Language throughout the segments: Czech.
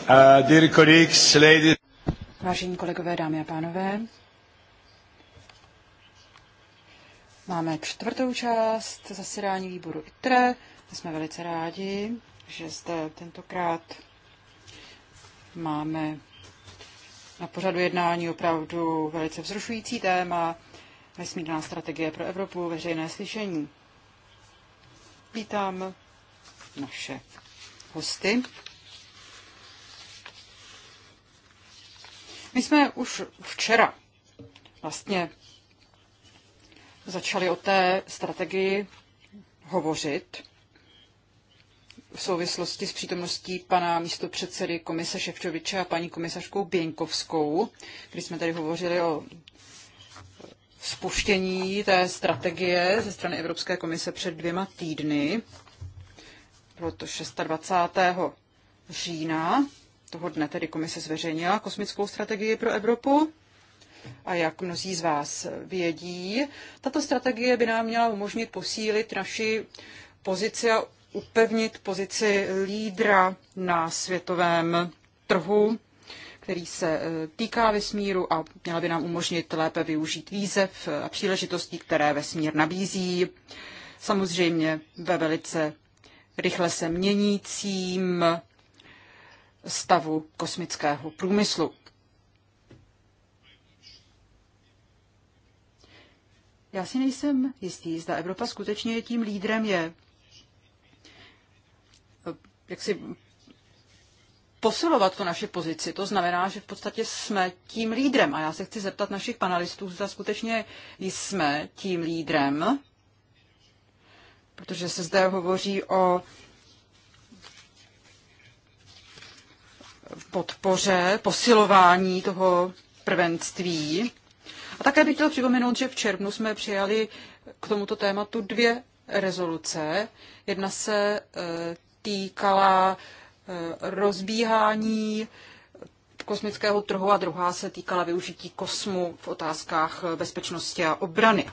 Uh, Vážení kolegové, dámy a pánové, máme čtvrtou část zasedání výboru ITRE. jsme velice rádi, že zde tentokrát máme na pořadu jednání opravdu velice vzrušující téma vesmírná strategie pro Evropu, veřejné slyšení. Vítám naše hosty. My jsme už včera vlastně začali o té strategii hovořit v souvislosti s přítomností pana místopředsedy komise Ševčoviče a paní komisařkou Běňkovskou, kdy jsme tady hovořili o spuštění té strategie ze strany Evropské komise před dvěma týdny. Bylo to 26. října toho dne tedy komise zveřejnila kosmickou strategii pro Evropu. A jak mnozí z vás vědí, tato strategie by nám měla umožnit posílit naši pozici a upevnit pozici lídra na světovém trhu, který se eh, týká vesmíru a měla by nám umožnit lépe využít výzev a příležitostí, které vesmír nabízí. Samozřejmě ve velice rychle se měnícím stavu kosmického průmyslu. Já si nejsem jistý, zda Evropa skutečně tím lídrem je. Jak si posilovat tu naši pozici, to znamená, že v podstatě jsme tím lídrem. A já se chci zeptat našich panelistů, zda skutečně jsme tím lídrem, protože se zde hovoří o podpoře, posilování toho prvenství. A také bych chtěl připomenout, že v červnu jsme přijali k tomuto tématu dvě rezoluce. Jedna se e, týkala e, rozbíhání kosmického trhu a druhá se týkala využití kosmu v otázkách bezpečnosti a obrany.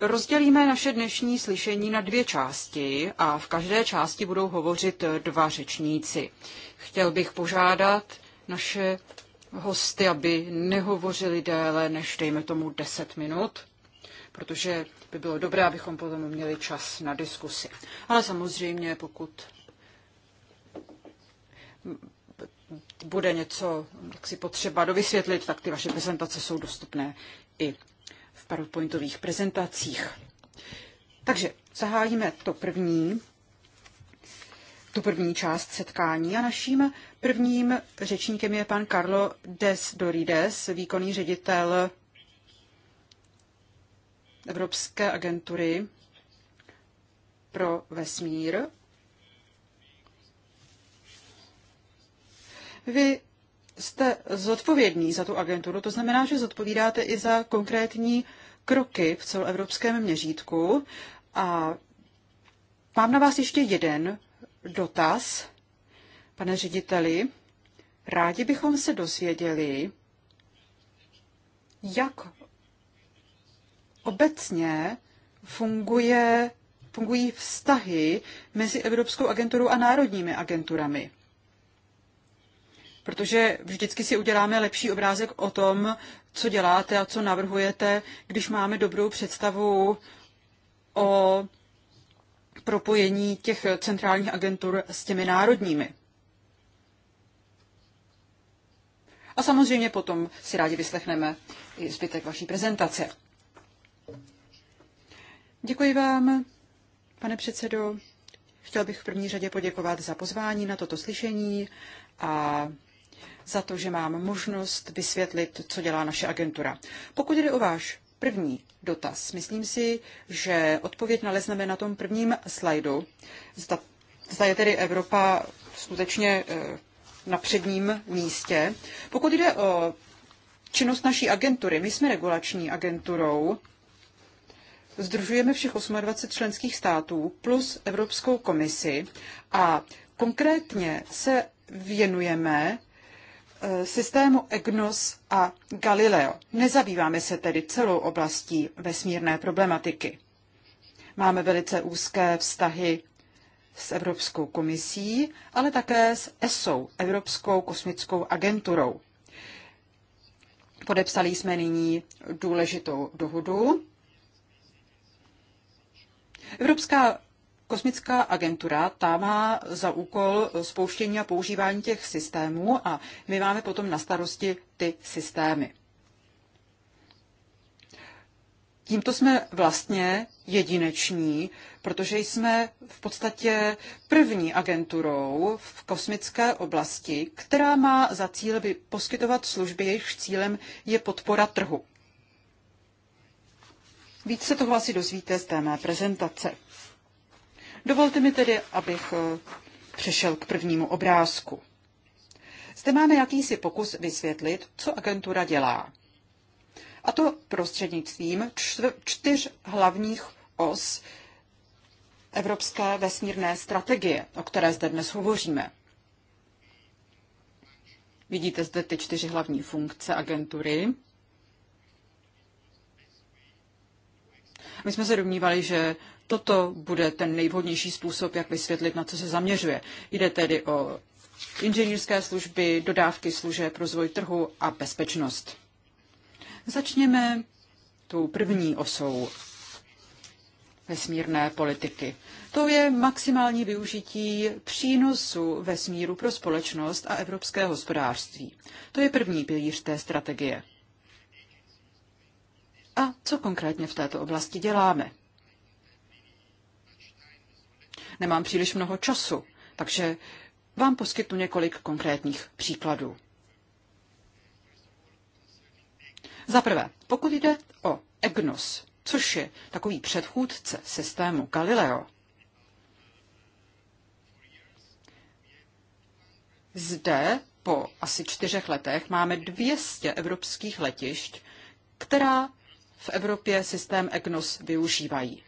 Rozdělíme naše dnešní slyšení na dvě části a v každé části budou hovořit dva řečníci. Chtěl bych požádat naše hosty, aby nehovořili déle než, dejme tomu, 10 minut, protože by bylo dobré, abychom potom měli čas na diskusi. Ale samozřejmě, pokud bude něco, jak si potřeba dovysvětlit, tak ty vaše prezentace jsou dostupné i v PowerPointových prezentacích. Takže zahájíme to první tu první část setkání. A naším prvním řečníkem je pan Carlo Des Dorides, výkonný ředitel Evropské agentury pro vesmír. Vy jste zodpovědný za tu agenturu, to znamená, že zodpovídáte i za konkrétní kroky v celoevropském měřítku. A mám na vás ještě jeden dotaz, pane řediteli. Rádi bychom se dozvěděli, jak obecně funguje, fungují vztahy mezi Evropskou agenturou a národními agenturami. Protože vždycky si uděláme lepší obrázek o tom, co děláte a co navrhujete, když máme dobrou představu o propojení těch centrálních agentur s těmi národními. A samozřejmě potom si rádi vyslechneme i zbytek vaší prezentace. Děkuji vám, pane předsedo. Chtěl bych v první řadě poděkovat za pozvání na toto slyšení a za to, že mám možnost vysvětlit, co dělá naše agentura. Pokud jde o váš první dotaz. Myslím si, že odpověď nalezneme na tom prvním slajdu. Zda, zda je tedy Evropa skutečně eh, na předním místě. Pokud jde o činnost naší agentury, my jsme regulační agenturou, združujeme všech 28 členských států plus Evropskou komisi a konkrétně se věnujeme systému EGNOS a Galileo. Nezabýváme se tedy celou oblastí vesmírné problematiky. Máme velice úzké vztahy s Evropskou komisí, ale také s ESO, Evropskou kosmickou agenturou. Podepsali jsme nyní důležitou dohodu. Evropská Kosmická agentura, ta má za úkol spouštění a používání těch systémů a my máme potom na starosti ty systémy. Tímto jsme vlastně jedineční, protože jsme v podstatě první agenturou v kosmické oblasti, která má za cíl by poskytovat služby, jejichž cílem je podpora trhu. Víc se toho asi dozvíte z té mé prezentace. Dovolte mi tedy, abych eh, přešel k prvnímu obrázku. Zde máme jakýsi pokus vysvětlit, co agentura dělá. A to prostřednictvím čtyř hlavních os Evropské vesmírné strategie, o které zde dnes hovoříme. Vidíte zde ty čtyři hlavní funkce agentury. My jsme se domnívali, že Toto bude ten nejvhodnější způsob, jak vysvětlit, na co se zaměřuje. Jde tedy o inženýrské služby, dodávky služeb, rozvoj trhu a bezpečnost. Začněme tou první osou vesmírné politiky. To je maximální využití přínosu vesmíru pro společnost a evropské hospodářství. To je první pilíř té strategie. A co konkrétně v této oblasti děláme? nemám příliš mnoho času, takže vám poskytnu několik konkrétních příkladů. Za prvé, pokud jde o EGNOS, což je takový předchůdce systému Galileo, zde po asi čtyřech letech máme 200 evropských letišť, která v Evropě systém EGNOS využívají.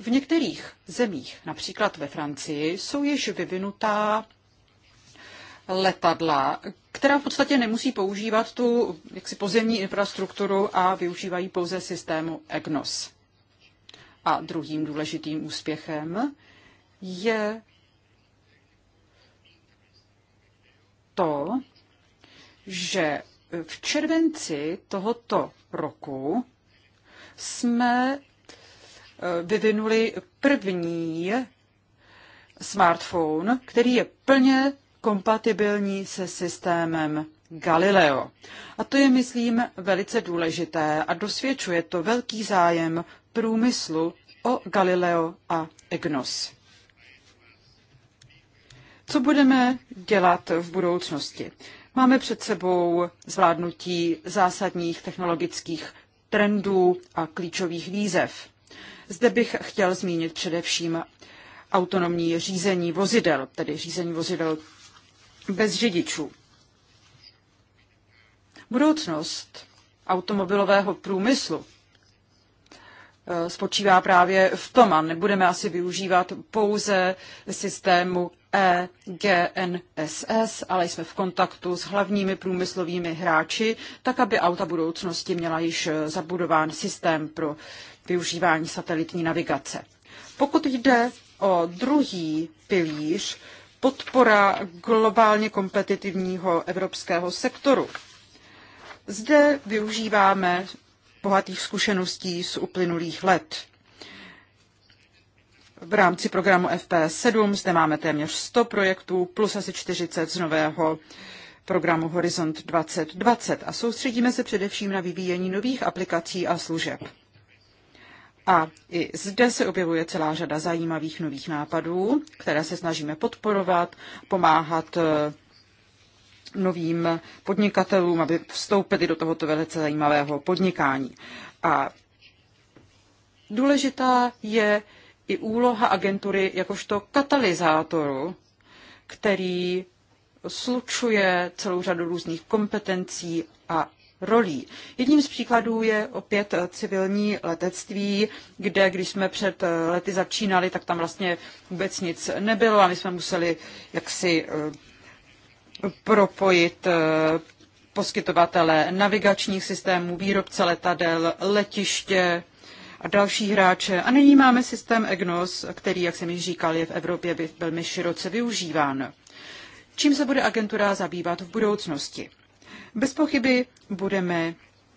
V některých zemích, například ve Francii, jsou již vyvinutá letadla, která v podstatě nemusí používat tu jaksi pozemní infrastrukturu a využívají pouze systému EGNOS. A druhým důležitým úspěchem je to, že v červenci tohoto roku jsme vyvinuli první smartphone, který je plně kompatibilní se systémem Galileo. A to je, myslím, velice důležité a dosvědčuje to velký zájem průmyslu o Galileo a EGNOS. Co budeme dělat v budoucnosti? Máme před sebou zvládnutí zásadních technologických trendů a klíčových výzev. Zde bych chtěl zmínit především autonomní řízení vozidel, tedy řízení vozidel bez řidičů. Budoucnost automobilového průmyslu eh, spočívá právě v tom, a nebudeme asi využívat pouze systému EGNSS, ale jsme v kontaktu s hlavními průmyslovými hráči, tak aby auta budoucnosti měla již zabudován systém pro využívání satelitní navigace. Pokud jde o druhý pilíř, podpora globálně kompetitivního evropského sektoru. Zde využíváme bohatých zkušeností z uplynulých let. V rámci programu FPS7 zde máme téměř 100 projektů plus asi 40 z nového programu Horizont 2020 a soustředíme se především na vyvíjení nových aplikací a služeb. A i zde se objevuje celá řada zajímavých nových nápadů, které se snažíme podporovat, pomáhat eh, novým podnikatelům, aby vstoupili do tohoto velice zajímavého podnikání. A důležitá je i úloha agentury jakožto katalyzátoru, který slučuje celou řadu různých kompetencí a rolí. Jedním z příkladů je opět eh, civilní letectví, kde když jsme před eh, lety začínali, tak tam vlastně vůbec nic nebylo a my jsme museli jaksi eh, propojit poskytovatele navigačních systémů, výrobce letadel, letiště a další hráče. A nyní máme systém EGNOS, který, jak jsem již říkal, je v Evropě velmi široce využíván. Čím se bude agentura zabývat v budoucnosti? Bez pochyby budeme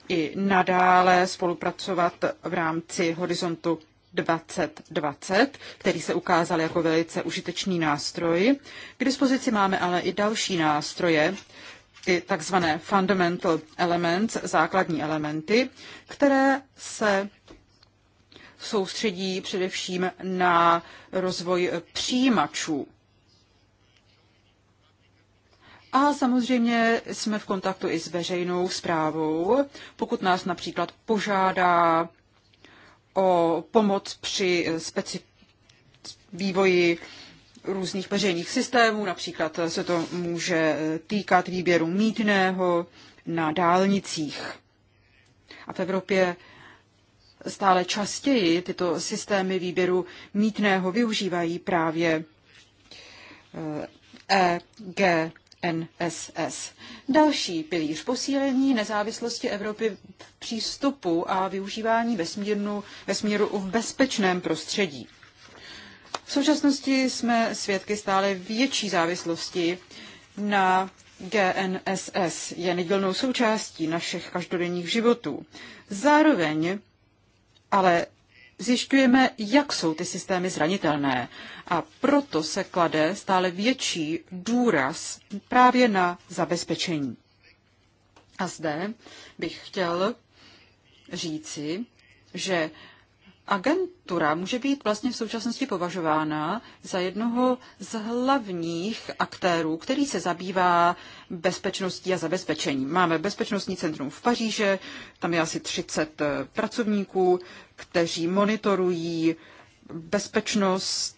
i nadále spolupracovat v rámci horizontu 2020, který se ukázal jako velice užitečný nástroj. K dispozici máme ale i další nástroje, ty takzvané fundamental elements, základní elementy, které se soustředí především na rozvoj přijímačů a samozřejmě jsme v kontaktu i s veřejnou zprávou. Pokud nás například požádá o pomoc při eh, speci- vývoji různých veřejných systémů, například se to může eh, týkat výběru mítného na dálnicích. A v Evropě stále častěji tyto systémy výběru mítného využívají právě EGT. Eh, e NSS. Další pilíř posílení nezávislosti Evropy v přístupu a využívání vesmírnu, vesmíru v bezpečném prostředí. V současnosti jsme svědky stále větší závislosti na GNSS. Je nedělnou součástí našich každodenních životů. Zároveň ale zjišťujeme, jak jsou ty systémy zranitelné. A proto se klade stále větší důraz právě na zabezpečení. A zde bych chtěl říci, že agentura může být vlastně v současnosti považována za jednoho z hlavních aktérů, který se zabývá bezpečností a zabezpečením. Máme bezpečnostní centrum v Paříže, tam je asi 30 eh, pracovníků, kteří monitorují bezpečnost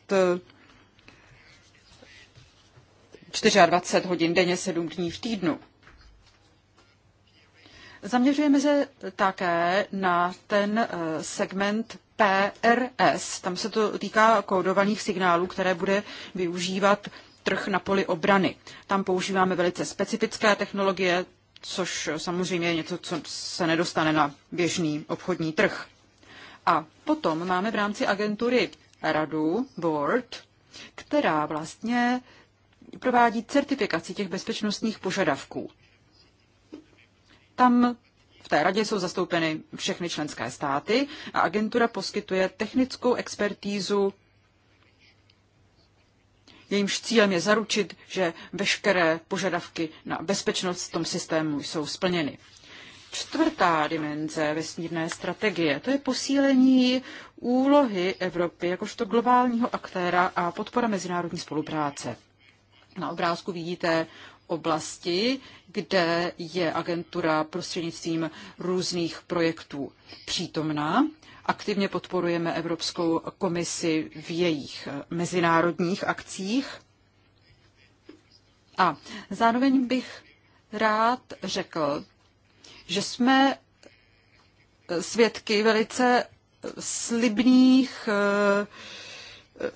24 eh, hodin denně, 7 dní v týdnu. Zaměřujeme se také na ten eh, segment PRS. Tam se to týká kódovaných signálů, které bude využívat trh na poli obrany. Tam používáme velice specifické technologie, což samozřejmě je něco, co se nedostane na běžný obchodní trh. A potom máme v rámci agentury radu, board, která vlastně provádí certifikaci těch bezpečnostních požadavků. Tam v té radě jsou zastoupeny všechny členské státy a agentura poskytuje technickou expertízu. Jejímž cílem je zaručit, že veškeré požadavky na bezpečnost v tom systému jsou splněny. Čtvrtá dimenze vesmírné strategie, to je posílení úlohy Evropy jakožto globálního aktéra a podpora mezinárodní spolupráce. Na obrázku vidíte oblasti, kde je agentura prostřednictvím různých projektů přítomná. Aktivně podporujeme Evropskou komisi v jejich eh, mezinárodních akcích. A zároveň bych rád řekl, že jsme eh, svědky velice eh, slibných uh,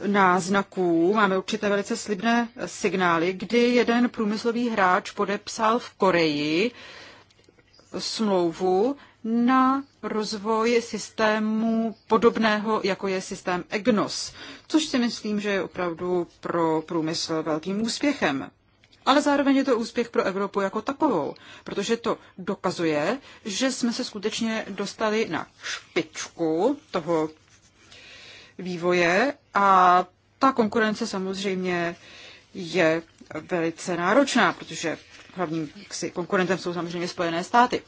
náznaků, máme určité velice slibné signály, kdy jeden průmyslový hráč podepsal v Koreji smlouvu na rozvoj systému podobného, jako je systém EGNOS, což si myslím, že je opravdu pro průmysl velkým úspěchem. Ale zároveň je to úspěch pro Evropu jako takovou, protože to dokazuje, že jsme se skutečně dostali na špičku toho vývoje a ta konkurence samozřejmě je velice náročná, protože hlavním konkurentem jsou samozřejmě Spojené státy.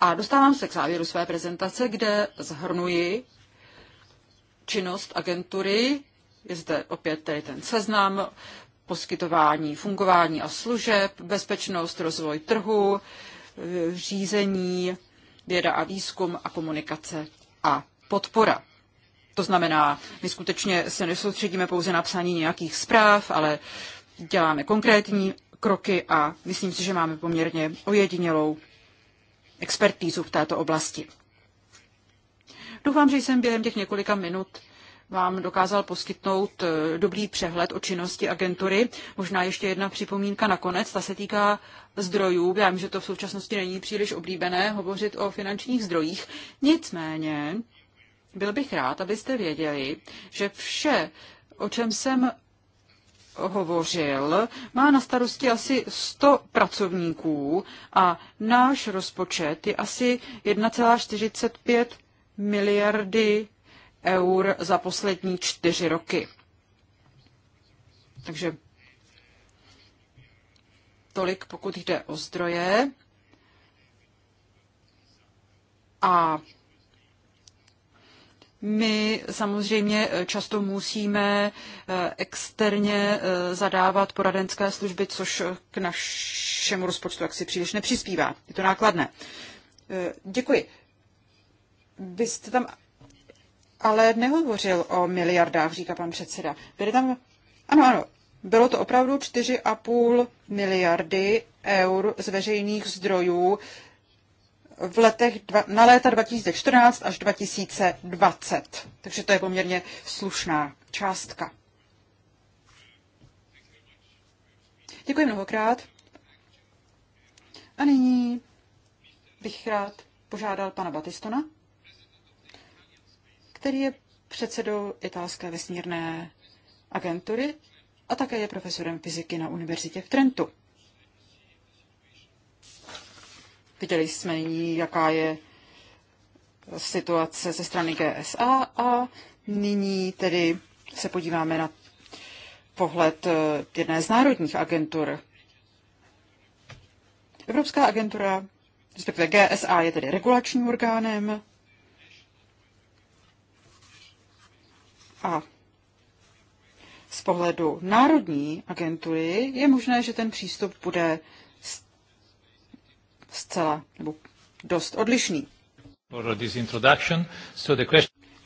A dostávám se k závěru své prezentace, kde zhrnuji činnost agentury. Je zde opět tedy ten seznam poskytování, fungování a služeb, bezpečnost, rozvoj trhu, řízení, věda a výzkum a komunikace a podpora. To znamená, my skutečně se nesoustředíme pouze na psání nějakých zpráv, ale děláme konkrétní kroky a myslím si, že máme poměrně ojedinělou expertízu v této oblasti. Doufám, že jsem během těch několika minut vám dokázal poskytnout eh, dobrý přehled o činnosti agentury. Možná ještě jedna připomínka nakonec, ta se týká zdrojů. Já vím, že to v současnosti není příliš oblíbené hovořit o finančních zdrojích. Nicméně byl bych rád, abyste věděli, že vše, o čem jsem hovořil, má na starosti asi 100 pracovníků a náš rozpočet je asi 1,45 miliardy eur za poslední čtyři roky. Takže tolik, pokud jde o zdroje. A my samozřejmě eh, často musíme eh, externě eh, zadávat poradenské služby, což k našemu rozpočtu jaksi příliš nepřispívá. Je to nákladné. Děkuji. Vy jste tam ale nehovořil o miliardách, říká pan předseda. Byly tam, ano, ano, bylo to opravdu 4,5 miliardy eur z veřejných zdrojů v letech dva, na léta 2014 až 2020. Takže to je poměrně slušná částka. Děkuji mnohokrát. A nyní bych rád požádal pana Batistona, který je předsedou italské vesmírné agentury a také je profesorem fyziky na univerzitě v Trentu. Viděli jsme nyní, jaká je situace ze strany GSA a nyní tedy se podíváme na pohled eh, jedné z národních agentur. Evropská agentura, respektive GSA, je tedy regulačním orgánem a z pohledu národní agentury je možné, že ten přístup bude zcela nebo dost odlišný.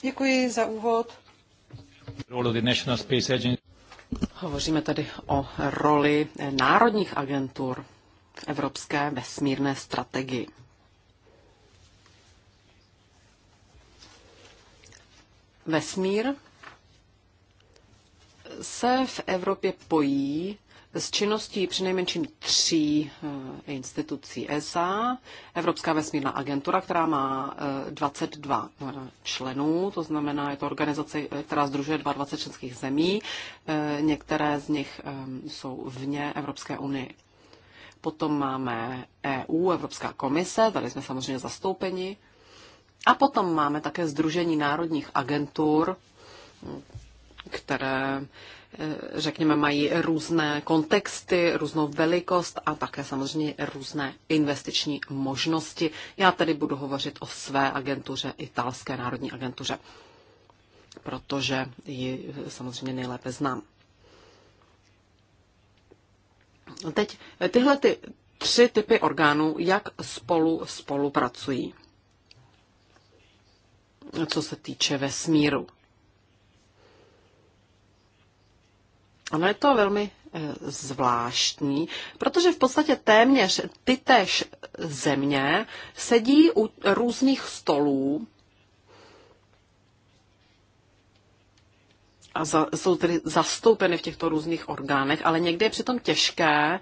Děkuji za úvod. Hovoříme tady o roli národních agentur v evropské vesmírné strategii. Vesmír se v Evropě pojí s činností přinejmenším tří eh, institucí ESA, Evropská vesmírná agentura, která má 22 eh, no, eh, členů, to znamená, je to organizace, která združuje 22 členských zemí, některé z nich jsou vně Evropské unie. Potom máme EU, Evropská komise, tady jsme samozřejmě zastoupeni. A potom máme také Združení národních agentur, které Eh, řekněme, mají různé kontexty, různou velikost a také samozřejmě různé investiční možnosti. Já tedy budu hovořit o své agentuře, italské národní agentuře, protože ji eh, samozřejmě nejlépe znám. Teď eh, tyhle ty tři typy orgánů, jak spolu spolupracují, co se týče vesmíru. Ono je to velmi eh, zvláštní, protože v podstatě téměř ty tež země sedí u různých stolů a za, jsou tedy zastoupeny v těchto různých orgánech, ale někdy je přitom těžké,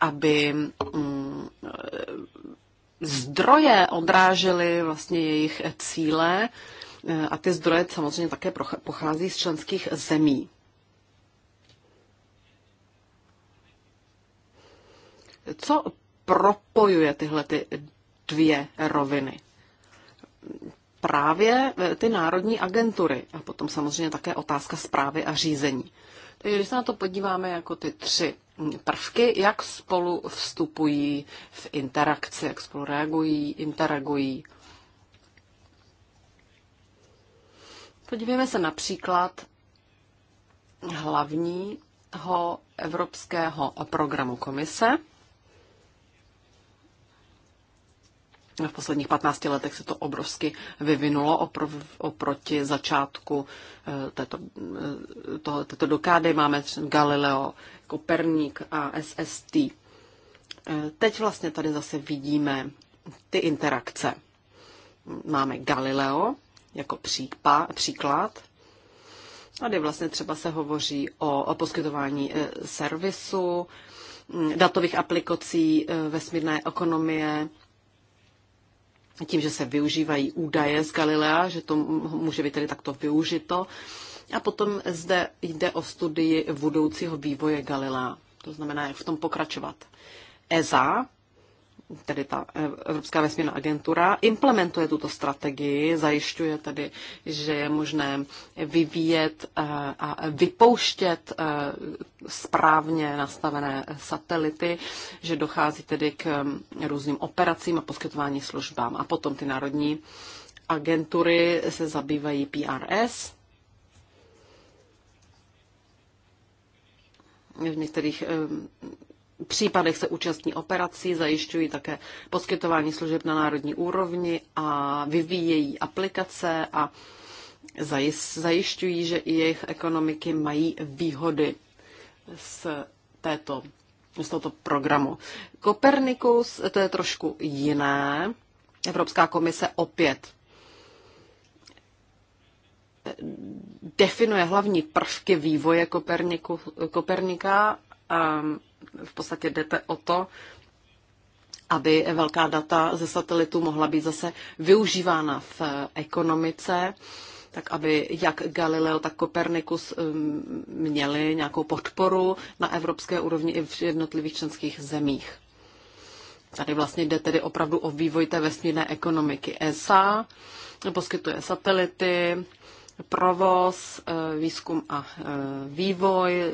aby mm, eh, zdroje odrážely vlastně jejich cíle a ty zdroje samozřejmě také pochází z členských zemí. Co propojuje tyhle ty dvě roviny? Právě eh, ty národní agentury a potom samozřejmě také otázka zprávy a řízení. Takže když se na to podíváme jako ty tři hm, prvky, jak spolu vstupují v interakci, jak spolu reagují, interagují. Podívejme se například hlavního evropského programu komise. V posledních 15 letech se to obrovsky vyvinulo oproti začátku eh, této, eh, to, této dokády. Máme Galileo, Koperník a SST. Eh, teď vlastně tady zase vidíme ty interakce. Máme Galileo, jako přípa, příklad. Tady vlastně třeba se hovoří o, o poskytování e, servisu, datových aplikací e, vesmírné ekonomie, tím, že se využívají údaje z Galilea, že to může být tedy takto využito. A potom zde jde o studii budoucího vývoje Galilea, to znamená, jak v tom pokračovat. ESA tedy ta Evropská vesmírná agentura, implementuje tuto strategii, zajišťuje tedy, že je možné vyvíjet eh, a vypouštět eh, správně nastavené satelity, že dochází tedy k mm, různým operacím a poskytování službám. A potom ty národní agentury se zabývají PRS, v některých ehm, případech se účastní operací, zajišťují také poskytování služeb na národní úrovni a vyvíjejí aplikace a zajišťují, že i jejich ekonomiky mají výhody z, této, z tohoto programu. Kopernikus, to je trošku jiné. Evropská komise opět definuje hlavní prvky vývoje Koperniku, Kopernika v podstatě jdete o to, aby velká data ze satelitu mohla být zase využívána v ekonomice, tak aby jak Galileo, tak Kopernikus um, měli nějakou podporu na evropské úrovni i v jednotlivých členských zemích. Tady vlastně jde tedy opravdu o vývoj té vesmírné ekonomiky. ESA poskytuje satelity, provoz, eh, výzkum a eh, vývoj, eh,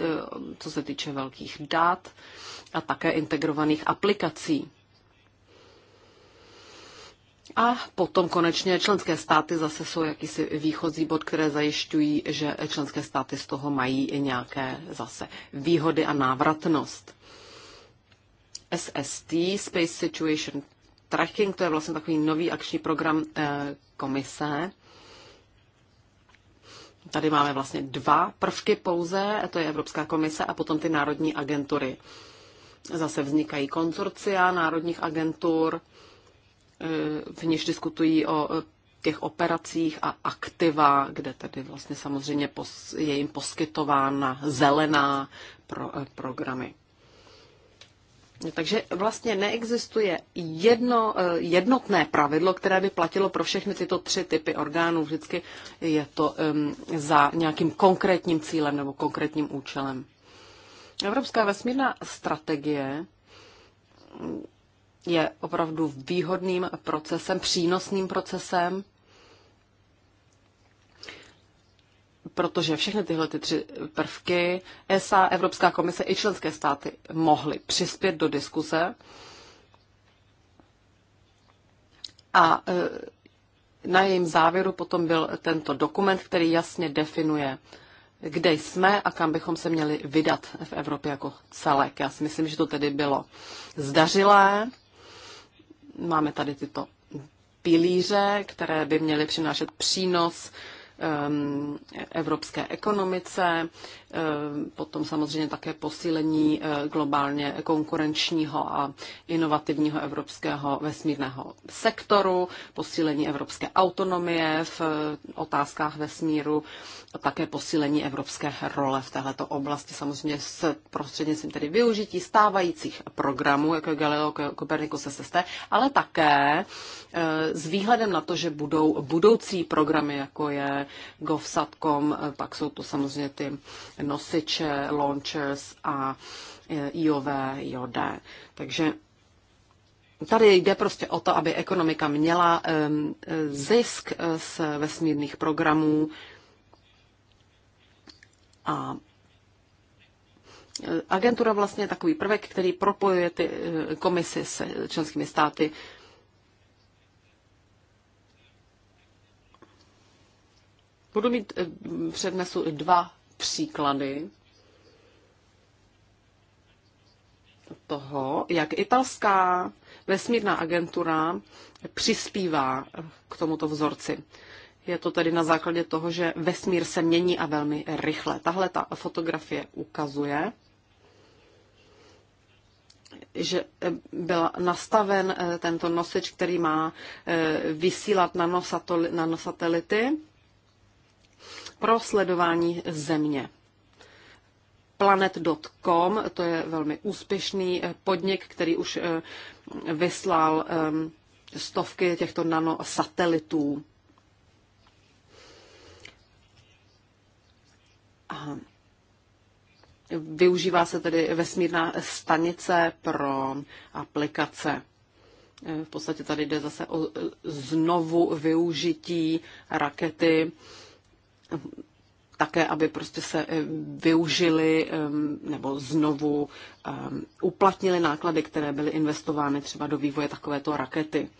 co se týče velkých dat a také integrovaných aplikací. A potom konečně členské státy zase jsou jakýsi výchozí bod, které zajišťují, že členské státy z toho mají i nějaké zase výhody a návratnost. SST, Space Situation Tracking, to je vlastně takový nový akční program komise, Tady máme vlastně dva prvky pouze, to je Evropská komise a potom ty národní agentury. Zase vznikají konzorcia národních agentur, eh, v níž diskutují o eh, těch operacích a aktiva, kde tedy vlastně samozřejmě je jim poskytována zelená pro, eh, programy. Takže vlastně neexistuje jedno, eh, jednotné pravidlo, které by platilo pro všechny tyto tři typy orgánů. Vždycky je to um, za nějakým konkrétním cílem nebo konkrétním účelem. Evropská vesmírná strategie je opravdu výhodným procesem, přínosným procesem. protože všechny tyhle ty tři prvky ESA, Evropská komise i členské státy mohly přispět do diskuse. A e, na jejím závěru potom byl tento dokument, který jasně definuje, kde jsme a kam bychom se měli vydat v Evropě jako celek. Já si myslím, že to tedy bylo zdařilé. Máme tady tyto pilíře, které by měly přinášet přínos Ehm, evropské ekonomice, ehm, potom samozřejmě také posílení eh, globálně konkurenčního a inovativního evropského vesmírného sektoru, posílení evropské autonomie v eh, otázkách vesmíru, také posílení evropské role v této oblasti, samozřejmě s prostřednictvím tedy využití stávajících programů, jako Galileo Copernicus SST, ale také eh, s výhledem na to, že budou budoucí programy, jako je Govsatcom, pak jsou to samozřejmě ty nosiče, launchers a IOV, IOD. Takže Tady jde prostě o to, aby ekonomika měla zisk z vesmírných programů a agentura vlastně je takový prvek, který propojuje ty komisy s členskými státy Budu mít eh, přednesu dva příklady toho, jak italská vesmírná agentura přispívá k tomuto vzorci. Je to tedy na základě toho, že vesmír se mění a velmi rychle. Tahle ta fotografie ukazuje, že eh, byl nastaven eh, tento nosič, který má vysílat nanosatelity pro sledování země. Planet.com, to je velmi úspěšný eh, podnik, který už eh, vyslal eh, stovky těchto nanosatelitů. Aha. Využívá se tedy vesmírná stanice pro aplikace. V podstatě tady jde zase o znovu využití rakety také, aby prostě se eh, využili nebo znovu uplatnili náklady, které byly investovány třeba do vývoje takovéto rakety.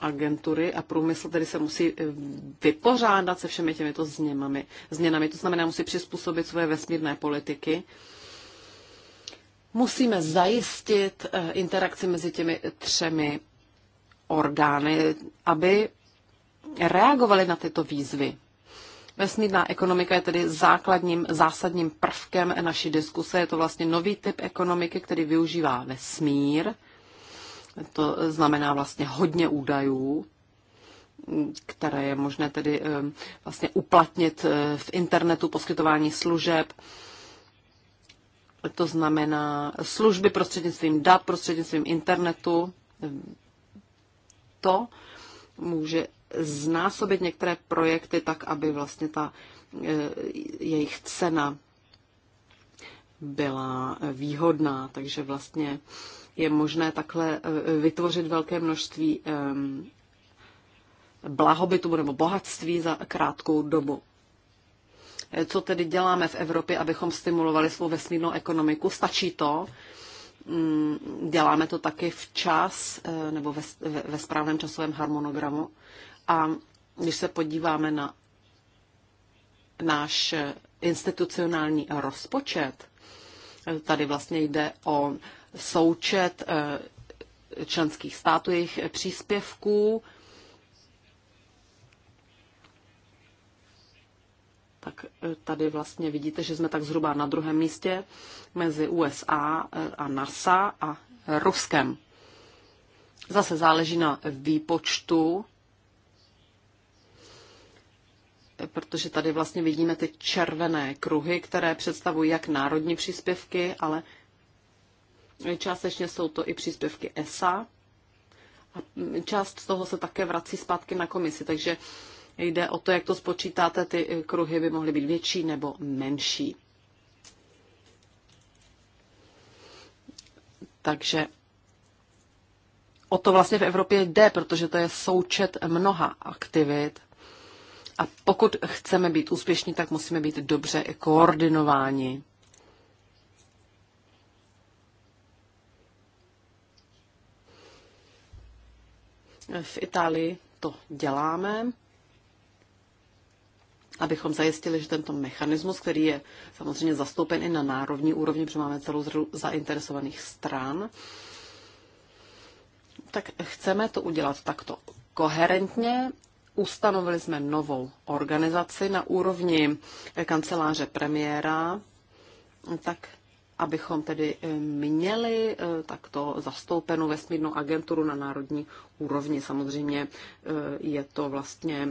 agentury a průmysl tedy se musí eh, vypořádat se všemi těmito změnami. změnami. To znamená, musí přizpůsobit své vesmírné politiky. Musíme zajistit eh, interakci mezi těmi třemi orgány, aby reagovaly na tyto výzvy. Vesmírná ekonomika je tedy základním, zásadním prvkem naší diskuse. Je to vlastně nový typ ekonomiky, který využívá vesmír. To znamená vlastně hodně údajů, které je možné tedy eh, vlastně uplatnit eh, v internetu, poskytování služeb. To znamená služby prostřednictvím dat, prostřednictvím internetu, to může znásobit některé projekty tak, aby vlastně ta e, jejich cena byla výhodná, takže vlastně je možné takhle e, vytvořit velké množství e, blahobytu nebo bohatství za krátkou dobu. Co tedy děláme v Evropě, abychom stimulovali svou vesmírnou ekonomiku? Stačí to? Mm, děláme to taky včas eh, nebo ve, ve, ve správném časovém harmonogramu. A když se podíváme na náš eh, institucionální rozpočet, eh, tady vlastně jde o součet členských států, jejich příspěvků, tak e, tady vlastně vidíte, že jsme tak zhruba na druhém místě mezi USA e, a NASA a Ruskem. Zase záleží na výpočtu, e, protože tady vlastně vidíme ty červené kruhy, které představují jak národní příspěvky, ale částečně jsou to i příspěvky ESA. A část z toho se také vrací zpátky na komisi, takže Jde o to, jak to spočítáte, ty eh, kruhy by mohly být větší nebo menší. Takže o to vlastně v Evropě jde, protože to je součet mnoha aktivit. A pokud chceme být úspěšní, tak musíme být dobře koordinováni. V Itálii to děláme abychom zajistili, že tento mechanismus, který je samozřejmě zastoupen i na národní úrovni, protože máme celou řadu zainteresovaných stran, tak chceme to udělat takto koherentně. Ustanovili jsme novou organizaci na úrovni kanceláře premiéra, tak abychom tedy eh, měli eh, takto zastoupenou vesmírnou agenturu na národní úrovni. Samozřejmě eh, je to vlastně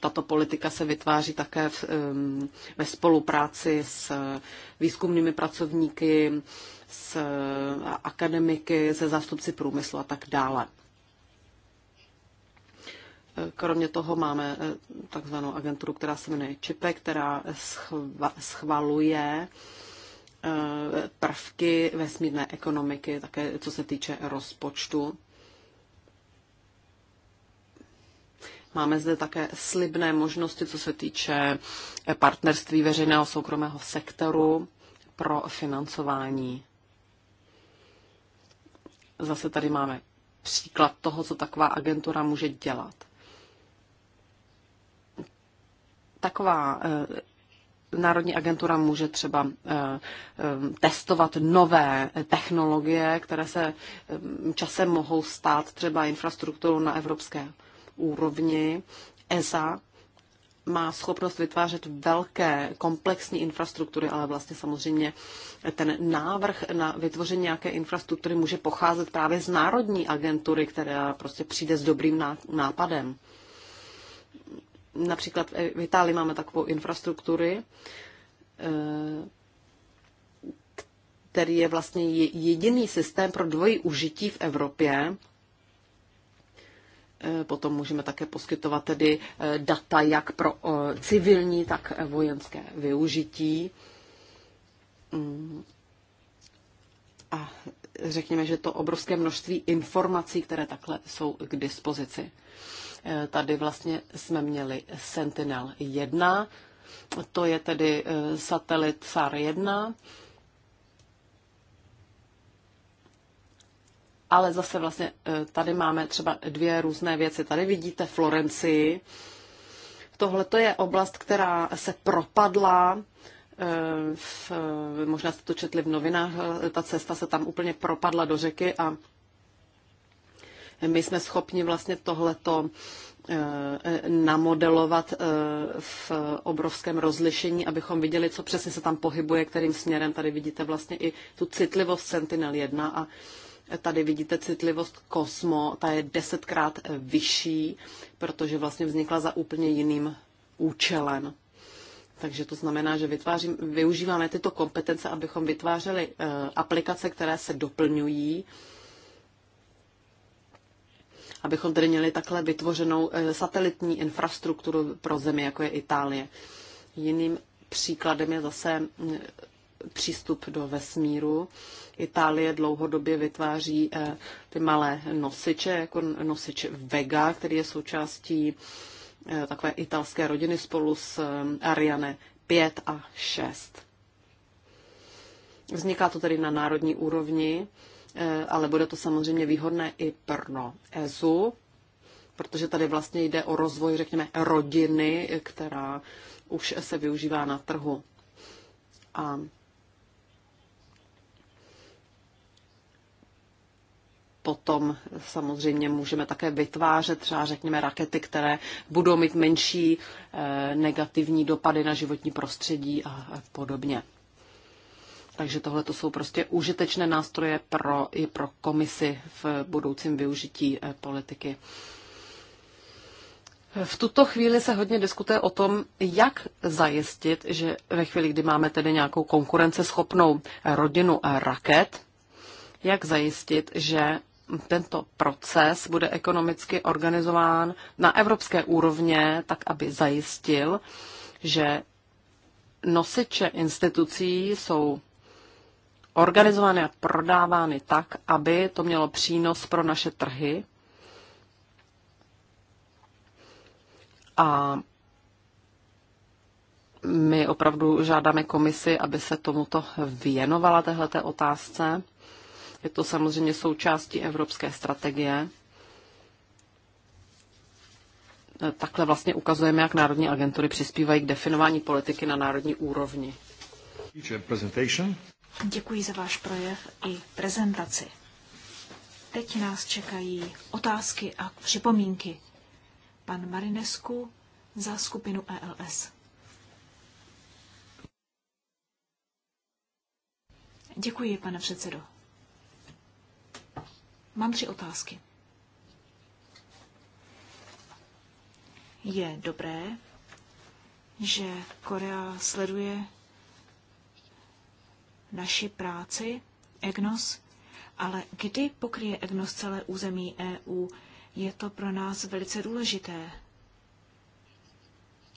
tato politika se vytváří také v, ve spolupráci s výzkumnými pracovníky, s e, akademiky, se zástupci průmyslu a tak dále. Kromě toho máme e, takzvanou agenturu, která se jmenuje ČIPE, která schvaluje e, prvky vesmírné ekonomiky, také co se týče rozpočtu Máme zde také slibné možnosti, co se týče eh, partnerství veřejného soukromého sektoru pro financování. Zase tady máme příklad toho, co taková agentura může dělat. Taková eh, Národní agentura může třeba eh, testovat nové technologie, které se časem mohou stát třeba infrastrukturou na evropské úrovni ESA má schopnost vytvářet velké komplexní infrastruktury, ale vlastně samozřejmě ten návrh na vytvoření nějaké infrastruktury může pocházet právě z národní agentury, která prostě přijde s dobrým nápadem. Například v Itálii máme takovou infrastruktury, eh, který je vlastně jediný systém pro dvojí užití v Evropě, Eh, potom můžeme také poskytovat tedy eh, data jak pro eh, civilní, tak vojenské využití. Mm. A řekněme, že to obrovské množství informací, které takhle jsou k dispozici. Tady vlastně jsme měli Sentinel-1, to je tedy satelit SAR-1, ale zase vlastně e, tady máme třeba dvě různé věci. Tady vidíte Florencii. Tohle to je oblast, která se propadla e, v, e, možná jste to četli v novinách, ta cesta se tam úplně propadla do řeky a my jsme schopni vlastně tohleto namodelovat v obrovském rozlišení, abychom viděli, co přesně se tam pohybuje, kterým směrem. Tady vidíte vlastně i tu citlivost Sentinel-1 a Tady vidíte citlivost kosmo, ta je desetkrát vyšší, protože vlastně vznikla za úplně jiným účelem. Takže to znamená, že vytvářím, využíváme tyto kompetence, abychom vytvářeli eh, aplikace, které se doplňují, abychom tedy měli takhle vytvořenou eh, satelitní infrastrukturu pro zemi, jako je Itálie. Jiným příkladem je zase mm, přístup do vesmíru. Itálie dlouhodobě vytváří eh, ty malé nosiče, jako nosič Vega, který je součástí eh, takové italské rodiny spolu s eh, Ariane 5 a 6. Vzniká to tedy na národní úrovni, ale bude to samozřejmě výhodné i pro EZU, protože tady vlastně jde o rozvoj, řekněme, rodiny, která už se využívá na trhu. A potom samozřejmě můžeme také vytvářet třeba řekněme rakety, které budou mít menší eh, negativní dopady na životní prostředí a podobně. Takže tohle to jsou prostě užitečné nástroje pro, i pro komisy v budoucím využití eh, politiky. V tuto chvíli se hodně diskutuje o tom, jak zajistit, že ve chvíli, kdy máme tedy nějakou konkurenceschopnou rodinu eh, raket, jak zajistit, že tento proces bude ekonomicky organizován na evropské úrovně, tak aby zajistil, že nosiče institucí jsou organizovány a prodávány tak, aby to mělo přínos pro naše trhy. A my opravdu žádáme komisi, aby se tomuto věnovala, téhleté otázce. Je to samozřejmě součástí evropské strategie. Takhle vlastně ukazujeme, jak národní agentury přispívají k definování politiky na národní úrovni. Děkuji za váš projev i prezentaci. Teď nás čekají otázky a připomínky. Pan Marinesku za skupinu ELS. Děkuji, pane předsedo. Mám tři otázky. Je dobré, že Korea sleduje naši práci EGNOS, ale kdy pokryje EGNOS celé území EU, je to pro nás velice důležité.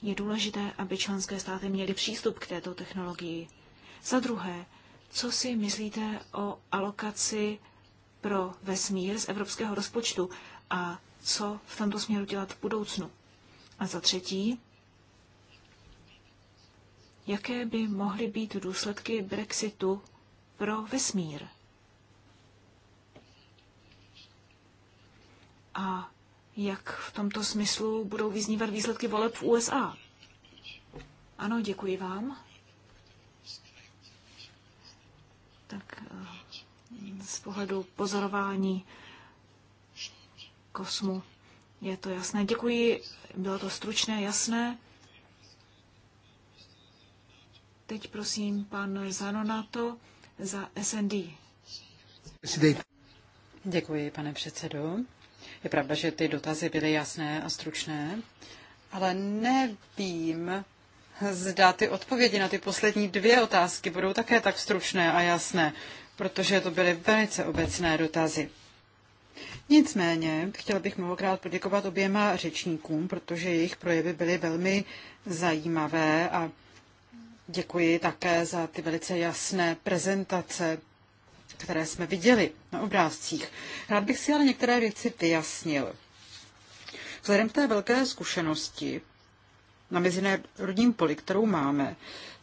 Je důležité, aby členské státy měly přístup k této technologii. Za druhé, co si myslíte o alokaci pro vesmír z evropského rozpočtu a co v tomto směru dělat v budoucnu. A za třetí, jaké by mohly být důsledky Brexitu pro vesmír. A jak v tomto smyslu budou vyznívat výsledky voleb v USA? Ano, děkuji vám. Tak eh, z pohledu pozorování kosmu. Je to jasné. Děkuji, bylo to stručné, jasné. Teď prosím pan Zanonato za SND. Děkuji, pane předsedo. Je pravda, že ty dotazy byly jasné a stručné, ale nevím, zda ty odpovědi na ty poslední dvě otázky budou také tak stručné a jasné protože to byly velice obecné dotazy. Nicméně chtěl bych mnohokrát poděkovat oběma řečníkům, protože jejich projevy byly velmi zajímavé a děkuji také za ty velice jasné prezentace, které jsme viděli na obrázcích. Rád bych si ale některé věci vyjasnil. Vzhledem k té velké zkušenosti na mezinárodním poli, kterou máme,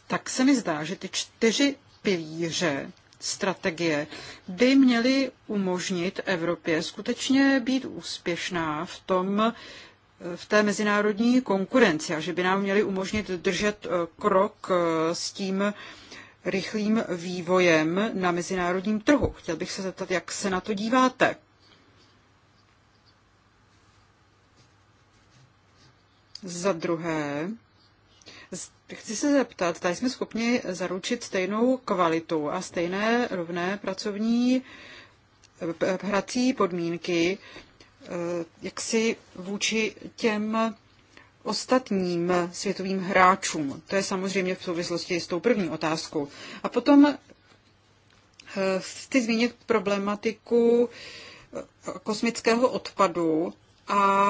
tak se mi zdá, že ty čtyři pilíře strategie by měly umožnit Evropě skutečně být úspěšná v tom, v té mezinárodní konkurenci a že by nám měly umožnit držet eh, krok eh, s tím rychlým vývojem na mezinárodním trhu. Chtěl bych se zeptat, jak se na to díváte. Za druhé, Chci se zeptat, tady jsme schopni zaručit stejnou kvalitu a stejné rovné pracovní eh, hrací podmínky, eh, jak si vůči těm ostatním světovým hráčům. To je samozřejmě v souvislosti s tou první otázkou. A potom eh, chci zmínit problematiku kosmického odpadu a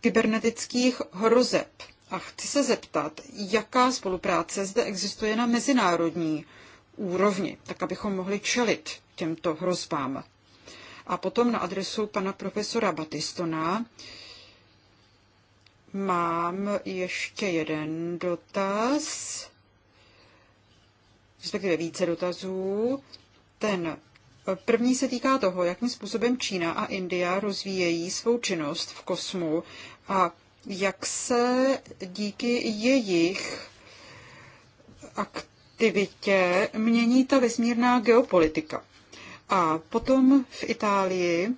kybernetických hrozeb. A chci se zeptat, jaká spolupráce zde existuje na mezinárodní úrovni, tak abychom mohli čelit těmto hrozbám. A potom na adresu pana profesora Batistona mám ještě jeden dotaz, respektive více dotazů. Ten První se týká toho, jakým způsobem Čína a India rozvíjejí svou činnost v kosmu a jak se díky jejich aktivitě mění ta vesmírná geopolitika. A potom v Itálii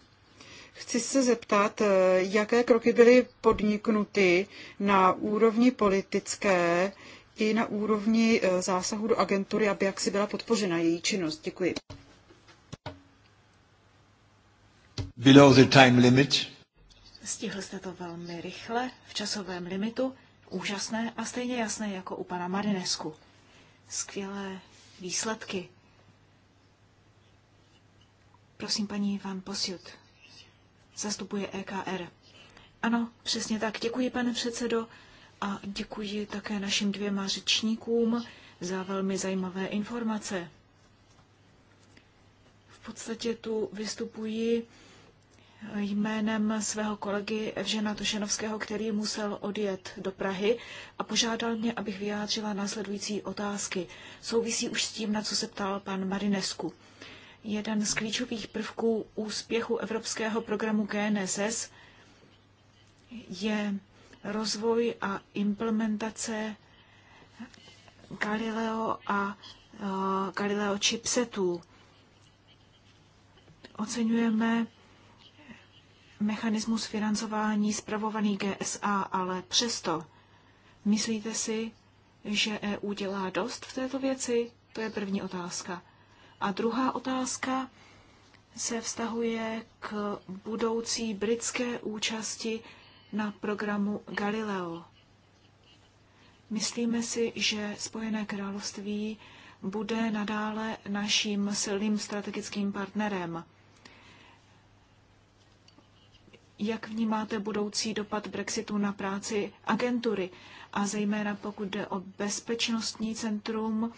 chci se zeptat, jaké kroky byly podniknuty na úrovni politické i na úrovni eh, zásahu do agentury, aby jaksi byla podpořena její činnost. Děkuji. Below the time limit. Stihl jste to velmi rychle, v časovém limitu, úžasné a stejně jasné jako u pana Marinesku. Skvělé výsledky. Prosím, paní Van Posjut. zastupuje EKR. Ano, přesně tak. Děkuji, pane předsedo, a děkuji také našim dvěma řečníkům za velmi zajímavé informace. V podstatě tu vystupuji jménem svého kolegy Evžena Tošenovského, který musel odjet do Prahy a požádal mě, abych vyjádřila následující otázky. Souvisí už s tím, na co se ptal pan Marinesku. Jeden z klíčových prvků úspěchu evropského programu GNSS je rozvoj a implementace Galileo a uh, Galileo chipsetů. Oceňujeme mechanismus financování zpravovaný GSA, ale přesto myslíte si, že EU dělá dost v této věci? To je první otázka. A druhá otázka se vztahuje k budoucí britské účasti na programu Galileo. Myslíme si, že Spojené království bude nadále naším silným strategickým partnerem. Jak vnímáte budoucí dopad Brexitu na práci agentury a zejména pokud jde o bezpečnostní centrum,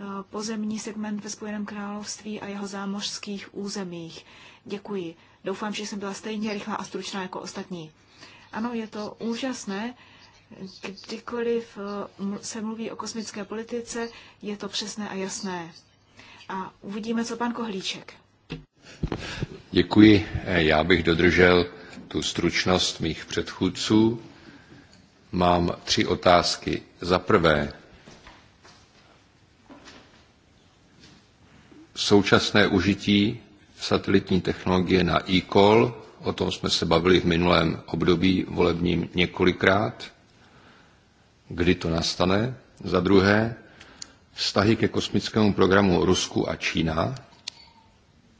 eh, pozemní segment ve Spojeném království a jeho zámořských územích? Děkuji. Doufám, že jsem byla stejně rychlá a stručná jako ostatní. Ano, je to úžasné. Kdykoliv eh, se mluví o kosmické politice, je to přesné a jasné. A uvidíme, co pan Kohlíček. Děkuji. Eh, já bych dodržel tu stručnost mých předchůdců. Mám tři otázky. Za prvé, současné užití satelitní technologie na e-call, o tom jsme se bavili v minulém období volebním několikrát, kdy to nastane. Za druhé, vztahy ke kosmickému programu Rusku a Čína,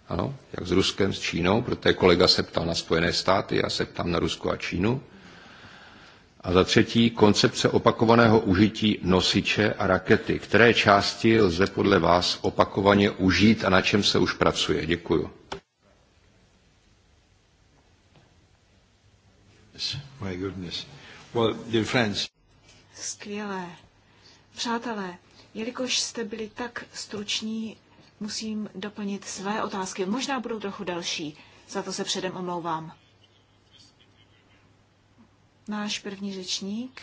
ano, jak s Ruskem, s Čínou, protože kolega se ptal na Spojené státy, já se ptám na Rusko a Čínu. A za třetí, koncepce opakovaného užití nosiče a rakety. Které části lze podle vás opakovaně užít a na čem se už pracuje? Děkuju. My goodness. Well, dear friends. Skvělé. Přátelé, jelikož jste byli tak struční, musím doplnit své otázky. Možná budou trochu další, za to se předem omlouvám. Náš první řečník.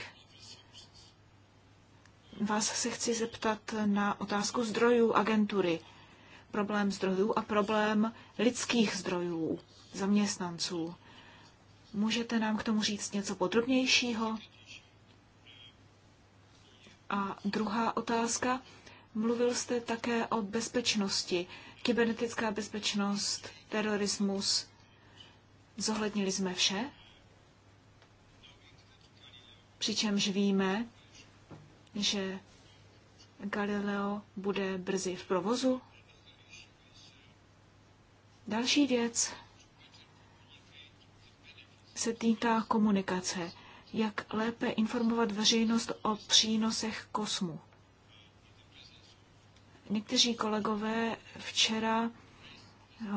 Vás se chci zeptat na otázku zdrojů agentury. Problém zdrojů a problém lidských zdrojů, zaměstnanců. Můžete nám k tomu říct něco podrobnějšího? A druhá otázka Mluvil jste také o bezpečnosti, kybernetická bezpečnost, terorismus. Zohlednili jsme vše? Přičemž víme, že Galileo bude brzy v provozu. Další věc se týká komunikace. Jak lépe informovat veřejnost o přínosech kosmu? Někteří kolegové včera eh,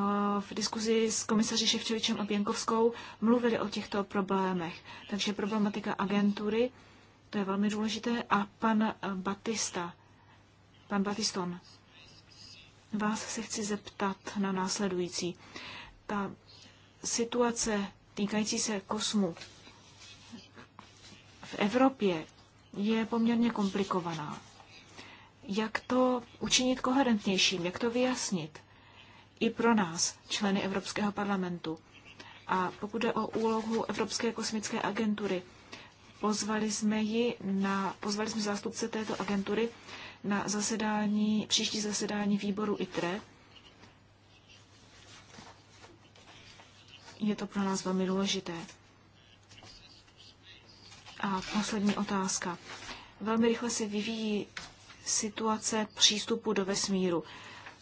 v diskuzi s komisaři Ševčovičem a Pěnkovskou mluvili o těchto problémech. Takže problematika agentury, to je velmi důležité, a pan Batista, pan Batiston, vás se chci zeptat na následující. Ta situace týkající se kosmu v Evropě je poměrně komplikovaná jak to učinit koherentnějším, jak to vyjasnit i pro nás, členy Evropského parlamentu. A pokud jde o úlohu Evropské kosmické agentury, pozvali jsme ji na, pozvali jsme zástupce této agentury na zasedání, příští zasedání výboru ITRE. Je to pro nás velmi důležité. A poslední otázka. Velmi rychle se vyvíjí situace přístupu do vesmíru.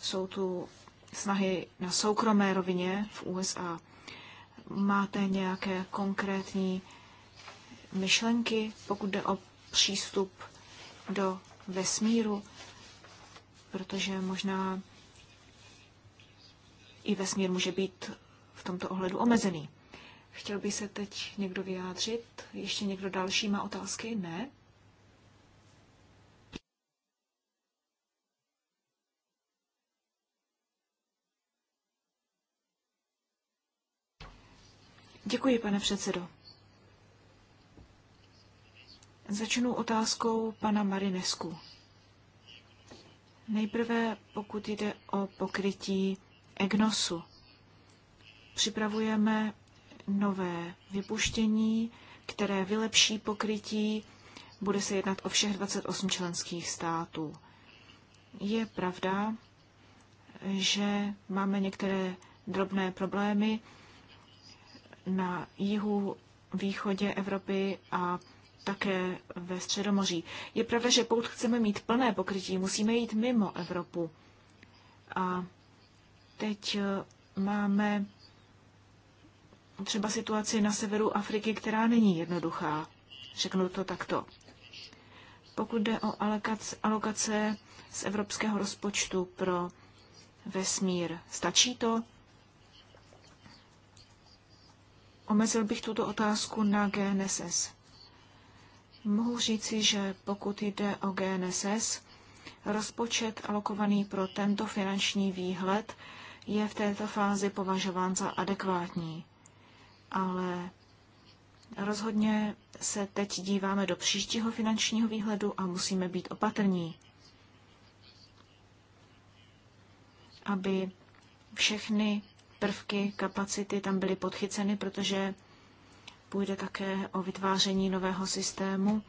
Jsou tu snahy na soukromé rovině v USA. Máte nějaké konkrétní myšlenky, pokud jde o přístup do vesmíru? Protože možná i vesmír může být v tomto ohledu omezený. Chtěl by se teď někdo vyjádřit? Ještě někdo další má otázky? Ne? Děkuji, pane předsedo. Začnu otázkou pana Marinesku. Nejprve, pokud jde o pokrytí EGNOSu. Připravujeme nové vypuštění, které vylepší pokrytí. Bude se jednat o všech 28 členských států. Je pravda, že máme některé drobné problémy, na jihu, východě Evropy a také ve Středomoří. Je pravda, že pokud chceme mít plné pokrytí, musíme jít mimo Evropu. A teď e, máme třeba situaci na severu Afriky, která není jednoduchá. Řeknu to takto. Pokud jde o alokace z evropského rozpočtu pro vesmír, stačí to? Omezil bych tuto otázku na GNSS. Mohu říci, že pokud jde o GNSS, rozpočet alokovaný pro tento finanční výhled je v této fázi považován za adekvátní. Ale rozhodně se teď díváme do příštího finančního výhledu a musíme být opatrní, aby všechny prvky, kapacity tam byly podchyceny, protože půjde také o vytváření nového systému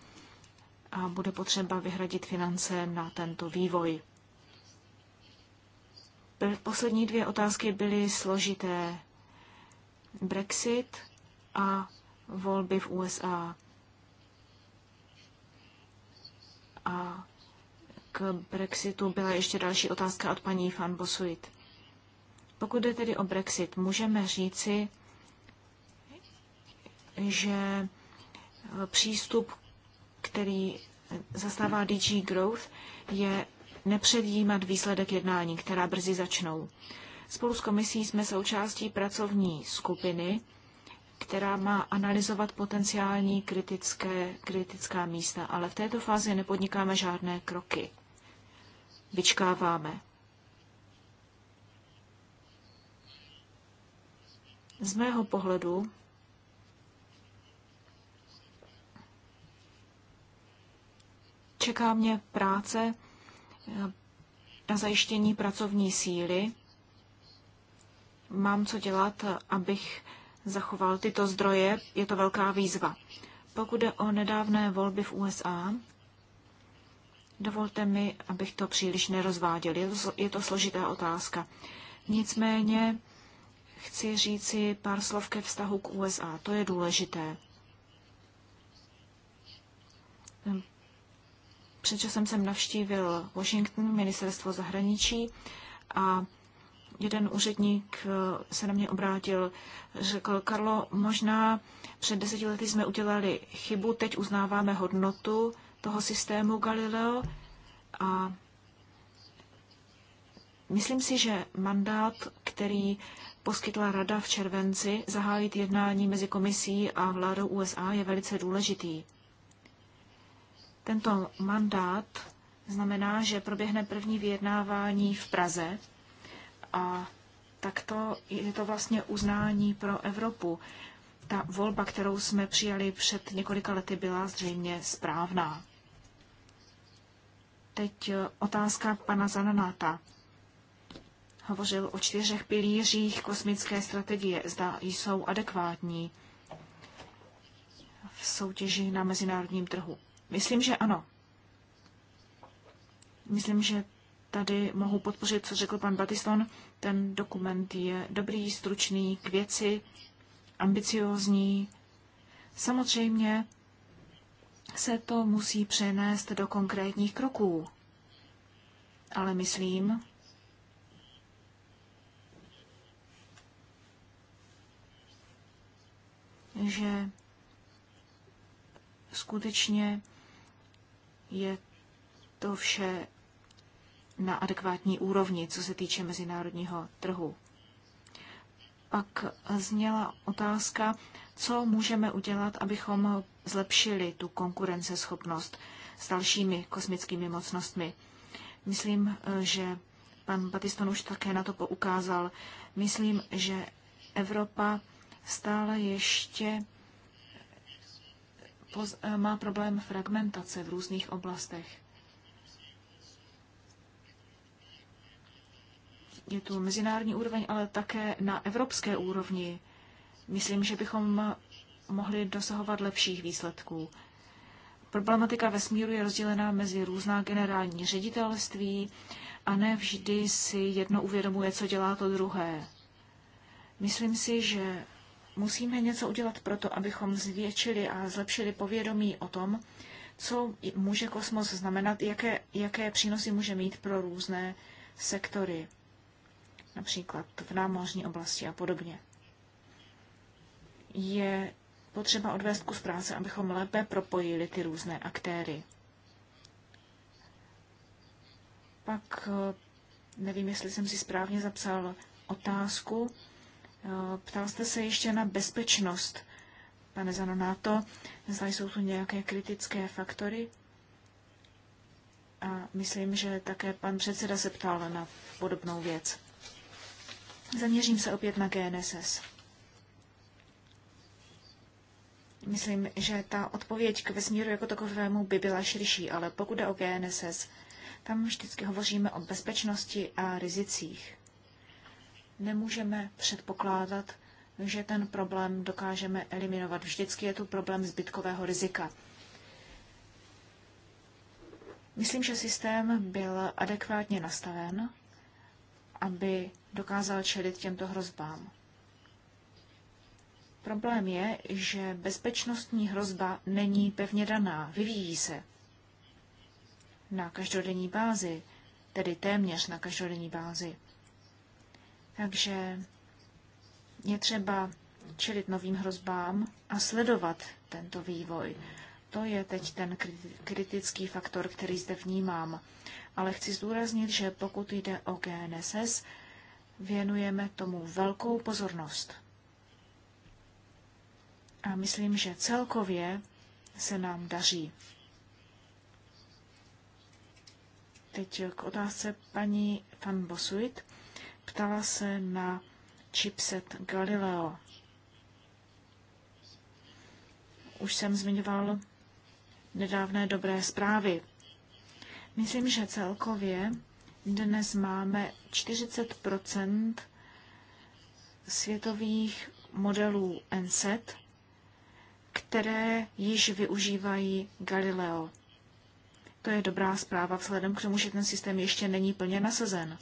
a bude potřeba vyhradit finance na tento vývoj. Poslední dvě otázky byly složité. Brexit a volby v USA. A k Brexitu byla ještě další otázka od paní Fan Bosuit. Pokud jde tedy o Brexit, můžeme říci, že přístup, který zastává DG Growth, je nepředjímat výsledek jednání, která brzy začnou. Spolu s komisí jsme součástí pracovní skupiny, která má analyzovat potenciální kritické, kritická místa, ale v této fázi nepodnikáme žádné kroky. Vyčkáváme. Z mého pohledu čeká mě práce eh, na zajištění pracovní síly. Mám co dělat, abych zachoval tyto zdroje. Je to velká výzva. Pokud jde o nedávné volby v USA, dovolte mi, abych to příliš nerozváděl. Je to, je to složitá otázka. Nicméně chci říci pár slov ke vztahu k USA. To je důležité. Předčasem jsem navštívil Washington, ministerstvo zahraničí a jeden úředník eh, se na mě obrátil, řekl, Karlo, možná před deseti lety jsme udělali chybu, teď uznáváme hodnotu toho systému Galileo a myslím si, že mandát, který poskytla Rada v červenci, zahájit jednání mezi komisí a vládou USA je velice důležitý. Tento mandát znamená, že proběhne první vyjednávání v Praze a takto je to vlastně uznání pro Evropu. Ta volba, kterou jsme přijali před několika lety, byla zřejmě správná. Teď otázka pana Zananáta hovořil o čtyřech pilířích kosmické strategie. Zda jsou adekvátní v soutěži na mezinárodním trhu. Myslím, že ano. Myslím, že tady mohu podpořit, co řekl pan Batiston. Ten dokument je dobrý, stručný, k věci, ambiciózní. Samozřejmě se to musí přenést do konkrétních kroků. Ale myslím, že skutečně je to vše na adekvátní úrovni, co se týče mezinárodního trhu. Pak zněla otázka, co můžeme udělat, abychom zlepšili tu konkurenceschopnost s dalšími kosmickými mocnostmi. Myslím, že pan Batiston už také na to poukázal. Myslím, že Evropa stále ještě eh, má problém fragmentace v různých oblastech. Je tu mezinárodní úroveň, ale také na evropské úrovni. Myslím, že bychom mohli dosahovat lepších výsledků. Problematika vesmíru je rozdělená mezi různá generální ředitelství a ne vždy si jedno uvědomuje, co dělá to druhé. Myslím si, že musíme něco udělat pro to, abychom zvětšili a zlepšili povědomí o tom, co může kosmos znamenat, jaké, jaké přínosy může mít pro různé sektory, například v námořní oblasti a podobně. Je potřeba odvést kus práce, abychom lépe propojili ty různé aktéry. Pak eh, nevím, jestli jsem si správně zapsal otázku Ptal jste se ještě na bezpečnost, pane Zanonáto. Zda jsou tu nějaké kritické faktory? A myslím, že také pan předseda se ptal na podobnou věc. Zaměřím se opět na GNSS. Myslím, že ta odpověď k vesmíru jako takovému by byla širší, ale pokud jde o GNSS, tam vždycky hovoříme o bezpečnosti a rizicích nemůžeme předpokládat, že ten problém dokážeme eliminovat. Vždycky je tu problém zbytkového rizika. Myslím, že systém byl adekvátně nastaven, aby dokázal čelit těmto hrozbám. Problém je, že bezpečnostní hrozba není pevně daná, vyvíjí se na každodenní bázi, tedy téměř na každodenní bázi. Takže je třeba čelit novým hrozbám a sledovat tento vývoj. To je teď ten kritický faktor, který zde vnímám. Ale chci zdůraznit, že pokud jde o GNSS, věnujeme tomu velkou pozornost. A myslím, že celkově se nám daří. Teď k otázce paní Van Bosuit. Ptala se na chipset Galileo. Už jsem zmiňoval nedávné dobré zprávy. Myslím, že celkově dnes máme 40 světových modelů NSET, které již využívají Galileo. To je dobrá zpráva vzhledem k tomu, že ten systém ještě není plně nasazen.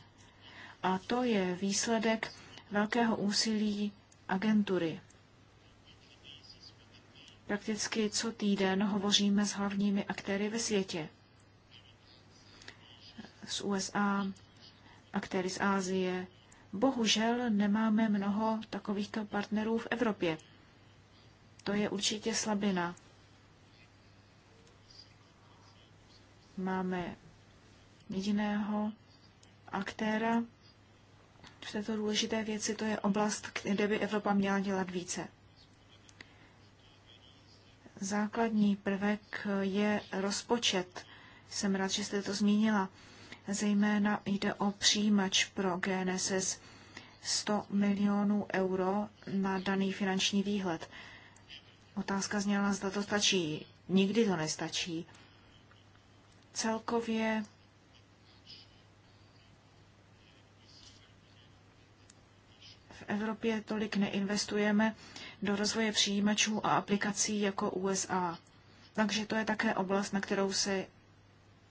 A to je výsledek velkého úsilí agentury. Prakticky co týden hovoříme s hlavními aktéry ve světě. Z USA, aktéry z Ázie. Bohužel nemáme mnoho takovýchto partnerů v Evropě. To je určitě slabina. Máme jediného aktéra, v této důležité věci, to je oblast, kde by Evropa měla dělat více. Základní prvek je rozpočet. Jsem rád, že jste to zmínila. Zejména jde o přijímač pro GNSS 100 milionů euro na daný finanční výhled. Otázka zněla, zda to stačí. Nikdy to nestačí. Celkově Evropě tolik neinvestujeme do rozvoje přijímačů a aplikací jako USA. Takže to je také oblast, na kterou, se,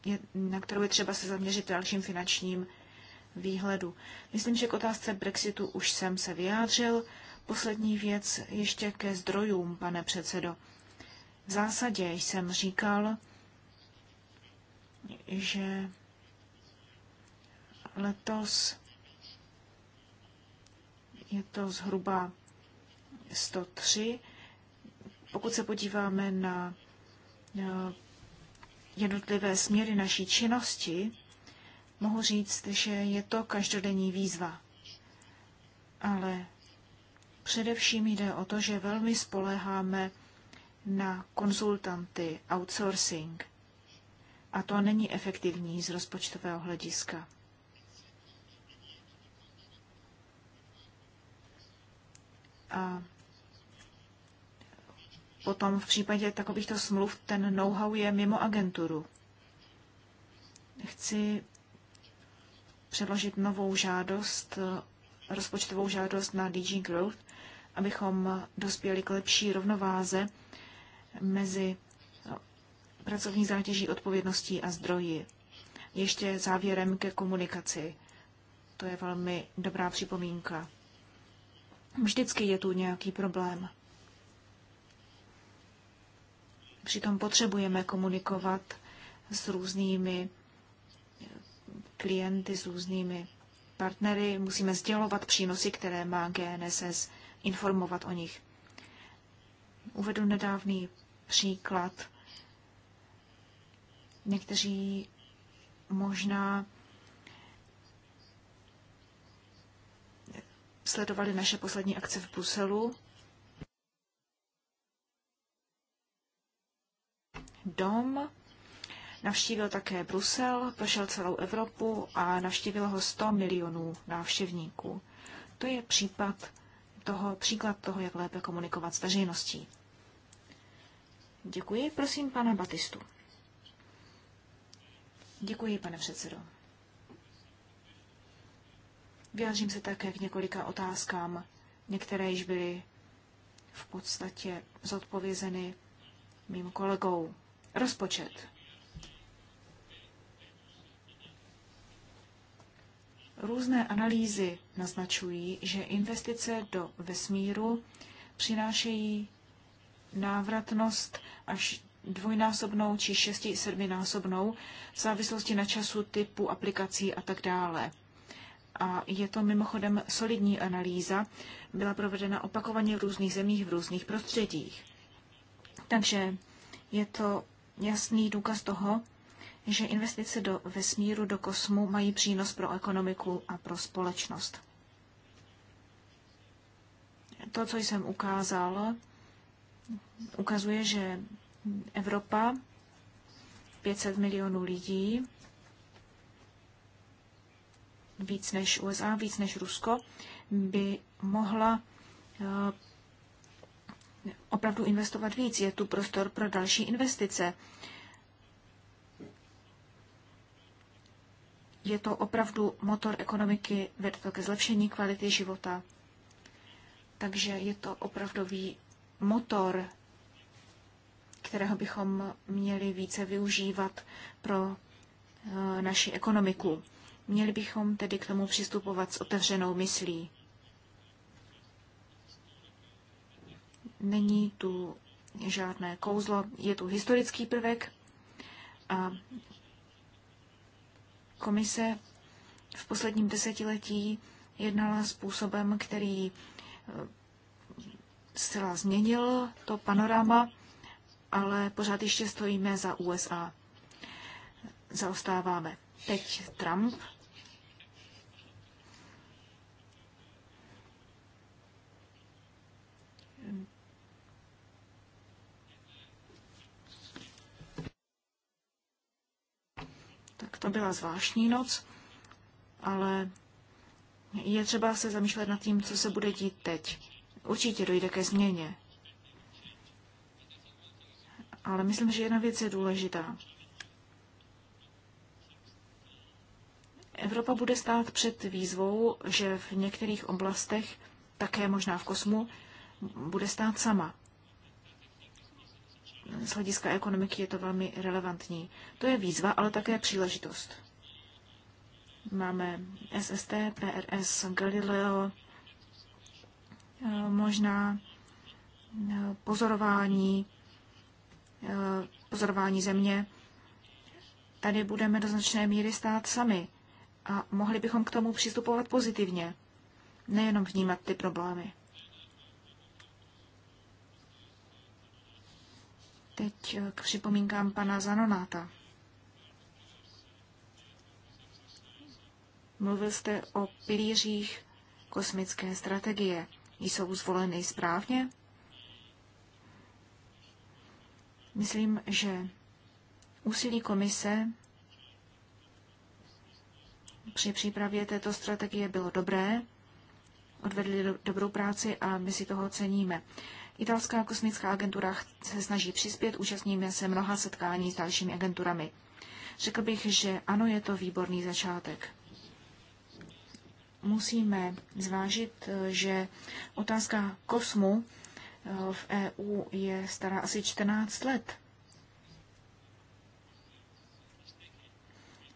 je, na kterou je třeba se zaměřit v dalším finančním výhledu. Myslím, že k otázce Brexitu už jsem se vyjádřil. Poslední věc ještě ke zdrojům, pane předsedo. V zásadě jsem říkal, že letos je to zhruba 103. Pokud se podíváme na eh, jednotlivé směry naší činnosti, mohu říct, že je to každodenní výzva. Ale především jde o to, že velmi spoléháme na konzultanty, outsourcing. A to není efektivní z rozpočtového hlediska. A potom v případě takovýchto smluv ten know-how je mimo agenturu. Chci předložit novou žádost, rozpočtovou žádost na DG Growth, abychom dospěli k lepší rovnováze mezi pracovní zátěží, odpovědností a zdroji. Ještě závěrem ke komunikaci. To je velmi dobrá připomínka. Vždycky je tu nějaký problém. Přitom potřebujeme komunikovat s různými klienty, s různými partnery, musíme sdělovat přínosy, které má GNSS, informovat o nich. Uvedu nedávný příklad. Někteří možná sledovali naše poslední akce v Bruselu. Dom navštívil také Brusel, prošel celou Evropu a navštívil ho 100 milionů návštěvníků. To je případ toho, příklad toho, jak lépe komunikovat s veřejností. Děkuji. Prosím pana Batistu. Děkuji, pane předsedo. Vyjádřím se také k několika otázkám. Některé již byly v podstatě zodpovězeny mým kolegou. Rozpočet. Různé analýzy naznačují, že investice do vesmíru přinášejí návratnost až dvojnásobnou či šesti, sedminásobnou v závislosti na času, typu aplikací a tak dále a je to mimochodem solidní analýza, byla provedena opakovaně v různých zemích, v různých prostředích. Takže je to jasný důkaz toho, že investice do vesmíru, do kosmu mají přínos pro ekonomiku a pro společnost. To, co jsem ukázal, ukazuje, že Evropa 500 milionů lidí víc než USA, víc než Rusko, by mohla eh, opravdu investovat víc. Je tu prostor pro další investice. Je to opravdu motor ekonomiky, vede to ke zlepšení kvality života. Takže je to opravdový motor, kterého bychom měli více využívat pro eh, naši ekonomiku. Měli bychom tedy k tomu přistupovat s otevřenou myslí. Není tu žádné kouzlo, je tu historický prvek a komise v posledním desetiletí jednala způsobem, který eh, zcela změnil to panorama, ale pořád ještě stojíme za USA. Zaostáváme. Teď Trump Tak to byla zvláštní noc, ale je třeba se zamýšlet nad tím, co se bude dít teď. Určitě dojde ke změně. Ale myslím, že jedna věc je důležitá. Evropa bude stát před výzvou, že v některých oblastech, také možná v kosmu, bude stát sama z hlediska ekonomiky je to velmi relevantní. To je výzva, ale také příležitost. Máme SST, PRS, Galileo, eh, možná eh, pozorování, eh, pozorování země. Tady budeme do značné míry stát sami a mohli bychom k tomu přistupovat pozitivně, nejenom vnímat ty problémy. Teď eh, k připomínkám pana Zanonáta. Mluvil jste o pilířích kosmické strategie. Jsou zvoleny správně? Myslím, že úsilí komise při přípravě této strategie bylo dobré, odvedli do, dobrou práci a my si toho ceníme. Italská kosmická agentura se snaží přispět, účastníme se mnoha setkání s dalšími agenturami. Řekl bych, že ano, je to výborný začátek. Musíme zvážit, eh, že otázka kosmu eh, v EU je stará asi 14 let.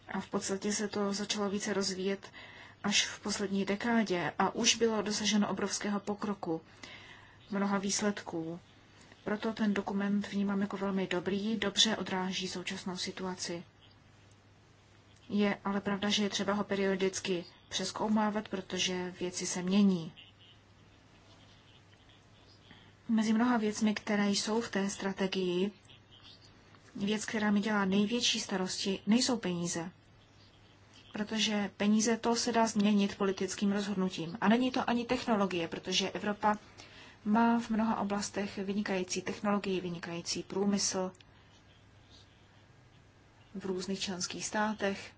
A v podstatě se to začalo více rozvíjet až v poslední dekádě a už bylo dosaženo obrovského pokroku mnoha výsledků. Proto ten dokument vnímám jako velmi dobrý, dobře odráží současnou situaci. Je ale pravda, že je třeba ho periodicky přeskoumávat, protože věci se mění. Mezi mnoha věcmi, které jsou v té strategii, věc, která mi dělá největší starosti, nejsou peníze. Protože peníze to se dá změnit politickým rozhodnutím. A není to ani technologie, protože Evropa má v mnoha oblastech vynikající technologii, vynikající průmysl v různých členských státech.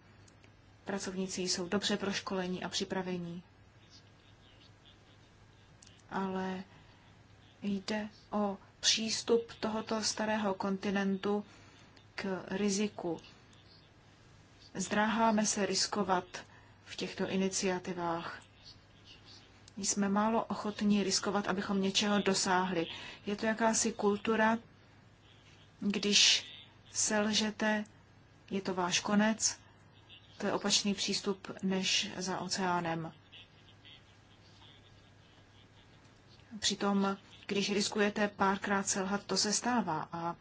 Pracovníci jsou dobře proškolení a připravení. Ale jde o přístup tohoto starého kontinentu k riziku. Zdráháme se riskovat v těchto iniciativách jsme málo ochotní riskovat, abychom něčeho dosáhli. Je to jakási kultura, když selžete, je to váš konec. To je opačný přístup než za oceánem. Přitom, když riskujete párkrát selhat, to se stává a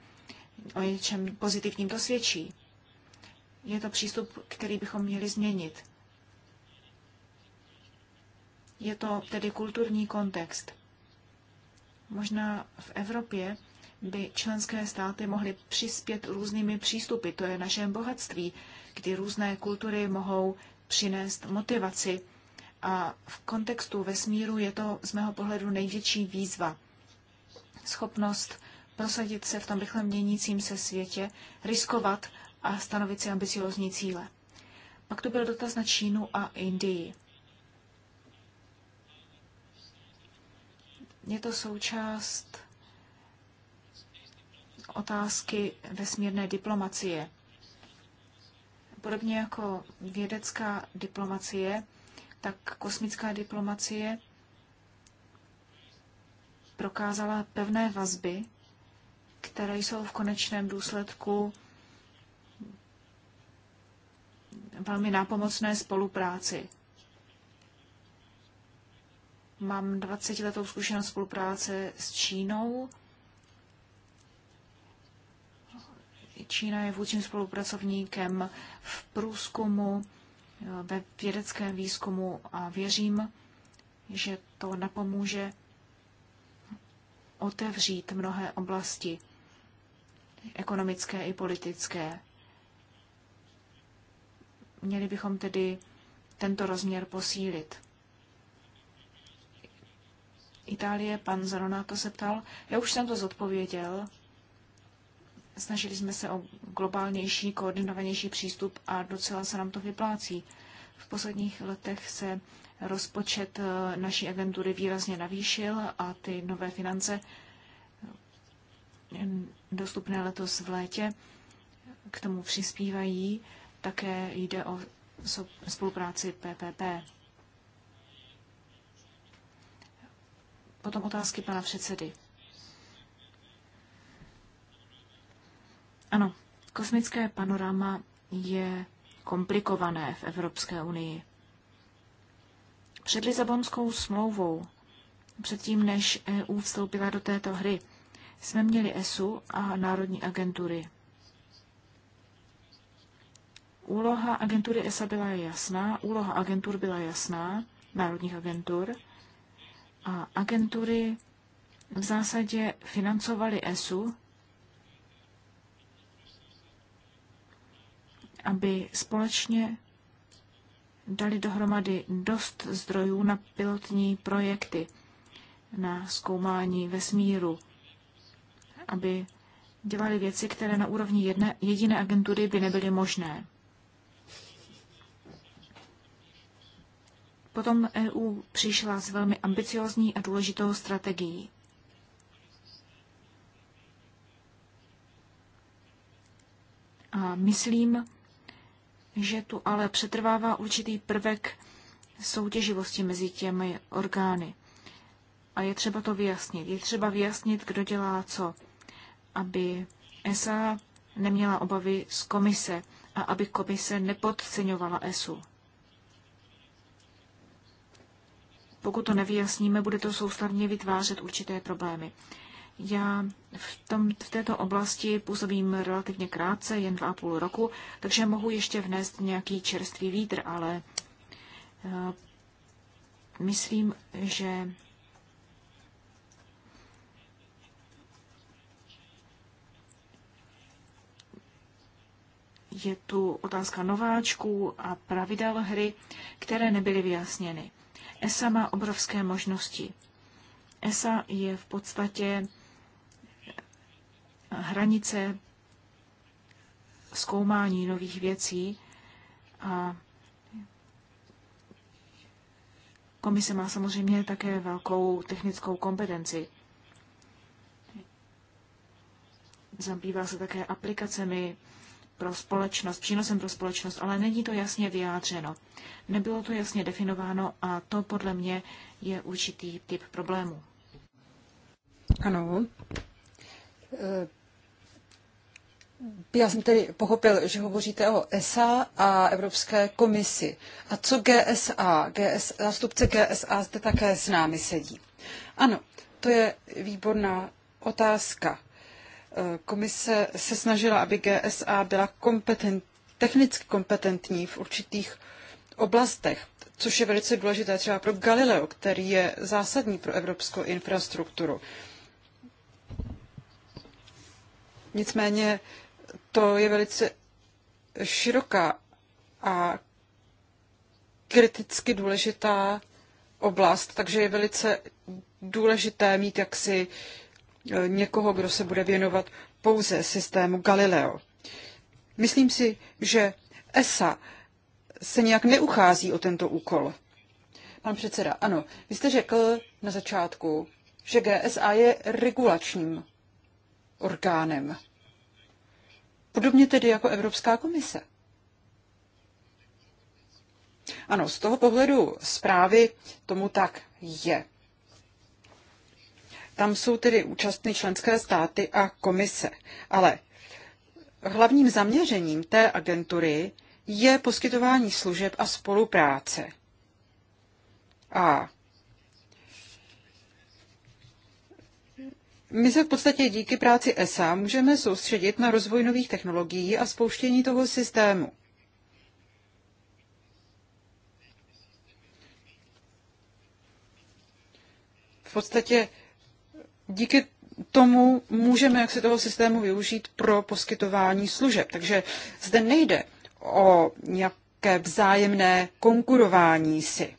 o něčem pozitivním to svědčí. Je to přístup, který bychom měli změnit. Je to tedy kulturní kontext. Možná v Evropě by členské státy mohly přispět různými přístupy. To je našem bohatství, kdy různé kultury mohou přinést motivaci. A v kontextu vesmíru je to z mého pohledu největší výzva. Schopnost prosadit se v tom rychle měnícím se světě, riskovat a stanovit si ambiciozní cíle. Pak to byl dotaz na Čínu a Indii. Je to součást otázky vesmírné diplomacie. Podobně jako vědecká diplomacie, tak kosmická diplomacie prokázala pevné vazby, které jsou v konečném důsledku velmi nápomocné spolupráci Mám 20 letou zkušenost spolupráce s Čínou. Čína je vůdčím spolupracovníkem v průzkumu, ve vědeckém výzkumu a věřím, že to napomůže otevřít mnohé oblasti ekonomické i politické. Měli bychom tedy tento rozměr posílit. Itálie, pan Zanonato se ptal. Já už jsem to zodpověděl. Snažili jsme se o globálnější, koordinovanější přístup a docela se nám to vyplácí. V posledních letech se rozpočet eh, naší agentury výrazně navýšil a ty nové finance eh, dostupné letos v létě k tomu přispívají. Také jde o spolupráci PPP. Potom otázky pana předsedy. Ano, kosmické panorama je komplikované v Evropské unii. Před Lizabonskou smlouvou, předtím než EU vstoupila do této hry, jsme měli ESU a národní agentury. Úloha agentury ESA byla jasná, úloha agentur byla jasná, národních agentur – a agentury v zásadě financovaly ESU, aby společně dali dohromady dost zdrojů na pilotní projekty, na zkoumání vesmíru, aby dělali věci, které na úrovni jedné, jediné agentury by nebyly možné. Potom EU přišla s velmi ambiciozní a důležitou strategií. A myslím, že tu ale přetrvává určitý prvek soutěživosti mezi těmi orgány. A je třeba to vyjasnit. Je třeba vyjasnit, kdo dělá co, aby ESA neměla obavy z komise a aby komise nepodceňovala ESU. Pokud to nevyjasníme, bude to soustavně vytvářet určité problémy. Já v, tom, v této oblasti působím relativně krátce, jen dva a půl roku, takže mohu ještě vnést nějaký čerstvý vítr, ale eh, myslím, že je tu otázka nováčků a pravidel hry, které nebyly vyjasněny. ESA má obrovské možnosti. ESA je v podstatě hranice zkoumání nových věcí a komise má samozřejmě také velkou technickou kompetenci. Zabývá se také aplikacemi pro společnost, přínosem pro společnost, ale není to jasně vyjádřeno. Nebylo to jasně definováno a to podle mě je určitý typ problému. Ano. E, já jsem tedy pochopil, že hovoříte o ESA a Evropské komisi. A co GSA? GS, zástupce GSA zde také s námi sedí. Ano, to je výborná otázka komise se snažila, aby GSA byla kompetent, technicky kompetentní v určitých oblastech, což je velice důležité třeba pro Galileo, který je zásadní pro evropskou infrastrukturu. Nicméně to je velice široká a kriticky důležitá oblast, takže je velice důležité mít jaksi E, někoho, kdo se bude věnovat pouze systému Galileo. Myslím si, že ESA se nějak neuchází o tento úkol. Pan předseda, ano, vy jste řekl na začátku, že GSA je regulačním orgánem. Podobně tedy jako Evropská komise. Ano, z toho pohledu zprávy tomu tak je. Tam jsou tedy účastny členské státy a komise. Ale hlavním zaměřením té agentury je poskytování služeb a spolupráce. A My se v podstatě díky práci ESA můžeme soustředit na rozvoj nových technologií a spouštění toho systému. V podstatě díky tomu můžeme jak si toho systému využít pro poskytování služeb. Takže zde nejde o nějaké vzájemné konkurování si.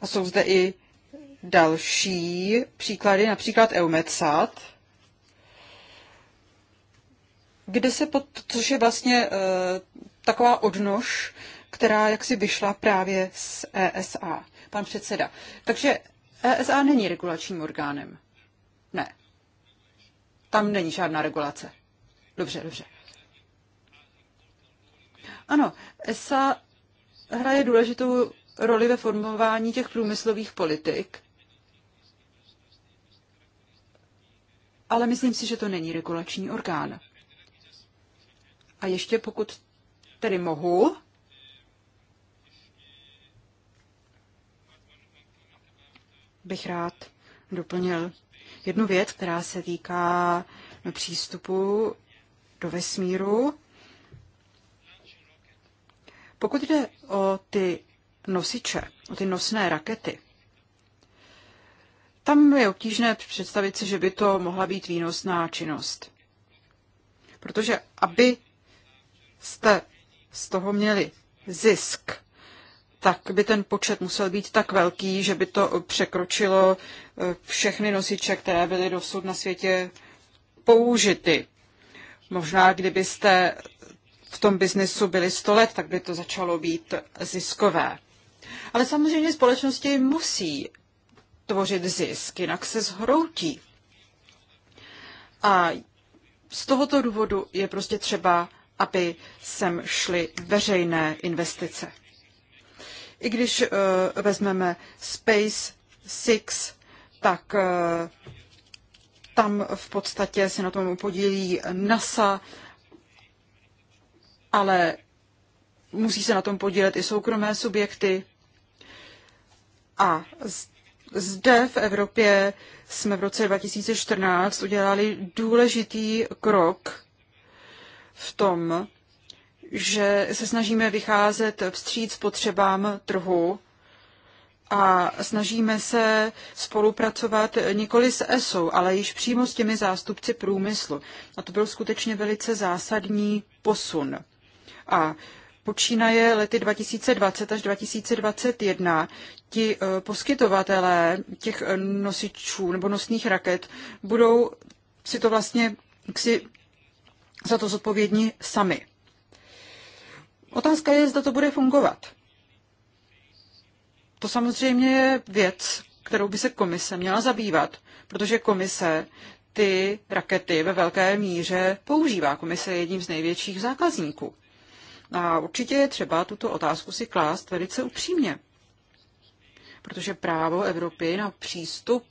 A jsou zde i další příklady, například EUMETSAT, kde se pod, což je vlastně e, taková odnož, která jaksi vyšla právě z ESA, pan předseda. Takže ESA není regulačním orgánem. Ne. Tam není žádná regulace. Dobře, dobře. Ano, ESA hraje důležitou roli ve formování těch průmyslových politik, ale myslím si, že to není regulační orgán. A ještě pokud tedy mohu, bych rád doplnil jednu věc, která se týká přístupu do vesmíru. Pokud jde o ty nosiče, o ty nosné rakety, tam je obtížné představit si, že by to mohla být výnosná činnost. Protože aby jste z toho měli zisk, tak by ten počet musel být tak velký, že by to překročilo eh, všechny nosiče, které byly dosud na světě použity. Možná kdybyste v tom biznesu byli 100 let, tak by to začalo být ziskové. Ale samozřejmě společnosti musí tvořit zisk, jinak se zhroutí. A z tohoto důvodu je prostě třeba, aby sem šly veřejné investice. I když eh, vezmeme Space 6, tak eh, tam v podstatě se na tom podílí NASA, ale musí se na tom podílet i soukromé subjekty. A zde v Evropě jsme v roce 2014 udělali důležitý krok v tom, že se snažíme vycházet vstříc potřebám trhu a snažíme se spolupracovat nikoli s ESO, ale již přímo s těmi zástupci průmyslu. A to byl skutečně velice zásadní posun. A počínaje lety 2020 až 2021 ti eh, poskytovatelé těch eh, nosičů nebo nosných raket budou si to vlastně si za to zodpovědní sami. Otázka je, zda to bude fungovat. To samozřejmě je věc, kterou by se komise měla zabývat, protože komise ty rakety ve velké míře používá. Komise je jedním z největších zákazníků. A určitě je třeba tuto otázku si klást velice upřímně, protože právo Evropy na přístup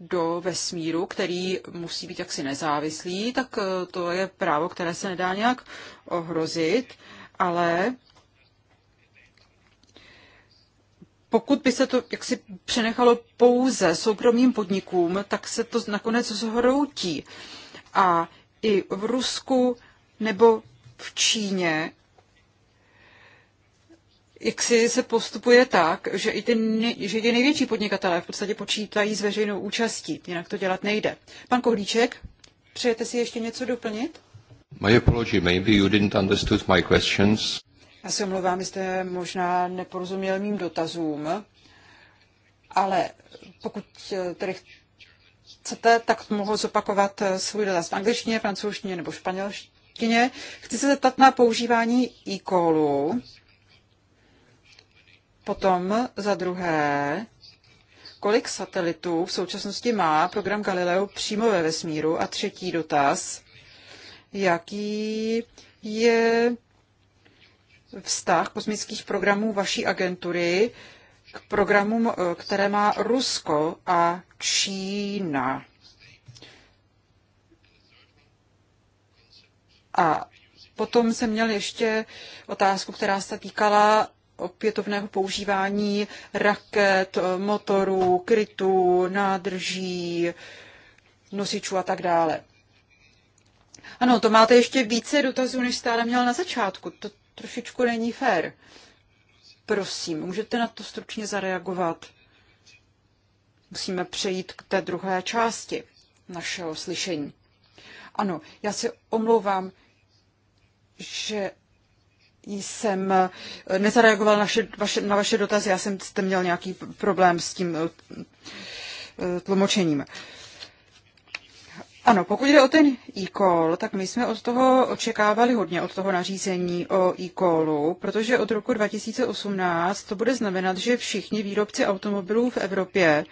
do vesmíru, který musí být jaksi nezávislý, tak eh, to je právo, které se nedá nějak ohrozit ale pokud by se to jaksi přenechalo pouze soukromým podnikům, tak se to nakonec zhroutí. A i v Rusku nebo v Číně jak si se postupuje tak, že i ty, že i ty největší podnikatelé v podstatě počítají s veřejnou účastí, jinak to dělat nejde. Pan Kohlíček, přejete si ještě něco doplnit? My apology, maybe you didn't understood my questions. Já se omlouvám, jste možná neporozuměl mým dotazům, ale pokud eh, tedy chcete, tak mohu zopakovat eh, svůj dotaz v angličtině, francouzštině nebo španělštině. Chci se zeptat na používání e-callu. Potom za druhé, kolik satelitů v současnosti má program Galileo přímo ve vesmíru? A třetí dotaz, jaký je vztah kosmických programů vaší agentury k programům, eh, které má Rusko a Čína. A potom jsem měl ještě otázku, která se týkala opětovného používání raket, motorů, krytů, nádrží, nosičů a tak dále. Ano, to máte ještě více dotazů, než stále měl na začátku. To trošičku není fér. Prosím, můžete na to stručně zareagovat? Musíme přejít k té druhé části našeho slyšení. Ano, já se omlouvám, že jsem nezareagoval na vaše, na vaše dotazy, já jsem měl nějaký problém s tím eh, tlumočením. Uh, ano, pokud jde o ten e-call, tak my jsme od toho očekávali hodně, od toho nařízení o e-callu, protože od roku 2018 to bude znamenat, že všichni výrobci automobilů v Evropě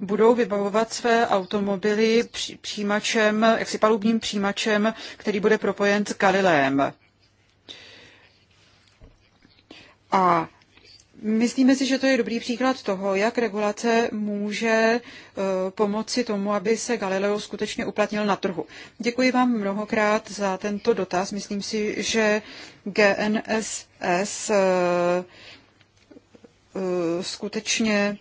budou vybavovat své automobily přijímačem, jaksi palubním přijímačem, který bude propojen s Galileem. A Myslíme si, že to je dobrý příklad toho, jak regulace může eh, pomoci tomu, aby se Galileo skutečně uplatnil na trhu. Děkuji vám mnohokrát za tento dotaz. Myslím si, že GNSS eh, eh, skutečně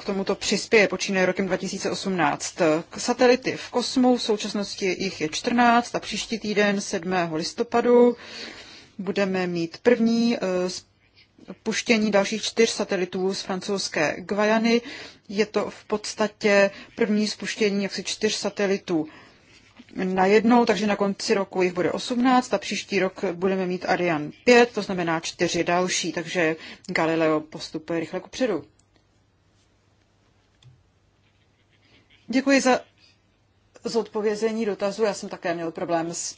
k tomuto přispěje počínaje rokem 2018. Satelity v kosmu, v současnosti jich je 14 a příští týden 7. listopadu budeme mít první puštění dalších čtyř satelitů z francouzské Guajany. Je to v podstatě první spuštění jaksi čtyř satelitů na jednou, takže na konci roku jich bude 18 a příští rok budeme mít Ariane 5, to znamená čtyři další, takže Galileo postupuje rychle kupředu. Děkuji za zodpovězení dotazu. Já jsem také měl problém s,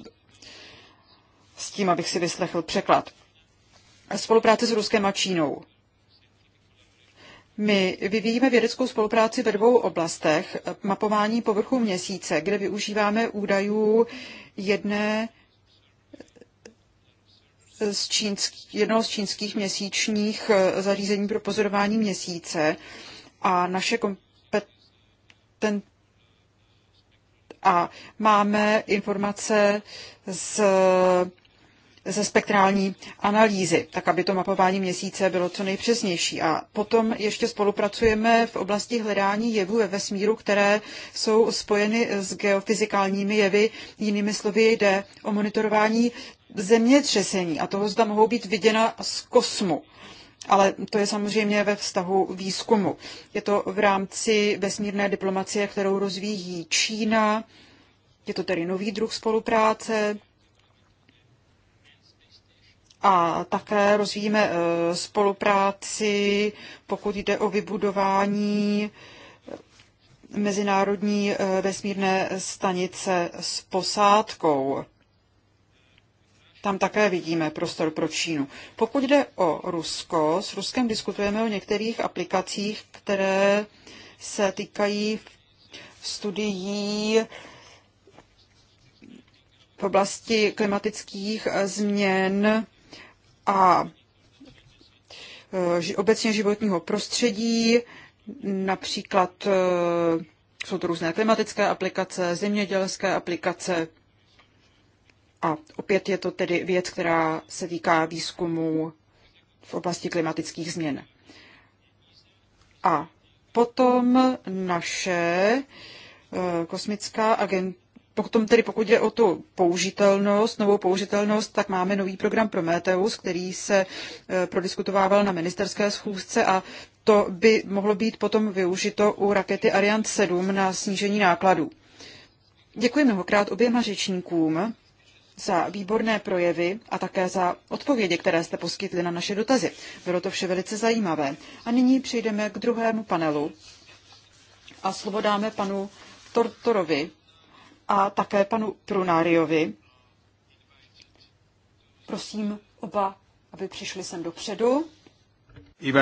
s tím, abych si vyslechl překlad spolupráci s Ruskem a Čínou. My vyvíjíme vědeckou spolupráci ve dvou oblastech. Mapování povrchu měsíce, kde využíváme údajů jedné z čínský, jednoho z čínských měsíčních eh, zařízení pro pozorování měsíce a naše kompeten... a máme informace z ze spektrální analýzy, tak aby to mapování měsíce bylo co nejpřesnější. A potom ještě spolupracujeme v oblasti hledání jevů ve vesmíru, které jsou spojeny s geofyzikálními jevy. Jinými slovy jde o monitorování zemětřesení a toho zda mohou být viděna z kosmu. Ale to je samozřejmě ve vztahu výzkumu. Je to v rámci vesmírné diplomacie, kterou rozvíjí Čína. Je to tedy nový druh spolupráce a také rozvíjíme e, spolupráci, pokud jde o vybudování mezinárodní e, vesmírné stanice s posádkou. Tam také vidíme prostor pro Čínu. Pokud jde o Rusko, s Ruskem diskutujeme o některých aplikacích, které se týkají studií v oblasti klimatických změn a e, obecně životního prostředí, například e, jsou to různé klimatické aplikace, zemědělské aplikace a opět je to tedy věc, která se týká výzkumu v oblasti klimatických změn. A potom naše e, kosmická agent, Potom tedy pokud je o tu použitelnost, novou použitelnost, tak máme nový program Prometheus, který se e, prodiskutovával na ministerské schůzce a to by mohlo být potom využito u rakety Ariane 7 na snížení nákladů. Děkuji mnohokrát oběma řečníkům za výborné projevy a také za odpovědi, které jste poskytli na naše dotazy. Bylo to vše velice zajímavé. A nyní přejdeme k druhému panelu a slovo dáme panu Tortorovi, a také panu Prunáriovi. Prosím oba, aby přišli sem dopředu. I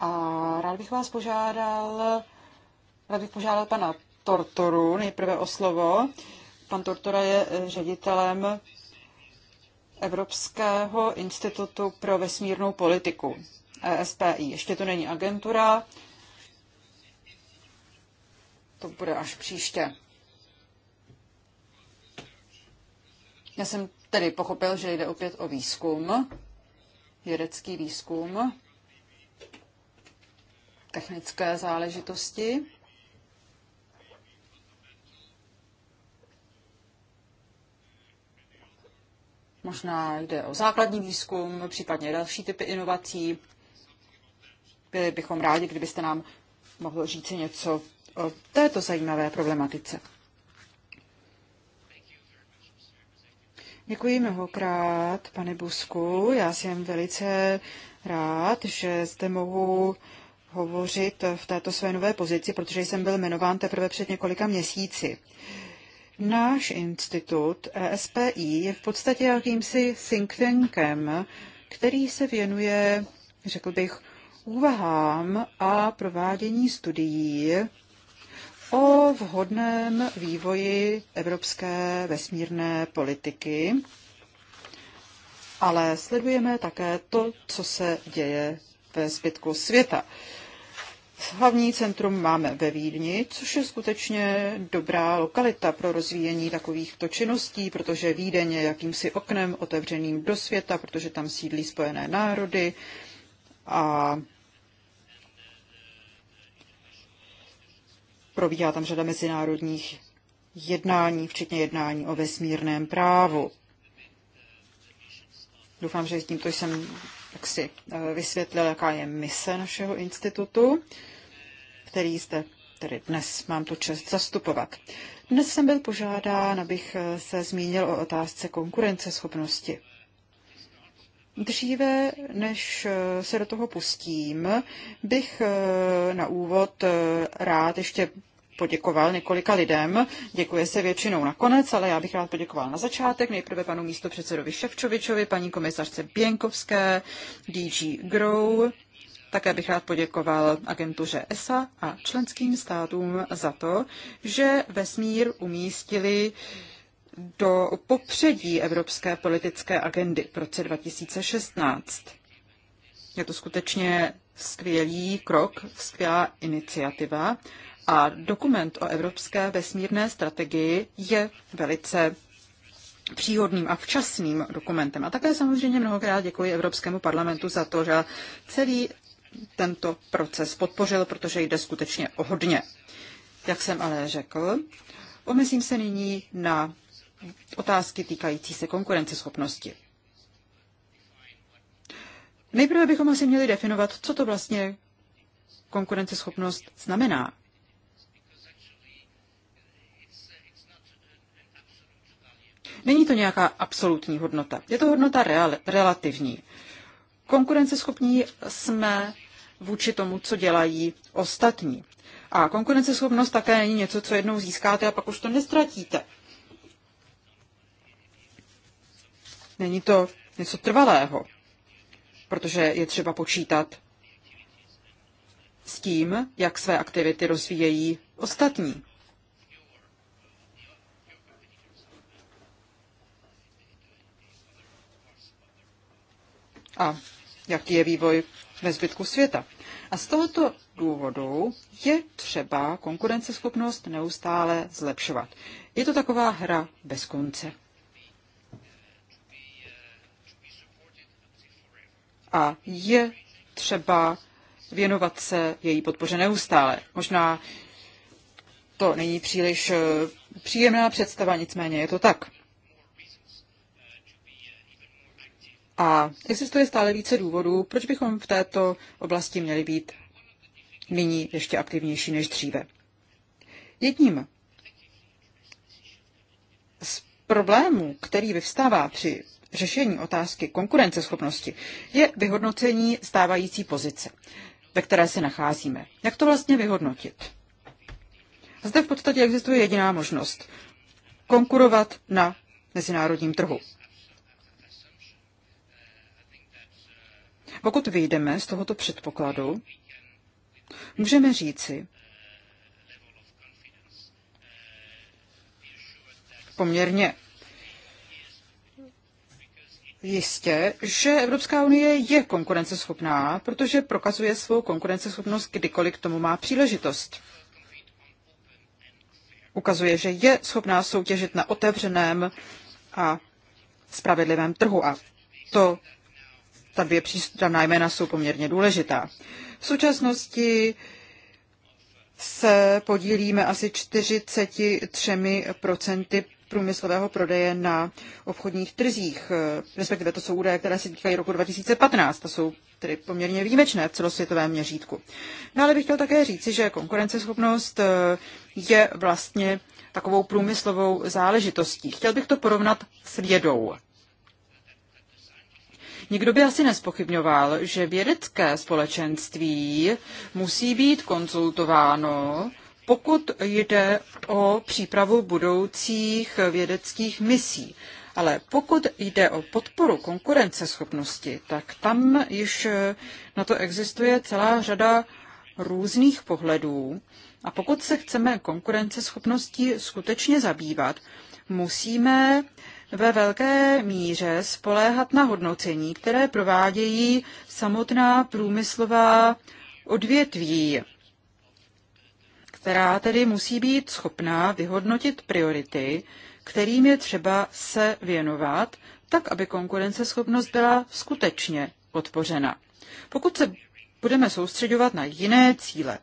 A rád bych vás požádal, rád bych požádal pana Tortoru nejprve o slovo. Pan Tortora je eh, ředitelem Evropského institutu pro vesmírnou politiku, ESPI. Ještě to není agentura, to bude až příště. Já jsem tedy pochopil, že jde opět o výzkum, vědecký výzkum, technické záležitosti. Možná jde o základní výzkum, případně další typy inovací. Byli bychom rádi, kdybyste nám mohl říct něco o této zajímavé problematice. Děkuji mnohokrát, pane Busku. Já jsem velice rád, že zde mohu hovořit v této své nové pozici, protože jsem byl jmenován teprve před několika měsíci. Náš institut ESPI je v podstatě jakýmsi think tankem, který se věnuje, řekl bych, úvahám a provádění studií o vhodném vývoji evropské vesmírné politiky, ale sledujeme také to, co se děje ve zbytku světa. Hlavní centrum máme ve Vídni, což je skutečně dobrá lokalita pro rozvíjení takovýchto činností, protože Vídeň je jakýmsi oknem otevřeným do světa, protože tam sídlí Spojené národy a probíhá tam řada mezinárodních jednání, včetně jednání o vesmírném právu. Doufám, že tímto jsem tak si eh, vysvětlil, jaká je mise našeho institutu, který zde tedy dnes mám tu čest zastupovat. Dnes jsem byl požádán, abych eh, se zmínil o otázce konkurenceschopnosti. Dříve, než eh, se do toho pustím, bych eh, na úvod eh, rád ještě poděkoval několika lidem. Děkuje se většinou nakonec, ale já bych rád poděkoval na začátek. Nejprve panu místopředsedovi Ševčovičovi, paní komisařce Pěnkovské, DG Grow. Také bych rád poděkoval agentuře ESA a členským státům za to, že vesmír umístili uh, do popředí evropské politické agendy v roce 2016. Je to skutečně skvělý krok, skvělá iniciativa a dokument o evropské vesmírné strategii je velice příhodným a včasným dokumentem. A také samozřejmě mnohokrát děkuji Evropskému parlamentu za to, že celý tento proces podpořil, protože jde skutečně o hodně. Jak jsem ale řekl, omezím se nyní na otázky týkající se konkurenceschopnosti. Nejprve bychom asi měli definovat, co to vlastně konkurenceschopnost znamená. Není to nějaká absolutní hodnota, je to hodnota real, relativní. Konkurenceschopní jsme vůči tomu, co dělají ostatní. A konkurenceschopnost také není něco, co jednou získáte a pak už to nestratíte. Není to něco trvalého, protože je třeba počítat s tím, jak své aktivity rozvíjejí ostatní. A jaký je vývoj ve zbytku světa. A z tohoto důvodu je třeba konkurenceschopnost neustále zlepšovat. Je to taková hra bez konce. a je třeba věnovat se její podpoře neustále. Možná to není příliš eh, příjemná představa, nicméně je to tak. A existuje stále více důvodů, proč bychom v této oblasti měli být nyní ještě aktivnější než dříve. Jedním z problémů, který vyvstává při řešení otázky konkurenceschopnosti je vyhodnocení stávající pozice, ve které se nacházíme. Jak to vlastně vyhodnotit? Zde v podstatě existuje jediná možnost. Konkurovat na mezinárodním trhu. Pokud vyjdeme z tohoto předpokladu, můžeme říci poměrně jistě, že Evropská unie je konkurenceschopná, protože prokazuje svou konkurenceschopnost kdykoliv k tomu má příležitost. Ukazuje, že je schopná soutěžit na otevřeném a spravedlivém trhu a to ta dvě přístupná jména jsou poměrně důležitá. V současnosti se podílíme asi 43% průmyslového prodeje na obchodních trzích. Eh, respektive to jsou údaje, které se týkají roku 2015. To jsou tedy poměrně výjimečné v celosvětovém měřítku. No ale bych chtěl také říci, že konkurenceschopnost eh, je vlastně takovou průmyslovou záležitostí. Chtěl bych to porovnat s vědou. Nikdo by asi nespochybňoval, že vědecké společenství musí být konzultováno pokud jde o přípravu budoucích vědeckých misí. Ale pokud jde o podporu konkurenceschopnosti, tak tam již na to existuje celá řada různých pohledů. A pokud se chceme konkurenceschopností skutečně zabývat, musíme ve velké míře spoléhat na hodnocení, které provádějí samotná průmyslová odvětví která tedy musí být schopná vyhodnotit priority, kterým je třeba se věnovat, tak aby konkurenceschopnost byla skutečně podpořena. Pokud se budeme soustředovat na jiné cíle,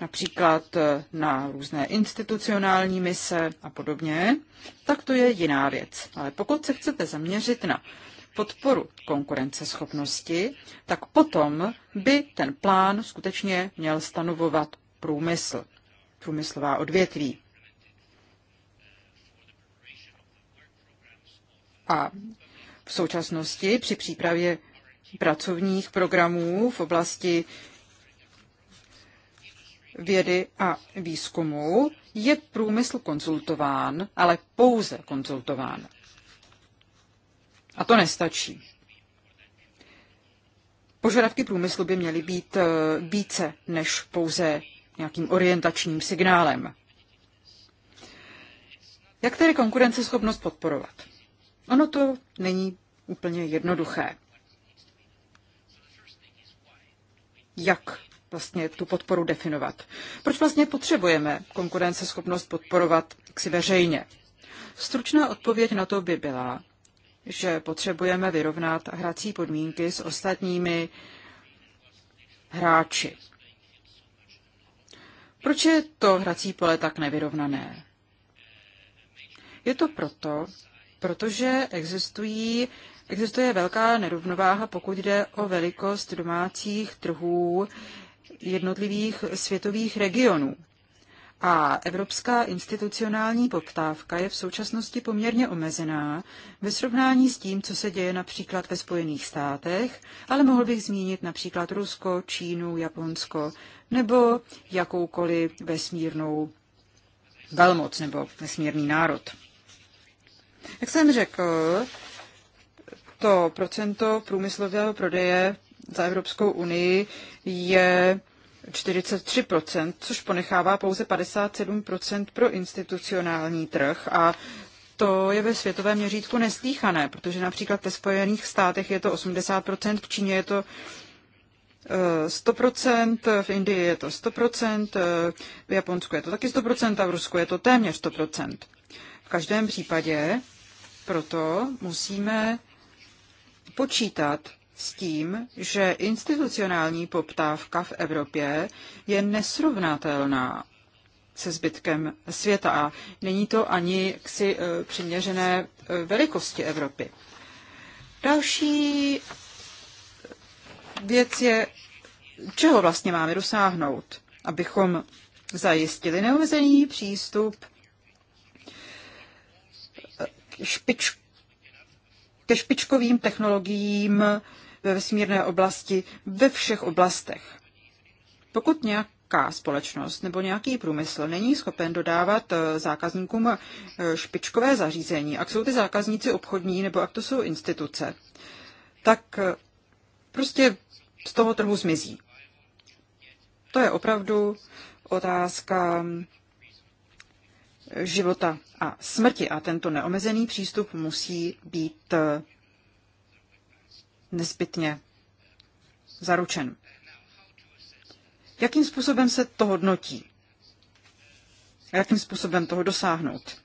například eh, na různé institucionální mise a podobně, tak to je jiná věc. Ale pokud se chcete zaměřit na podporu konkurenceschopnosti, tak potom by ten plán skutečně měl stanovovat průmysl, průmyslová odvětví. A v současnosti při přípravě pracovních programů v oblasti vědy a výzkumu je průmysl konzultován, ale pouze konzultován. A to nestačí. Požadavky průmyslu by měly být eh, více než pouze nějakým orientačním signálem. Jak tedy konkurenceschopnost podporovat? Ono to není úplně jednoduché. Jak vlastně tu podporu definovat? Proč vlastně potřebujeme konkurenceschopnost podporovat si veřejně? Stručná odpověď na to by byla, že potřebujeme vyrovnat hrací podmínky s ostatními hráči. Proč je to hrací pole tak nevyrovnané? Je to proto, protože existují, existuje velká nerovnováha, pokud jde o velikost domácích trhů jednotlivých světových regionů. A evropská institucionální poptávka je v současnosti poměrně omezená ve srovnání s tím, co se děje například ve Spojených státech, ale mohl bych zmínit například Rusko, Čínu, Japonsko nebo jakoukoliv vesmírnou velmoc nebo vesmírný národ. Jak jsem řekl, to procento průmyslového prodeje za Evropskou unii je 43%, což ponechává pouze 57% pro institucionální trh a to je ve světovém měřítku neslíchané, protože například ve Spojených státech je to 80%, v Číně je to 100%, v Indii je to 100%, v Japonsku je to taky 100% a v Rusku je to téměř 100%. V každém případě proto musíme počítat s tím, že institucionální poptávka v Evropě je nesrovnatelná se zbytkem světa a není to ani ksi eh, přiměřené eh, velikosti Evropy. Další věc je, čeho vlastně máme dosáhnout, abychom zajistili neomezený přístup špič, ke špičkovým technologiím ve vesmírné oblasti ve všech oblastech. Pokud nějaká společnost nebo nějaký průmysl není schopen dodávat eh, zákazníkům eh, špičkové zařízení, ak jsou ty zákazníci obchodní nebo ak to jsou instituce, tak eh, prostě z toho trhu zmizí. To je opravdu otázka života a smrti a tento neomezený přístup musí být eh, nezbytně zaručen. Jakým způsobem se to hodnotí? jakým způsobem toho dosáhnout?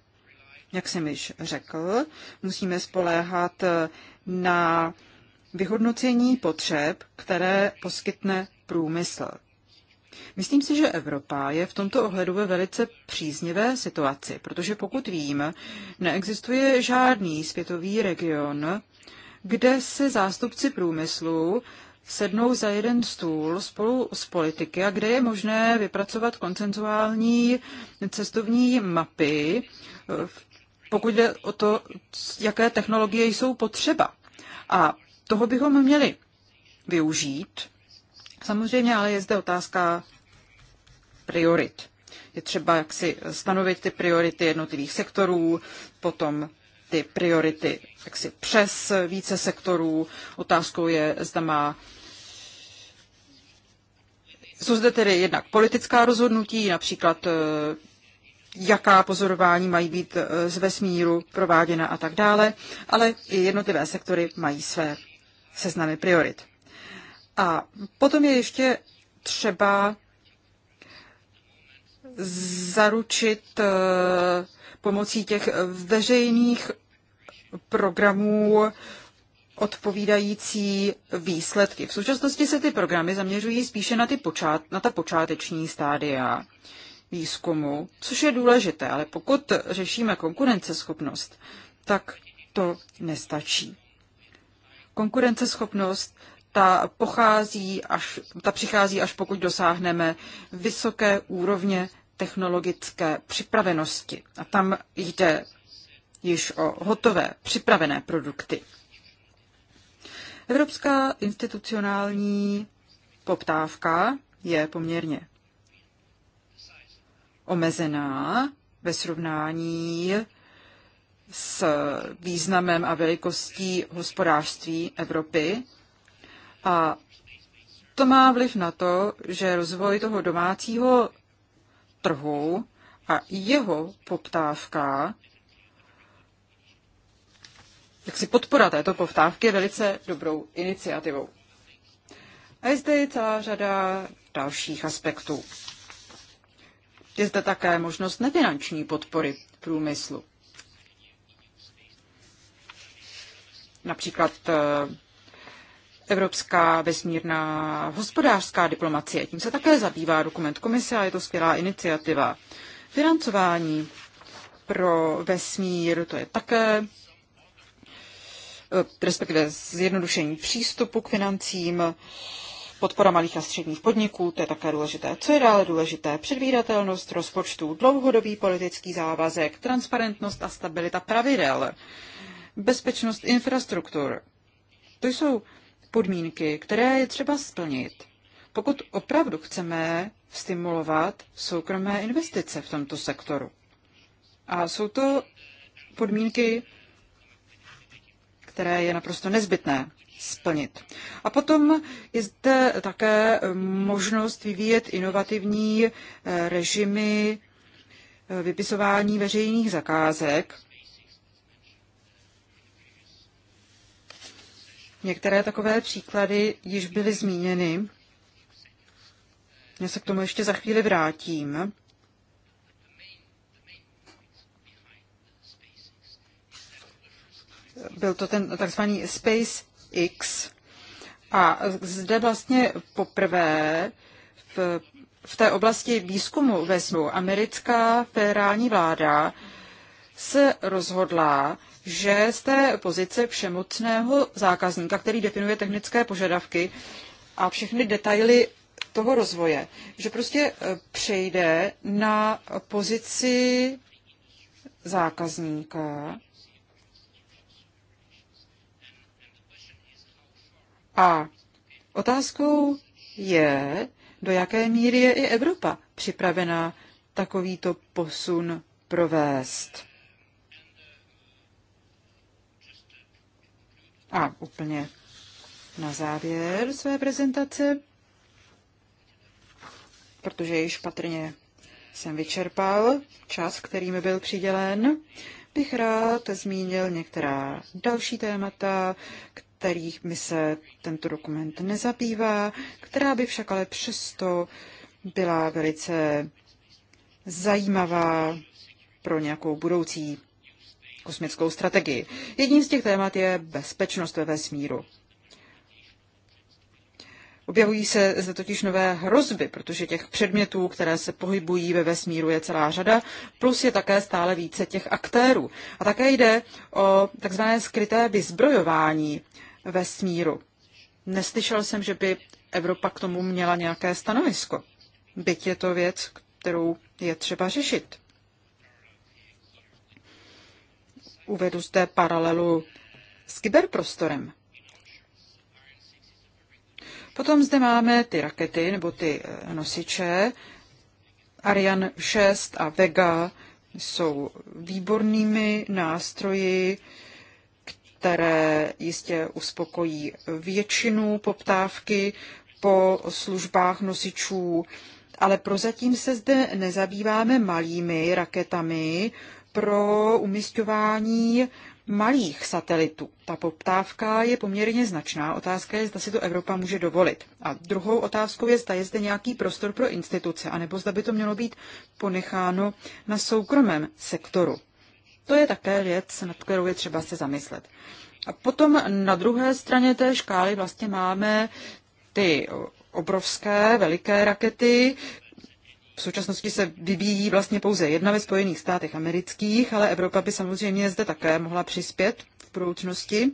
Jak jsem již řekl, musíme spoléhat eh, na vyhodnocení potřeb, které poskytne průmysl. Myslím si, že Evropa je v tomto ohledu ve velice příznivé situaci, protože pokud vím, neexistuje žádný světový region, kde se zástupci průmyslu sednou za jeden stůl spolu s politiky a kde je možné vypracovat koncenzuální cestovní mapy, pokud jde o to, jaké technologie jsou potřeba. A toho bychom měli využít. Samozřejmě ale je zde otázka priorit. Je třeba jak si stanovit ty priority jednotlivých sektorů, potom ty priority jaksi přes více sektorů. Otázkou je, zda má jsou zde tedy jednak politická rozhodnutí, například eh, jaká pozorování mají být eh, z vesmíru prováděna a tak dále, ale i jednotlivé sektory mají své seznamy priorit. A potom je ještě třeba zaručit eh, pomocí těch veřejných programů odpovídající výsledky. V současnosti se ty programy zaměřují spíše na, ty počát, na ta počáteční stádia výzkumu, což je důležité, ale pokud řešíme konkurenceschopnost, tak to nestačí. Konkurenceschopnost ta pochází až, ta přichází až pokud dosáhneme vysoké úrovně technologické připravenosti. A tam jde již o hotové, připravené produkty. Evropská institucionální poptávka je poměrně omezená ve srovnání s významem a velikostí hospodářství Evropy. A to má vliv na to, že rozvoj toho domácího trhu a jeho poptávka, jak si podpora této poptávky je velice dobrou iniciativou. A je zde celá řada dalších aspektů. Je zde také možnost nefinanční podpory průmyslu. například eh, Evropská vesmírná hospodářská diplomacie. Tím se také zabývá dokument komise a je to skvělá iniciativa. Financování pro vesmír, to je také eh, respektive zjednodušení přístupu k financím, podpora malých a středních podniků, to je také důležité. Co je dále důležité? Předvídatelnost rozpočtů, dlouhodobý politický závazek, transparentnost a stabilita pravidel bezpečnost infrastruktur. To jsou podmínky, které je třeba splnit, pokud opravdu chceme stimulovat soukromé investice v tomto sektoru. A jsou to podmínky, které je naprosto nezbytné splnit. A potom je zde také možnost vyvíjet inovativní eh, režimy eh, vypisování veřejných zakázek, Některé takové příklady již byly zmíněny. Já se k tomu ještě za chvíli vrátím. Byl to ten takzvaný Space X. A zde vlastně poprvé v, v té oblasti výzkumu vesmíru americká federální vláda se rozhodla, že z té pozice všemocného zákazníka, který definuje technické požadavky a všechny detaily toho rozvoje, že prostě e, přejde na pozici zákazníka a otázkou je, do jaké míry je i Evropa připravena takovýto posun provést. A úplně na závěr své prezentace, protože již patrně jsem vyčerpal čas, který mi byl přidělen, bych rád zmínil některá další témata, kterých mi se tento dokument nezabývá, která by však ale přesto byla velice zajímavá pro nějakou budoucí kosmickou strategii. Jedním z těch témat je bezpečnost ve vesmíru. Objevují se zde totiž nové hrozby, protože těch předmětů, které se pohybují ve vesmíru, je celá řada, plus je také stále více těch aktérů. A také jde o takzvané skryté vyzbrojování vesmíru. Neslyšel jsem, že by Evropa k tomu měla nějaké stanovisko. Byť je to věc, kterou je třeba řešit. uvedu zde paralelu s kyberprostorem. Potom zde máme ty rakety nebo ty eh, nosiče. Ariane 6 a Vega jsou výbornými nástroji, které jistě uspokojí většinu poptávky po službách nosičů, ale prozatím se zde nezabýváme malými raketami, pro umisťování malých satelitů. Ta poptávka je poměrně značná. Otázka je, zda si to Evropa může dovolit. A druhou otázkou je, zda je zde nějaký prostor pro instituce, anebo zda by to mělo být ponecháno na soukromém sektoru. To je také věc, nad kterou je třeba se zamyslet. A potom na druhé straně té škály vlastně máme ty obrovské, veliké rakety, v současnosti se vyvíjí vlastně pouze jedna ve Spojených státech amerických, ale Evropa by samozřejmě zde také mohla přispět v budoucnosti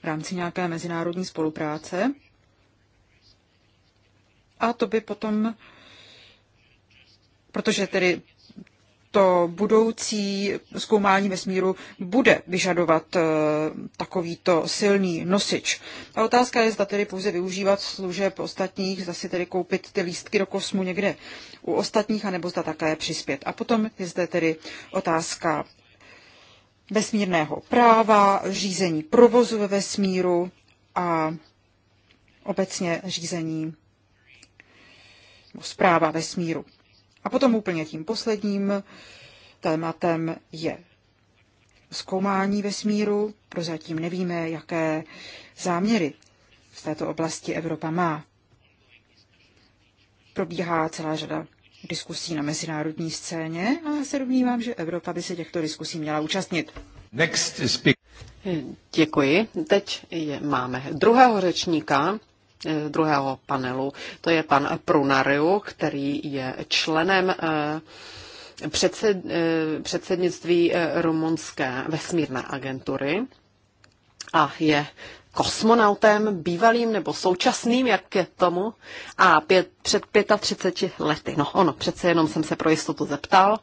v rámci nějaké mezinárodní spolupráce. A to by potom, protože tedy to budoucí zkoumání vesmíru bude vyžadovat eh, takovýto silný nosič. A otázka je, zda tedy pouze využívat služeb ostatních, zda si tedy koupit ty lístky do kosmu někde u ostatních, anebo zda také přispět. A potom je zde tedy otázka vesmírného práva, řízení provozu ve vesmíru a obecně řízení zpráva vesmíru. A potom úplně tím posledním tématem je zkoumání vesmíru. Prozatím nevíme, jaké záměry v této oblasti Evropa má. Probíhá celá řada diskusí na mezinárodní scéně a já se domnívám, že Evropa by se těchto diskusí měla účastnit. Next Děkuji. Teď je, máme druhého řečníka, Eh, druhého panelu. To je pan Prunariu, který je členem eh, předsed, eh, předsednictví rumunské vesmírné agentury a je kosmonautem, bývalým nebo současným, jak je tomu, a pět, před 35 lety. No ono, přece jenom jsem se pro jistotu zeptal.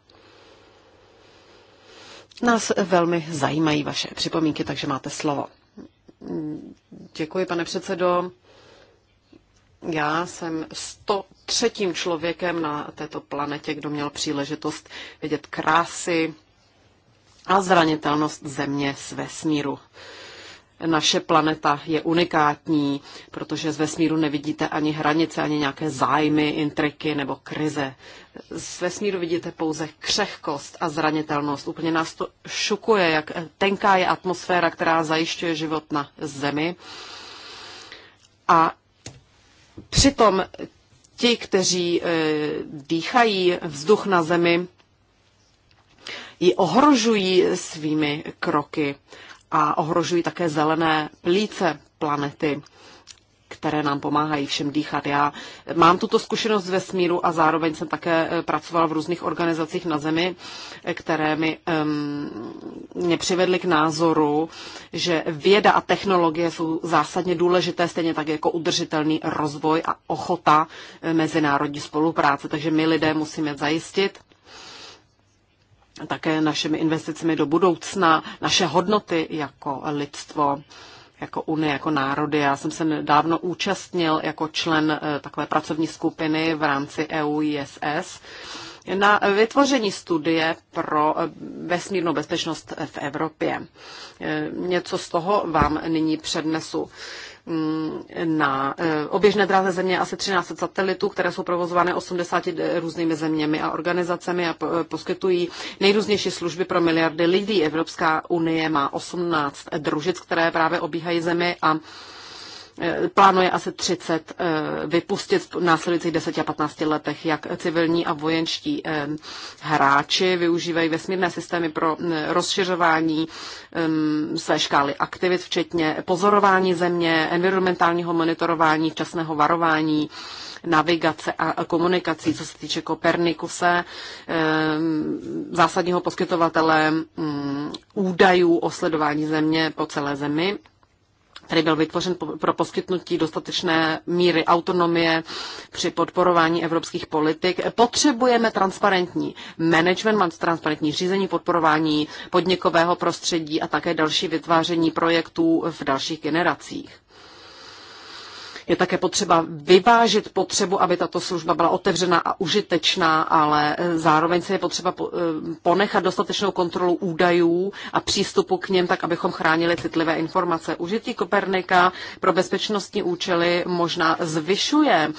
Nás velmi zajímají vaše připomínky, takže máte slovo. Děkuji, pane předsedo. Já jsem 103. člověkem na této planetě, kdo měl příležitost vidět krásy a zranitelnost země z vesmíru. Naše planeta je unikátní, protože z vesmíru nevidíte ani hranice, ani nějaké zájmy, intriky nebo krize. Z vesmíru vidíte pouze křehkost a zranitelnost. Úplně nás to šukuje, jak tenká je atmosféra, která zajišťuje život na Zemi. A Přitom ti, kteří e, dýchají vzduch na zemi, ji ohrožují svými kroky a ohrožují také zelené plíce planety které nám pomáhají všem dýchat. Já mám tuto zkušenost z smíru a zároveň jsem také eh, pracovala v různých organizacích na Zemi, eh, které mi, um, mě přivedly k názoru, že věda a technologie jsou zásadně důležité, stejně tak jako udržitelný rozvoj a ochota eh, mezinárodní spolupráce. Takže my lidé musíme zajistit, také našimi investicemi do budoucna, naše hodnoty jako lidstvo, jako Unie, jako národy. Já jsem se dávno účastnil jako člen eh, takové pracovní skupiny v rámci EU ISS na vytvoření studie pro eh, vesmírnou bezpečnost v Evropě. Eh, Něco z toho vám nyní přednesu. Mm, na e, oběžné dráze země asi 13 satelitů, které jsou provozovány 80 různými zeměmi a organizacemi a e, poskytují nejrůznější služby pro miliardy lidí. Evropská unie má 18 družic, které právě obíhají zemi a Eh, plánuje asi 30 eh, vypustit v následujících 10 a 15 letech, jak civilní a vojenští eh, hráči využívají vesmírné systémy pro mm, rozšiřování mm, své škály aktivit, včetně pozorování země, environmentálního monitorování, včasného varování, navigace a komunikací, co se týče Kopernikuse, zásadního poskytovatele mm, údajů o sledování země po celé zemi který byl vytvořen pro poskytnutí dostatečné míry autonomie při podporování evropských politik. Potřebujeme transparentní management, transparentní řízení, podporování podnikového prostředí a také další vytváření projektů v dalších generacích. Je také potřeba vyvážit potřebu, aby tato služba byla otevřená a užitečná, ale eh, zároveň se je potřeba eh, ponechat dostatečnou kontrolu údajů a přístupu k něm, tak abychom chránili citlivé informace. Užití Kopernika pro bezpečnostní účely možná zvyšuje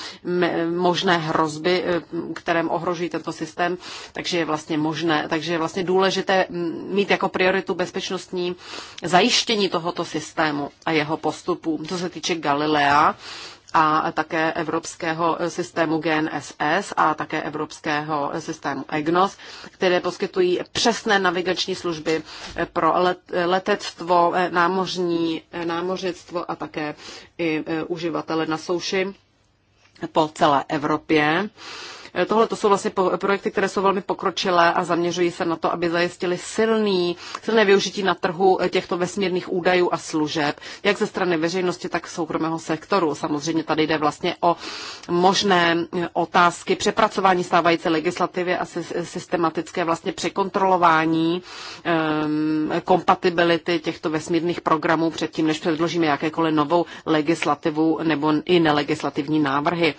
možné hrozby, eh, kterém ohrožují tento systém, takže je vlastně možné, takže je vlastně důležité mm, mít jako prioritu bezpečnostní zajištění tohoto systému a jeho postupů. Co se týče Galilea, a také evropského systému GNSS a také evropského systému EGNOS, které poskytují přesné navigační služby pro letectvo, námořní, námořectvo a také i uživatele na souši po celé Evropě. Tohle to jsou vlastně projekty, které jsou velmi pokročilé a zaměřují se na to, aby zajistili silný, silné využití na trhu eh, těchto vesmírných údajů a služeb, jak ze strany veřejnosti, tak soukromého sektoru. Samozřejmě tady jde vlastně o možné eh, otázky přepracování stávající legislativy a systematické vlastně překontrolování um, kompatibility těchto vesmírných programů předtím, než předložíme jakékoliv novou legislativu nebo i nelegislativní návrhy.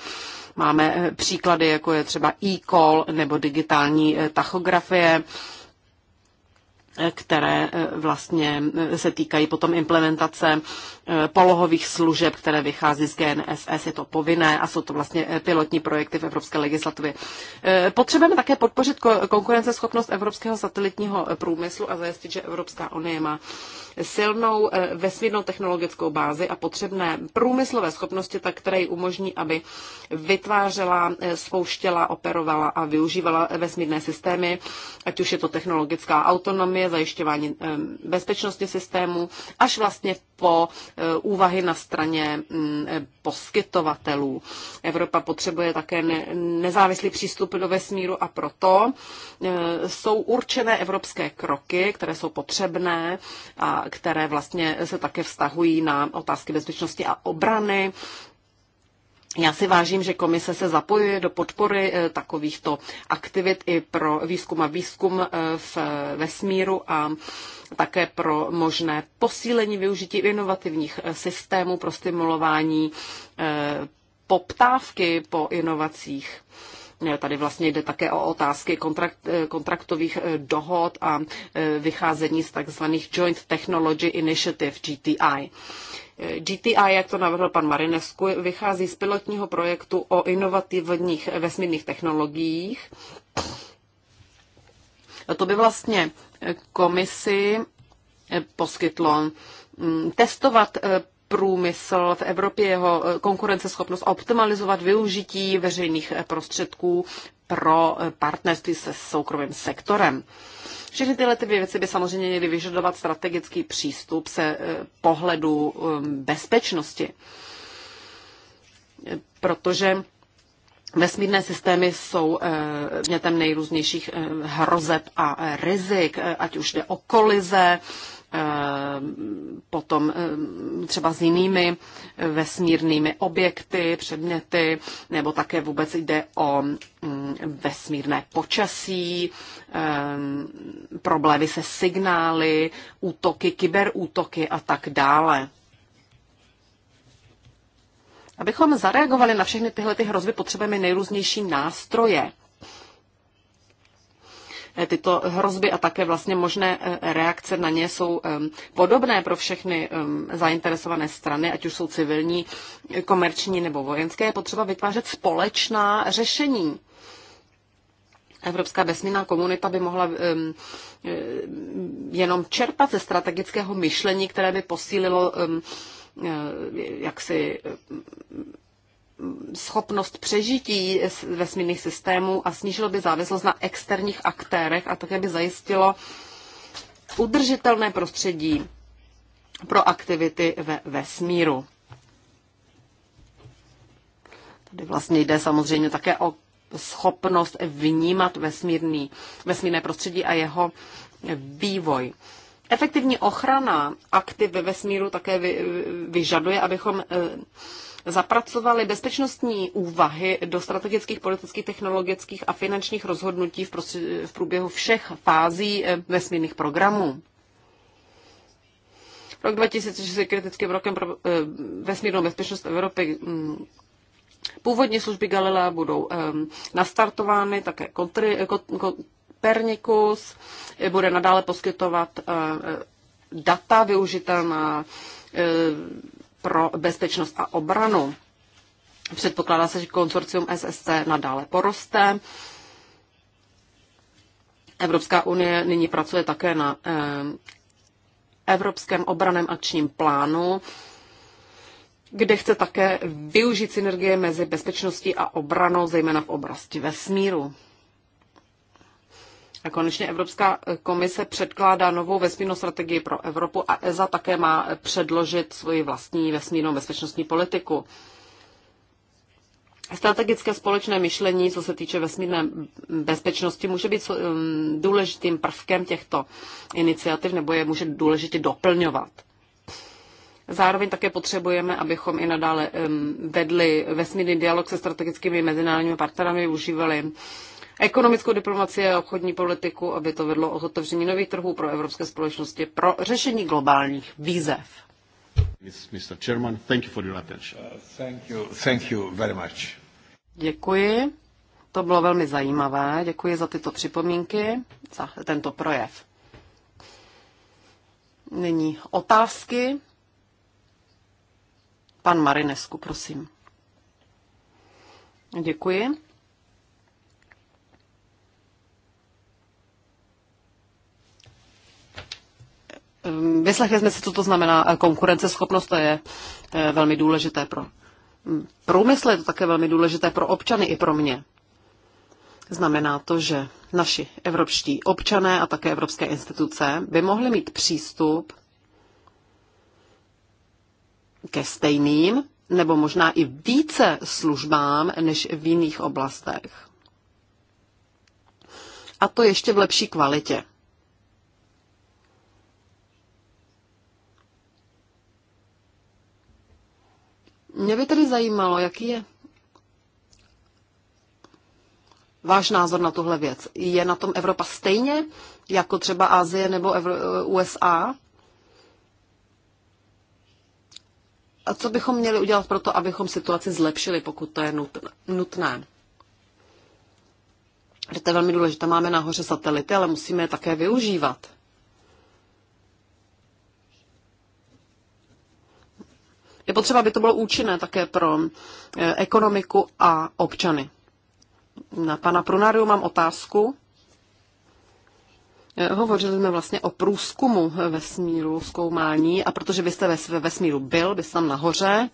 Máme eh, příklady, jako je třeba e-call nebo digitální eh, tachografie eh, které vlastně se týkají potom implementace polohových služeb, které vychází z GNSS, je to povinné a jsou to vlastně pilotní projekty v evropské legislativě. Potřebujeme také podpořit konkurenceschopnost evropského satelitního průmyslu a zajistit, že Evropská unie má silnou eh, vesmírnou technologickou bázi a potřebné průmyslové schopnosti, tak které ji umožní, aby vytvářela, eh, spouštěla, operovala a využívala vesmírné systémy, ať už je to technologická autonomie, zajišťování eh, bezpečnosti systému, až vlastně po úvahy na straně mm, poskytovatelů. Evropa potřebuje také nezávislý přístup do vesmíru a proto e, jsou určené evropské kroky, které jsou potřebné a které vlastně se také vztahují na otázky bezpečnosti a obrany, já si vážím, že komise se zapojuje do podpory eh, takovýchto aktivit i pro výzkum a výzkum eh, v vesmíru a také pro možné posílení využití inovativních eh, systémů pro stimulování poptávky po inovacích. Tady vlastně jde také o otázky kontrakt, eh, kontraktových eh, dohod a eh, vycházení z takzvaných Joint Technology Initiative, GTI. GTI, jak to navrhl pan Marinescu, vychází z pilotního projektu o inovativních vesmírných technologiích. To by vlastně komisi poskytlo mm, testovat průmysl v Evropě, jeho eh, konkurenceschopnost optimalizovat využití veřejných eh, prostředků pro eh, partnerství se soukromým sektorem. Všechny tyhle ty věci by samozřejmě měly vyžadovat strategický přístup se pohledu ehm, bezpečnosti, protože Vesmírné systémy jsou mětem nejrůznějších hrozeb a rizik, ať už jde o kolize, Eh, potom eh, třeba s jinými vesmírnými objekty, předměty, nebo také vůbec jde o mm, vesmírné počasí, eh, problémy se signály, útoky, kyberútoky a tak dále. Abychom zareagovali na všechny tyhle ty hrozby, potřebujeme nejrůznější nástroje. Eh, tyto hrozby a také vlastně možné eh, reakce na ně jsou podobné pro všechny zainteresované strany, ať už jsou civilní, komerční nebo vojenské, je potřeba vytvářet společná řešení. Evropská vesmírná komunita by mohla um, jenom čerpat ze strategického myšlení, které by posílilo um, jaksi schopnost přežití vesmírných systémů a snížilo by závislost na externích aktérech a také by zajistilo udržitelné prostředí pro aktivity ve vesmíru. Tady vlastně jde samozřejmě také o schopnost vnímat vesmírný, vesmírné prostředí a jeho vývoj. Efektivní ochrana aktiv ve vesmíru také vyžaduje, abychom eh, zapracovali bezpečnostní úvahy do strategických, politických, technologických a finančních rozhodnutí v, v průběhu všech fází eh, vesmírných programů. Rok 2006 je kritickým rokem pro eh, vesmírnou bezpečnost Evropy. Mm. Původní služby Galilea budou ehm, nastartovány, také Kopernikus eh, bude nadále poskytovat data využitelná pro bezpečnost a obranu. Předpokládá se, že konsorcium SSC nadále poroste. Evropská unie nyní pracuje také na eh, Evropském obraném akčním plánu, kde chce také využít synergie mezi bezpečností a obranou, zejména v oblasti vesmíru. A konečně Evropská eh, komise předkládá novou vesmírnou strategii pro Evropu a ESA také má eh, předložit svoji vlastní vesmírnou bezpečnostní politiku. Strategické společné myšlení, co se týče vesmírné bezpečnosti, může být eh, důležitým prvkem těchto iniciativ nebo je může důležitě doplňovat. Zároveň také potřebujeme, abychom i nadále vedli vesmírný dialog se strategickými mezinárodními partnery, využívali ekonomickou diplomacii a obchodní politiku, aby to vedlo o otevření nových trhů pro evropské společnosti pro řešení globálních výzev. Mr. Chairman, thank you for your attention. Uh, thank you, thank you very much. Děkuji. To bylo velmi zajímavé. Děkuji za tyto připomínky, za tento projev. Nyní otázky. Pan Marinesku, prosím. Děkuji. Ehm, vyslechli jsme si, co to znamená eh, konkurenceschopnost, to je velmi důležité pro hm, průmysl, je to také velmi důležité pro občany i pro mě. Znamená to, že naši evropští občané a také evropské instituce by mohly mít přístup ke stejným nebo možná i více službám než v jiných oblastech. A to ještě v lepší kvalitě. Mě by tedy zajímalo, jaký je váš názor na tuhle věc. Je na tom Evropa stejně jako třeba Asie nebo Evro- USA? A co bychom měli udělat pro to, abychom situaci zlepšili, pokud to je nutné? Že to je velmi důležité. Máme nahoře satelity, ale musíme je také využívat. Je potřeba, aby to bylo účinné také pro eh, ekonomiku a občany. Na pana Prunáriu mám otázku. Eh, hovořili jsme vlastně o průzkumu vesmíru, zkoumání, a protože vy jste ve vesmíru byl, byste tam nahoře,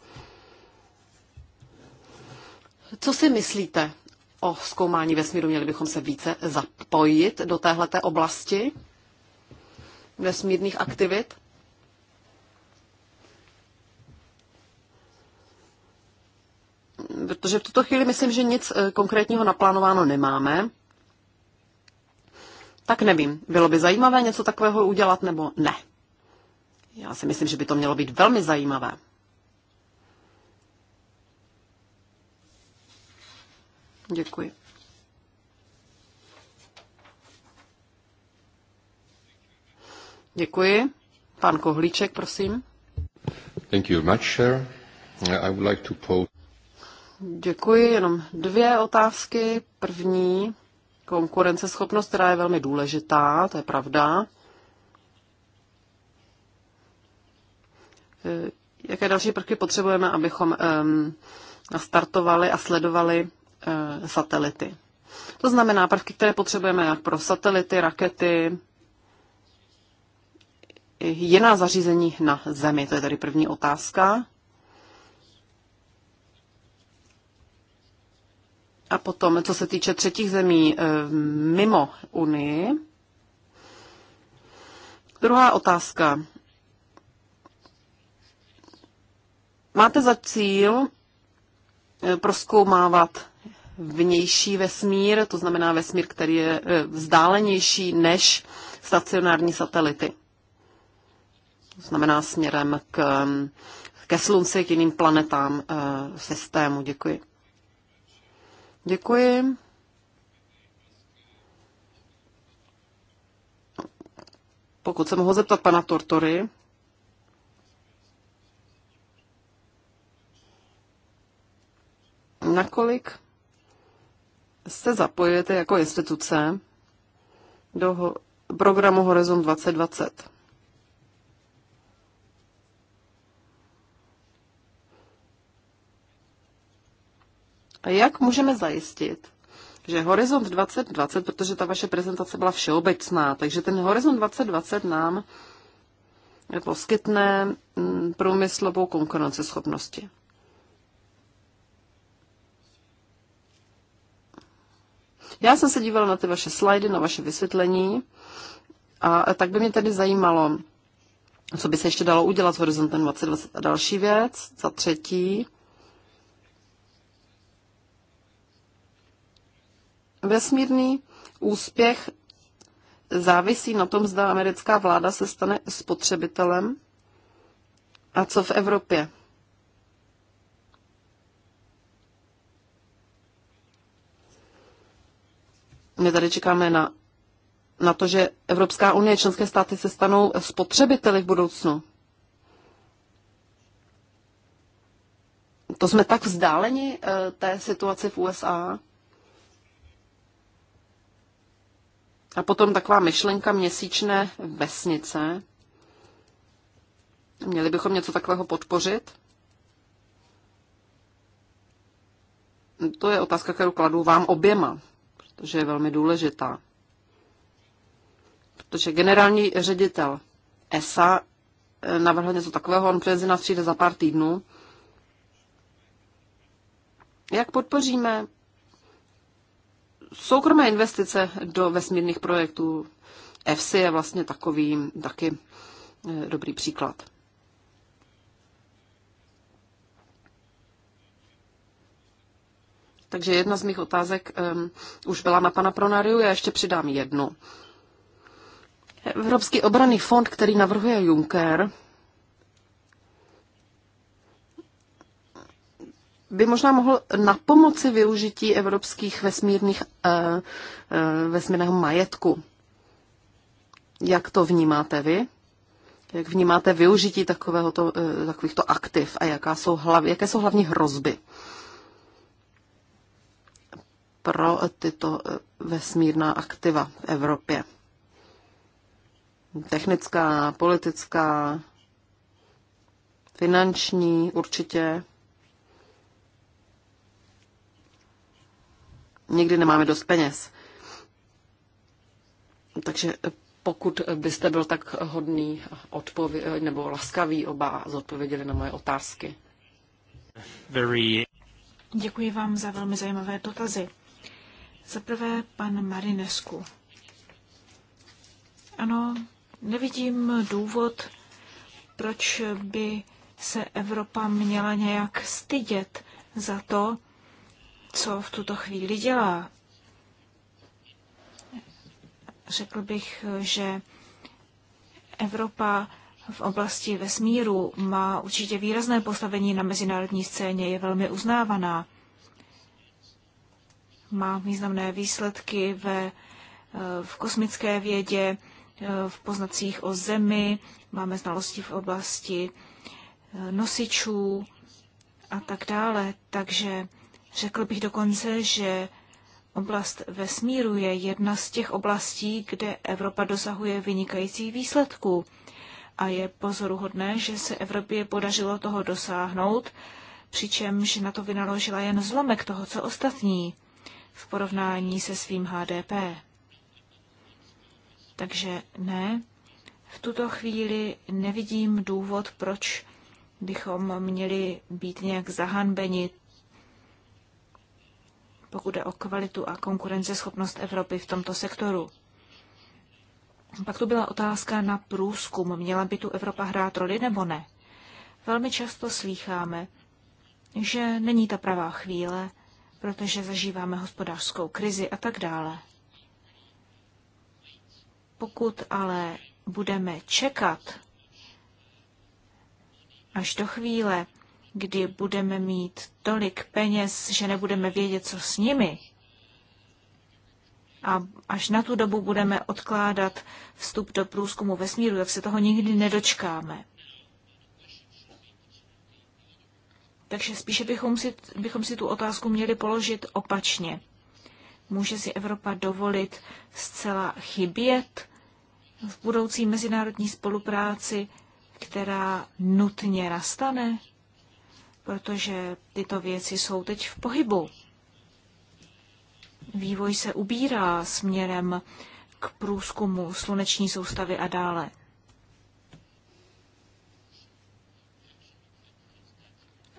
co si myslíte o zkoumání vesmíru? Měli bychom se více zapojit do téhleté oblasti vesmírných aktivit? protože v tuto chvíli myslím, že nic eh, konkrétního naplánováno nemáme. Tak nevím, bylo by zajímavé něco takového udělat nebo ne. Já si myslím, že by to mělo být velmi zajímavé. Děkuji. Děkuji. Pan Kohlíček, prosím. Thank you much, sir. I would like to pose... Děkuji. Jenom dvě otázky. První, konkurenceschopnost, která je velmi důležitá, to je pravda. Eh, jaké další prvky potřebujeme, abychom um, nastartovali a sledovali uh, satelity? To znamená prvky, které potřebujeme jak pro satelity, rakety, jiná zařízení na Zemi. To je tady první otázka. A potom, co se týče třetích zemí eh, mimo Unii. Druhá otázka. Máte za cíl eh, proskoumávat vnější vesmír, to znamená vesmír, který je eh, vzdálenější než stacionární satelity. To znamená směrem k, ke Slunci, k jiným planetám systému. Děkuji. Děkuji. Pokud se mohu zeptat pana Tortory. Nakolik se zapojujete jako instituce do programu Horizon 2020? A Jak můžeme zajistit, že Horizont 2020, protože ta vaše prezentace byla všeobecná, takže ten Horizont 2020 nám poskytne mm, průmyslovou konkurenceschopnosti. Já jsem se dívala na ty vaše slajdy, na vaše vysvětlení a tak by mě tedy zajímalo, co by se ještě dalo udělat s horizontem 2020 a další věc, za třetí, Vesmírný úspěch závisí na tom, zda americká vláda se stane spotřebitelem a co v Evropě. My tady čekáme na, na to, že Evropská unie, členské státy se stanou spotřebiteli v budoucnu. To jsme tak vzdáleni eh, té situaci v USA. A potom taková myšlenka měsíčné vesnice. Měli bychom něco takového podpořit? To je otázka, kterou kladu vám oběma, protože je velmi důležitá. Protože generální ředitel ESA eh, navrhl něco takového, on přijde nás přijde za pár týdnů. Jak podpoříme soukromé investice do vesmírných projektů. EFSI je vlastně takový taky eh, dobrý příklad. Takže jedna z mých otázek um, už byla na pana Pronariu, já ještě přidám jednu. Evropský obraný fond, který navrhuje Juncker, by možná mohl na pomoci využití evropských vesmírných, eh, eh, vesmírného majetku. Jak to vnímáte vy? Jak vnímáte využití takovéhoto, eh, takovýchto aktiv a jaká jsou hlav, jaké jsou hlavní hrozby pro tyto vesmírná aktiva v Evropě? Technická, politická, finanční určitě. někdy nemáme dost peněz. Takže pokud byste byl tak hodný odpově- nebo laskavý oba zodpověděli na moje otázky. Děkuji vám za velmi zajímavé dotazy. Za prvé pan Marinesku. Ano, nevidím důvod, proč by se Evropa měla nějak stydět za to, co v tuto chvíli dělá. Řekl bych, že Evropa v oblasti vesmíru má určitě výrazné postavení na mezinárodní scéně, je velmi uznávaná. Má významné výsledky ve, eh, v kosmické vědě, eh, v poznacích o Zemi, máme znalosti v oblasti eh, nosičů a tak dále. Takže Řekl bych dokonce, že oblast vesmíru je jedna z těch oblastí, kde Evropa dosahuje vynikajících výsledků. A je pozoruhodné, že se Evropě podařilo toho dosáhnout, přičemž na to vynaložila jen zlomek toho, co ostatní v porovnání se svým HDP. Takže ne, v tuto chvíli nevidím důvod, proč bychom měli být nějak zahanbeni pokud jde o kvalitu a konkurenceschopnost Evropy v tomto sektoru. Pak tu byla otázka na průzkum. Měla by tu Evropa hrát roli nebo ne? Velmi často slýcháme, že není ta pravá chvíle, protože zažíváme hospodářskou krizi a tak dále. Pokud ale budeme čekat až do chvíle, kdy budeme mít tolik peněz, že nebudeme vědět, co s nimi, a až na tu dobu budeme odkládat vstup do průzkumu vesmíru, tak se toho nikdy nedočkáme. Takže spíše bychom si, bychom si tu otázku měli položit opačně. Může si Evropa dovolit zcela chybět v budoucí mezinárodní spolupráci, která nutně nastane? protože tyto věci jsou teď v pohybu. Vývoj se ubírá směrem k průzkumu sluneční soustavy a dále.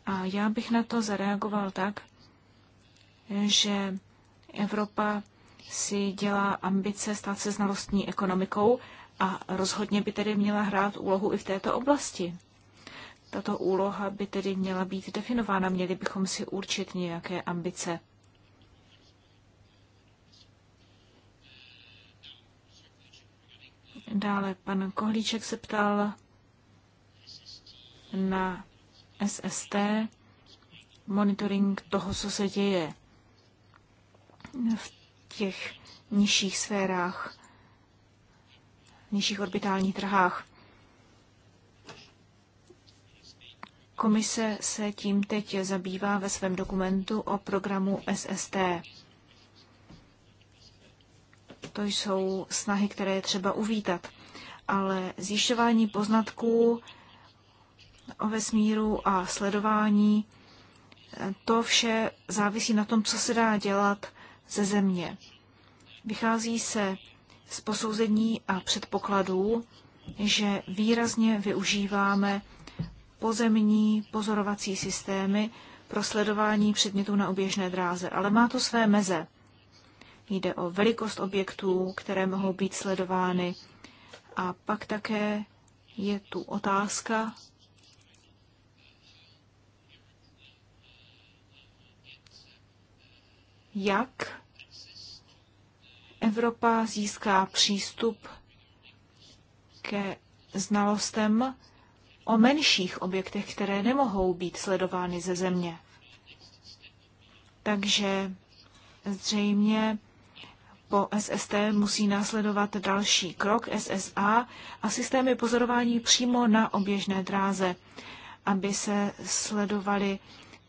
A já bych na to zareagoval tak, že Evropa si dělá ambice stát se znalostní ekonomikou a rozhodně by tedy měla hrát úlohu i v této oblasti. Tato úloha by tedy měla být definována, měli bychom si určit nějaké ambice. Dále pan Kohlíček se ptal na SST, monitoring toho, co se děje v těch nižších sférách, nižších orbitálních trhách. Komise se tím teď zabývá ve svém dokumentu o programu SST. To jsou snahy, které je třeba uvítat. Ale zjišťování poznatků o vesmíru a sledování, to vše závisí na tom, co se dá dělat ze země. Vychází se z posouzení a předpokladů, že výrazně využíváme pozemní pozorovací systémy pro sledování předmětů na oběžné dráze, ale má to své meze. Jde o velikost objektů, které mohou být sledovány. A pak také je tu otázka, jak Evropa získá přístup ke znalostem o menších objektech, které nemohou být sledovány ze země. Takže zřejmě po SST musí následovat další krok SSA a systémy pozorování přímo na oběžné dráze, aby se sledovaly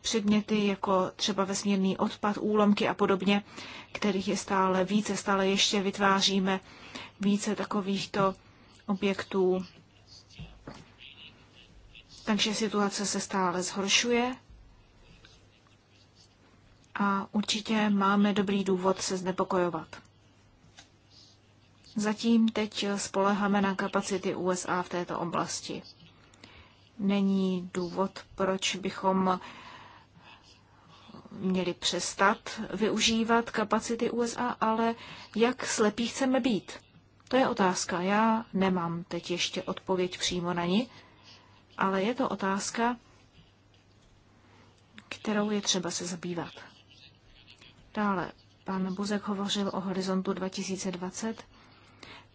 předměty jako třeba vesmírný odpad, úlomky a podobně, kterých je stále více, stále ještě vytváříme více takovýchto objektů takže situace se stále zhoršuje a určitě máme dobrý důvod se znepokojovat. Zatím teď spoleháme na kapacity USA v této oblasti. Není důvod, proč bychom měli přestat využívat kapacity USA, ale jak slepí chceme být? To je otázka. Já nemám teď ještě odpověď přímo na ní ale je to otázka, kterou je třeba se zabývat. Dále, pan Buzek hovořil o horizontu 2020.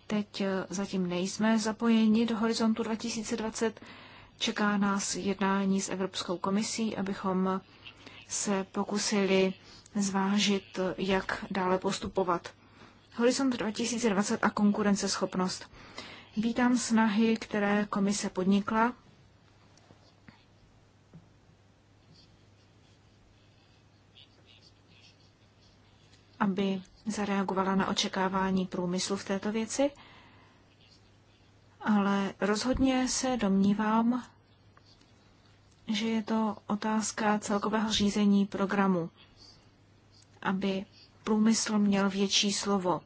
Teď eh, zatím nejsme zapojeni do horizontu 2020. Čeká nás jednání s Evropskou komisí, abychom se pokusili zvážit, eh, jak dále postupovat. Horizont 2020 a konkurenceschopnost. Vítám snahy, které komise podnikla aby zareagovala na očekávání průmyslu v této věci, ale rozhodně se domnívám, že je to otázka celkového řízení programu, aby průmysl měl větší slovo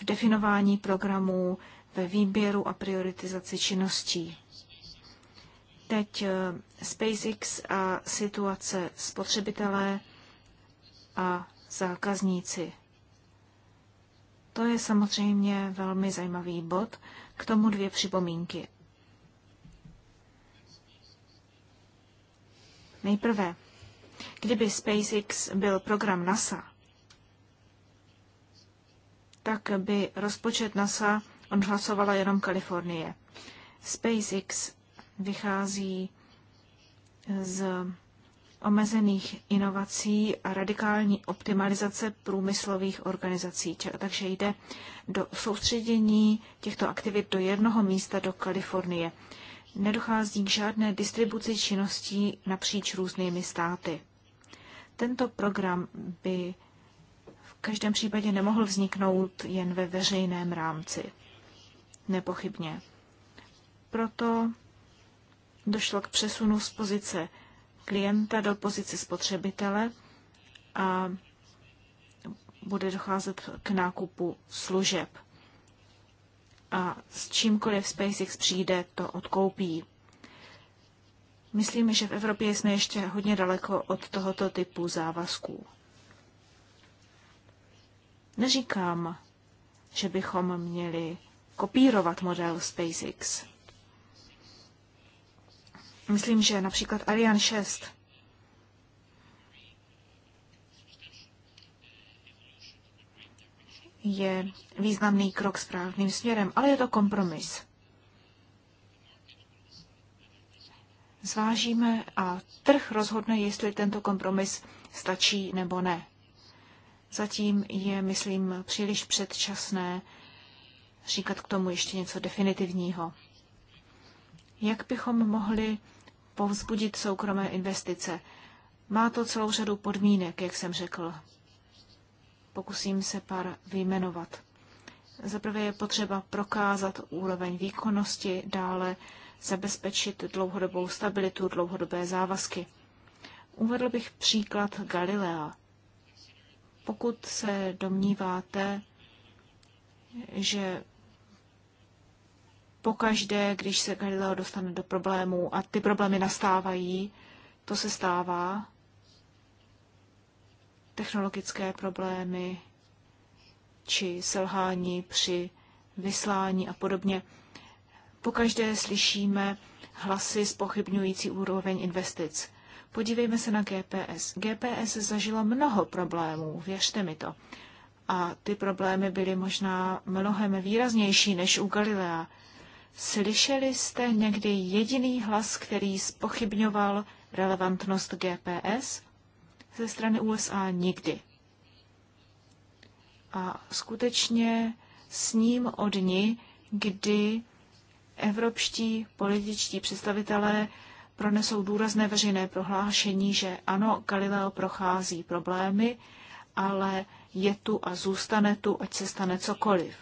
v definování programů, ve výběru a prioritizaci činností. Teď eh, SpaceX a situace spotřebitelé a zákazníci. To je samozřejmě velmi zajímavý bod. K tomu dvě připomínky. Nejprve, kdyby SpaceX byl program NASA, tak by rozpočet NASA odhlasovala jenom Kalifornie. SpaceX vychází z omezených inovací a radikální optimalizace průmyslových organizací. Takže jde do soustředění těchto aktivit do jednoho místa do Kalifornie. Nedochází k žádné distribuci činností napříč různými státy. Tento program by v každém případě nemohl vzniknout jen ve veřejném rámci. Nepochybně. Proto došlo k přesunu z pozice klienta do pozice spotřebitele a bude docházet k nákupu služeb. A s čímkoliv SpaceX přijde, to odkoupí. Myslím, že v Evropě jsme ještě hodně daleko od tohoto typu závazků. Neříkám, že bychom měli kopírovat model SpaceX. Myslím, že například Ariane 6 je významný krok správným směrem, ale je to kompromis. Zvážíme a trh rozhodne, jestli tento kompromis stačí nebo ne. Zatím je, myslím, příliš předčasné říkat k tomu ještě něco definitivního. Jak bychom mohli povzbudit soukromé investice. Má to celou řadu podmínek, jak jsem řekl. Pokusím se pár vyjmenovat. Za prvé je potřeba prokázat úroveň výkonnosti, dále zabezpečit dlouhodobou stabilitu, dlouhodobé závazky. Uvedl bych příklad Galilea. Pokud se domníváte, že pokaždé, když se Galileo dostane do problémů a ty problémy nastávají, to se stává, technologické problémy či selhání při vyslání a podobně. Pokaždé slyšíme hlasy spochybňující úroveň investic. Podívejme se na GPS. GPS zažilo mnoho problémů, věřte mi to. A ty problémy byly možná mnohem výraznější než u Galilea. Slyšeli jste někdy jediný hlas, který spochybňoval relevantnost GPS? Ze strany USA nikdy. A skutečně s ním o dni, kdy evropští političtí představitelé pronesou důrazné veřejné prohlášení, že ano, Galileo prochází problémy, ale je tu a zůstane tu, ať se stane cokoliv.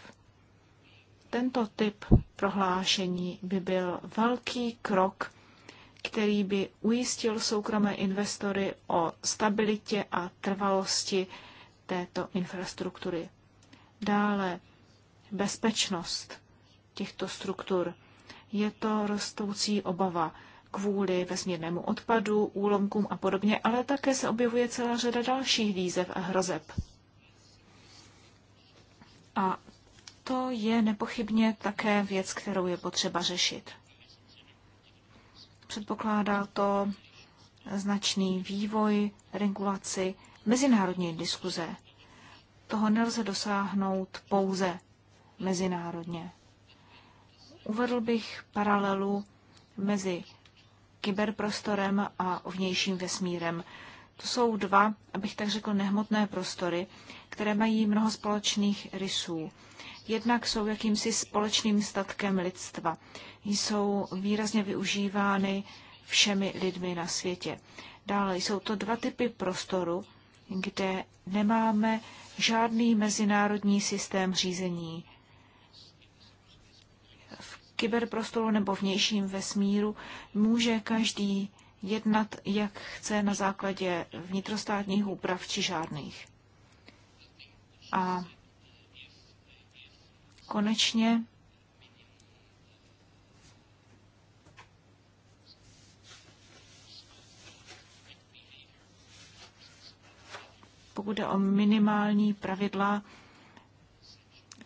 Tento typ prohlášení by byl velký krok, který by ujistil soukromé investory o stabilitě a trvalosti této infrastruktury. Dále bezpečnost těchto struktur. Je to rostoucí obava kvůli vesmírnému odpadu, úlomkům a podobně, ale také se objevuje celá řada dalších výzev a hrozeb. A to je nepochybně také věc, kterou je potřeba řešit. Předpokládá to značný vývoj, regulaci, mezinárodní diskuze. Toho nelze dosáhnout pouze mezinárodně. Uvedl bych paralelu mezi kyberprostorem a vnějším vesmírem. To jsou dva, abych tak řekl, nehmotné prostory, které mají mnoho společných rysů. Jednak jsou jakýmsi společným statkem lidstva. Jsou výrazně využívány všemi lidmi na světě. Dále jsou to dva typy prostoru, kde nemáme žádný mezinárodní systém řízení. V kyberprostoru nebo vnějším vesmíru může každý jednat, jak chce, na základě vnitrostátních úprav či žádných. A konečně pokud jde o minimální pravidla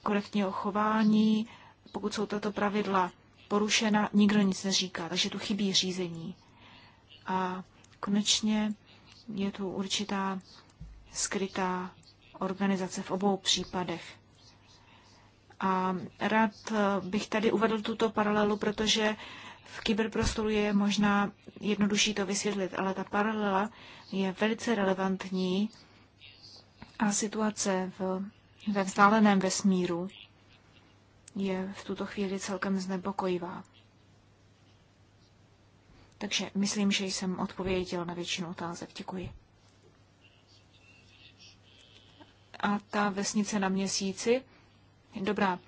korektního chování, pokud jsou tato pravidla porušena, nikdo nic neříká, takže tu chybí řízení. A konečně je tu určitá skrytá organizace v obou případech. A rád eh, bych tady uvedl tuto paralelu, protože v kyberprostoru je možná jednodušší to vysvětlit, ale ta paralela je velice relevantní a situace v, ve vzdáleném vesmíru je v tuto chvíli celkem znepokojivá. Takže myslím, že jsem odpověděl na většinu otázek. Děkuji. A ta vesnice na měsíci, Dobrá.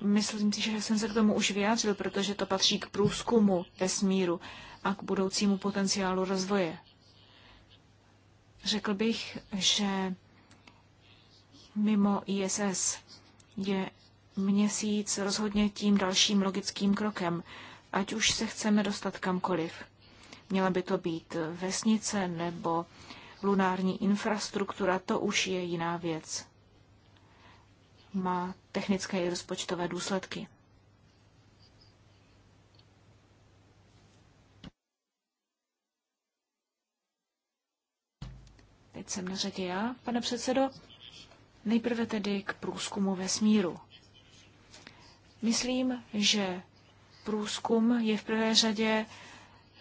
Myslím si, že jsem se k tomu už vyjádřil, protože to patří k průzkumu vesmíru a k budoucímu potenciálu rozvoje. Řekl bych, že mimo ISS je měsíc rozhodně tím dalším logickým krokem, ať už se chceme dostat kamkoliv. Měla by to být vesnice nebo lunární infrastruktura, to už je jiná věc má technické i rozpočtové důsledky. Teď jsem na řadě já, pane předsedo. Nejprve tedy k průzkumu vesmíru. Myslím, že průzkum je v prvé řadě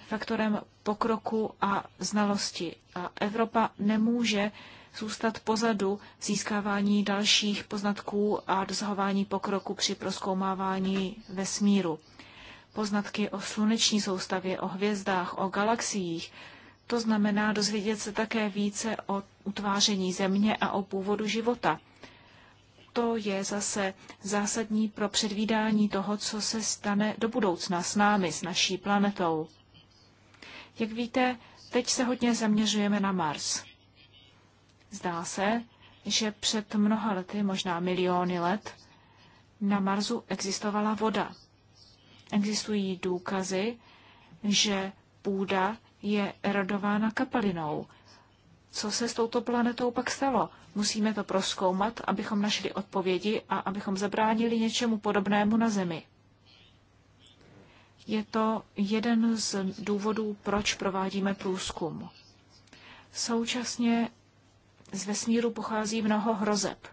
faktorem pokroku a znalosti. A Evropa nemůže zůstat pozadu získávání dalších poznatků a dosahování pokroku při proskoumávání vesmíru. Poznatky o sluneční soustavě, o hvězdách, o galaxiích, to znamená dozvědět se také více o utváření země a o původu života. To je zase zásadní pro předvídání toho, co se stane do budoucna s námi, s naší planetou. Jak víte, teď se hodně zaměřujeme na Mars. Zdá se, že před mnoha lety, možná miliony let, na Marsu existovala voda. Existují důkazy, že půda je erodována kapalinou. Co se s touto planetou pak stalo? Musíme to proskoumat, abychom našli odpovědi a abychom zabránili něčemu podobnému na Zemi. Je to jeden z důvodů, proč provádíme průzkum. Současně z vesmíru pochází mnoho hrozeb.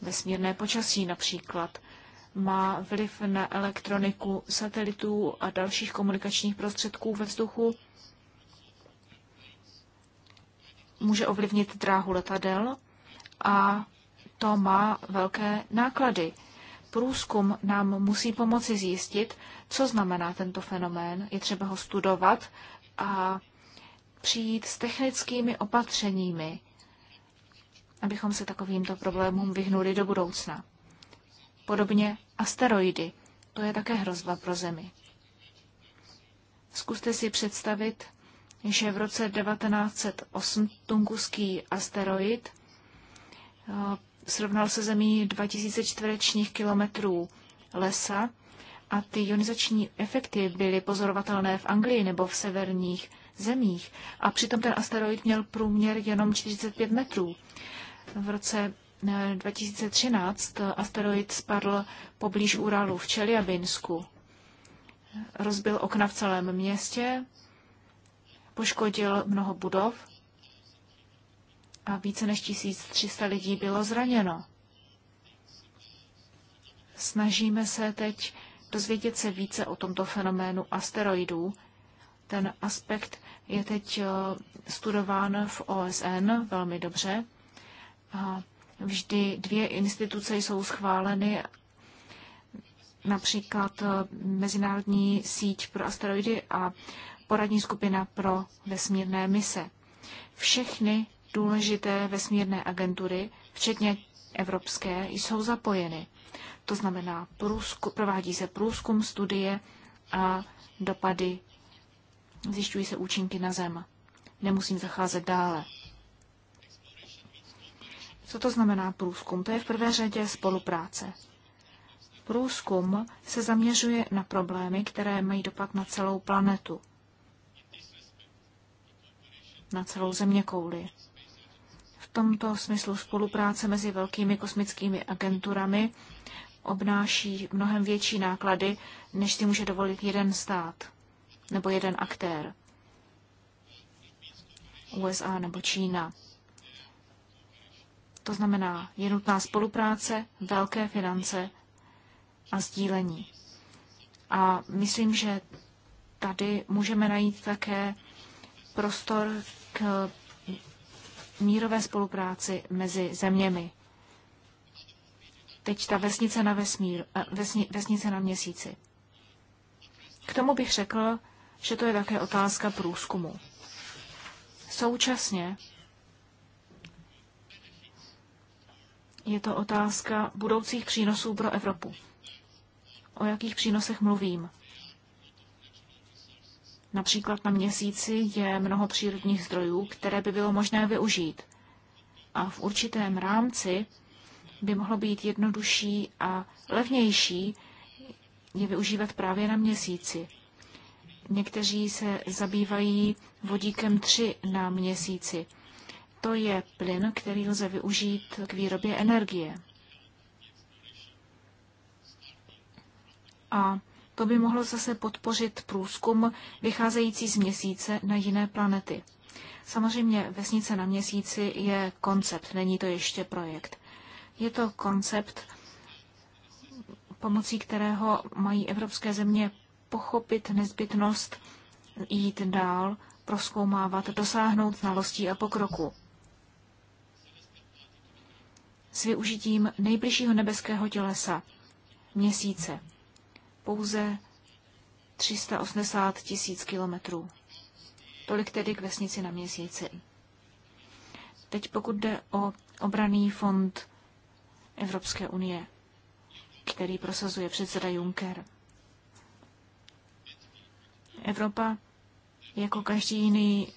Vesmírné počasí například má vliv na elektroniku satelitů a dalších komunikačních prostředků ve vzduchu, může ovlivnit dráhu letadel a to má velké náklady. Průzkum nám musí pomoci zjistit, co znamená tento fenomén. Je třeba ho studovat a přijít s technickými opatřeními, abychom se takovýmto problémům vyhnuli do budoucna. Podobně asteroidy, to je také hrozba pro Zemi. Zkuste si představit, že v roce 1908 tunguský asteroid eh, srovnal se zemí 2000 čtverečních kilometrů lesa a ty ionizační efekty byly pozorovatelné v Anglii nebo v severních zemích a přitom ten asteroid měl průměr jenom 45 metrů. V roce 2013 eh, asteroid spadl poblíž Uralu v Čeliabinsku. Rozbil okna v celém městě, poškodil mnoho budov a více než 1300 lidí bylo zraněno. Snažíme se teď dozvědět se více o tomto fenoménu asteroidů. Ten aspekt je teď eh, studován v OSN velmi dobře vždy dvě instituce jsou schváleny, například eh, Mezinárodní síť pro asteroidy a poradní skupina pro vesmírné mise. Všechny důležité vesmírné agentury, včetně evropské, jsou zapojeny. To znamená, průzku, provádí se průzkum, studie a dopady, zjišťují se účinky na Zem. Nemusím zacházet dále. Co to znamená průzkum? To je v prvé řadě spolupráce. Průzkum se zaměřuje na problémy, které mají dopad na celou planetu, na celou země kouly. V tomto smyslu spolupráce mezi velkými kosmickými agenturami obnáší mnohem větší náklady, než si může dovolit jeden stát nebo jeden aktér, USA nebo Čína. To znamená, je nutná spolupráce, velké finance a sdílení. A myslím, že tady můžeme najít také prostor k mírové spolupráci mezi zeměmi. Teď ta vesnice na, vesmír, eh, vesni, vesnice na měsíci. K tomu bych řekl, že to je také otázka průzkumu. Současně je to otázka budoucích přínosů pro Evropu. O jakých přínosech mluvím? Například na měsíci je mnoho přírodních zdrojů, které by bylo možné využít. A v určitém rámci by mohlo být jednodušší a levnější je využívat právě na měsíci. Někteří se zabývají vodíkem 3 na měsíci. To je plyn, který lze využít k výrobě energie. A to by mohlo zase podpořit průzkum vycházející z měsíce na jiné planety. Samozřejmě vesnice na měsíci je koncept, není to ještě projekt. Je to koncept, pomocí kterého mají evropské země pochopit nezbytnost jít dál, proskoumávat, dosáhnout znalostí a pokroku s využitím nejbližšího nebeského tělesa měsíce. Pouze 380 tisíc kilometrů. Tolik tedy k vesnici na měsíci. Teď pokud jde o obraný fond Evropské unie, který prosazuje předseda Juncker. Evropa jako každý jiný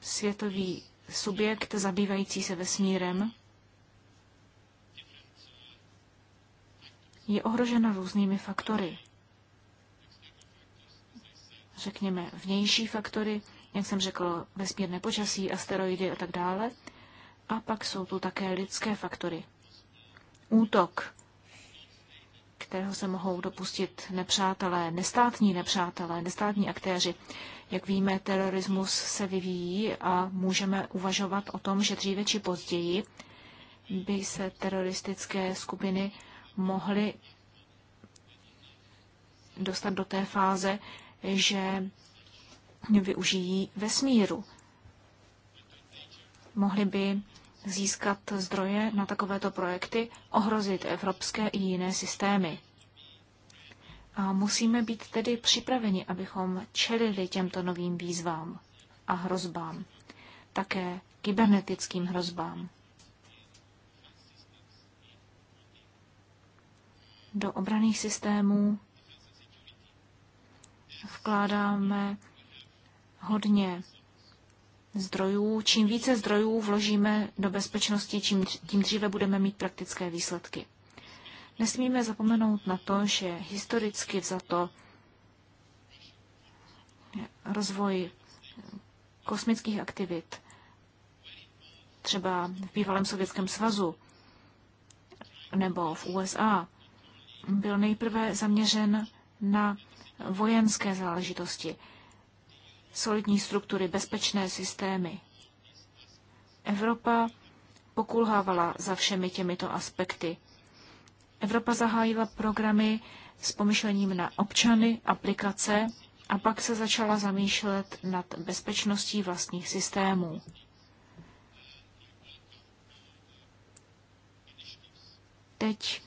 světový subjekt zabývající se vesmírem je ohrožena různými faktory. Řekněme vnější faktory, jak jsem řekl, vesmírné počasí, asteroidy a tak dále. A pak jsou tu také lidské faktory. Útok, kterého se mohou dopustit nepřátelé, nestátní nepřátelé, nestátní aktéři. Jak víme, terorismus se vyvíjí a můžeme uvažovat o tom, že dříve či později by se teroristické skupiny mohli dostat do té fáze, že využijí vesmíru. Mohli by získat zdroje na takovéto projekty, ohrozit evropské i jiné systémy. A musíme být tedy připraveni, abychom čelili těmto novým výzvám a hrozbám, také kybernetickým hrozbám. do obraných systémů vkládáme hodně zdrojů. Čím více zdrojů vložíme do bezpečnosti, čím, tím dříve budeme mít praktické výsledky. Nesmíme zapomenout na to, že historicky vzato rozvoj kosmických aktivit, třeba v bývalém Sovětském svazu nebo v USA, byl nejprve zaměřen na vojenské záležitosti, solidní struktury, bezpečné systémy. Evropa pokulhávala za všemi těmito aspekty. Evropa zahájila programy s pomyšlením na občany, aplikace a pak se začala zamýšlet nad bezpečností vlastních systémů. Teď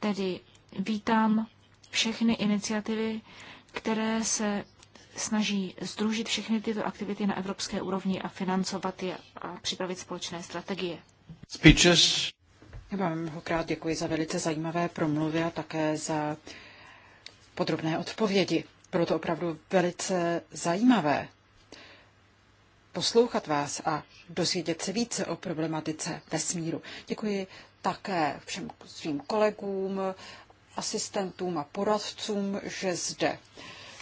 Tedy vítám všechny iniciativy, které se snaží združit všechny tyto aktivity na evropské úrovni a financovat je a připravit společné strategie. Speeches. Já vám mnohokrát děkuji za velice zajímavé promluvy a také za podrobné odpovědi. Bylo to opravdu velice zajímavé poslouchat vás a dozvědět se více o problematice vesmíru. Děkuji také všem svým kolegům, asistentům a poradcům, že zde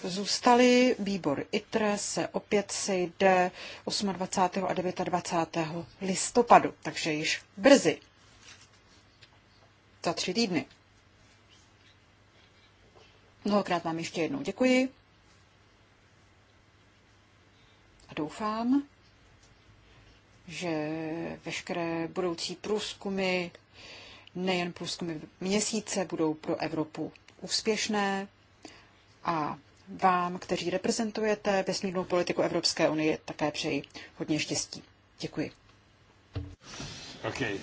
zůstali. Výbor ITRE se opět sejde 28. a 29. listopadu, takže již brzy, za tři týdny. Mnohokrát vám ještě jednou děkuji a doufám, že veškeré budoucí průzkumy nejen průzkumy měsíce budou pro Evropu úspěšné a vám, kteří reprezentujete vesmírnou politiku Evropské unie, také přeji hodně štěstí. Děkuji. Okay,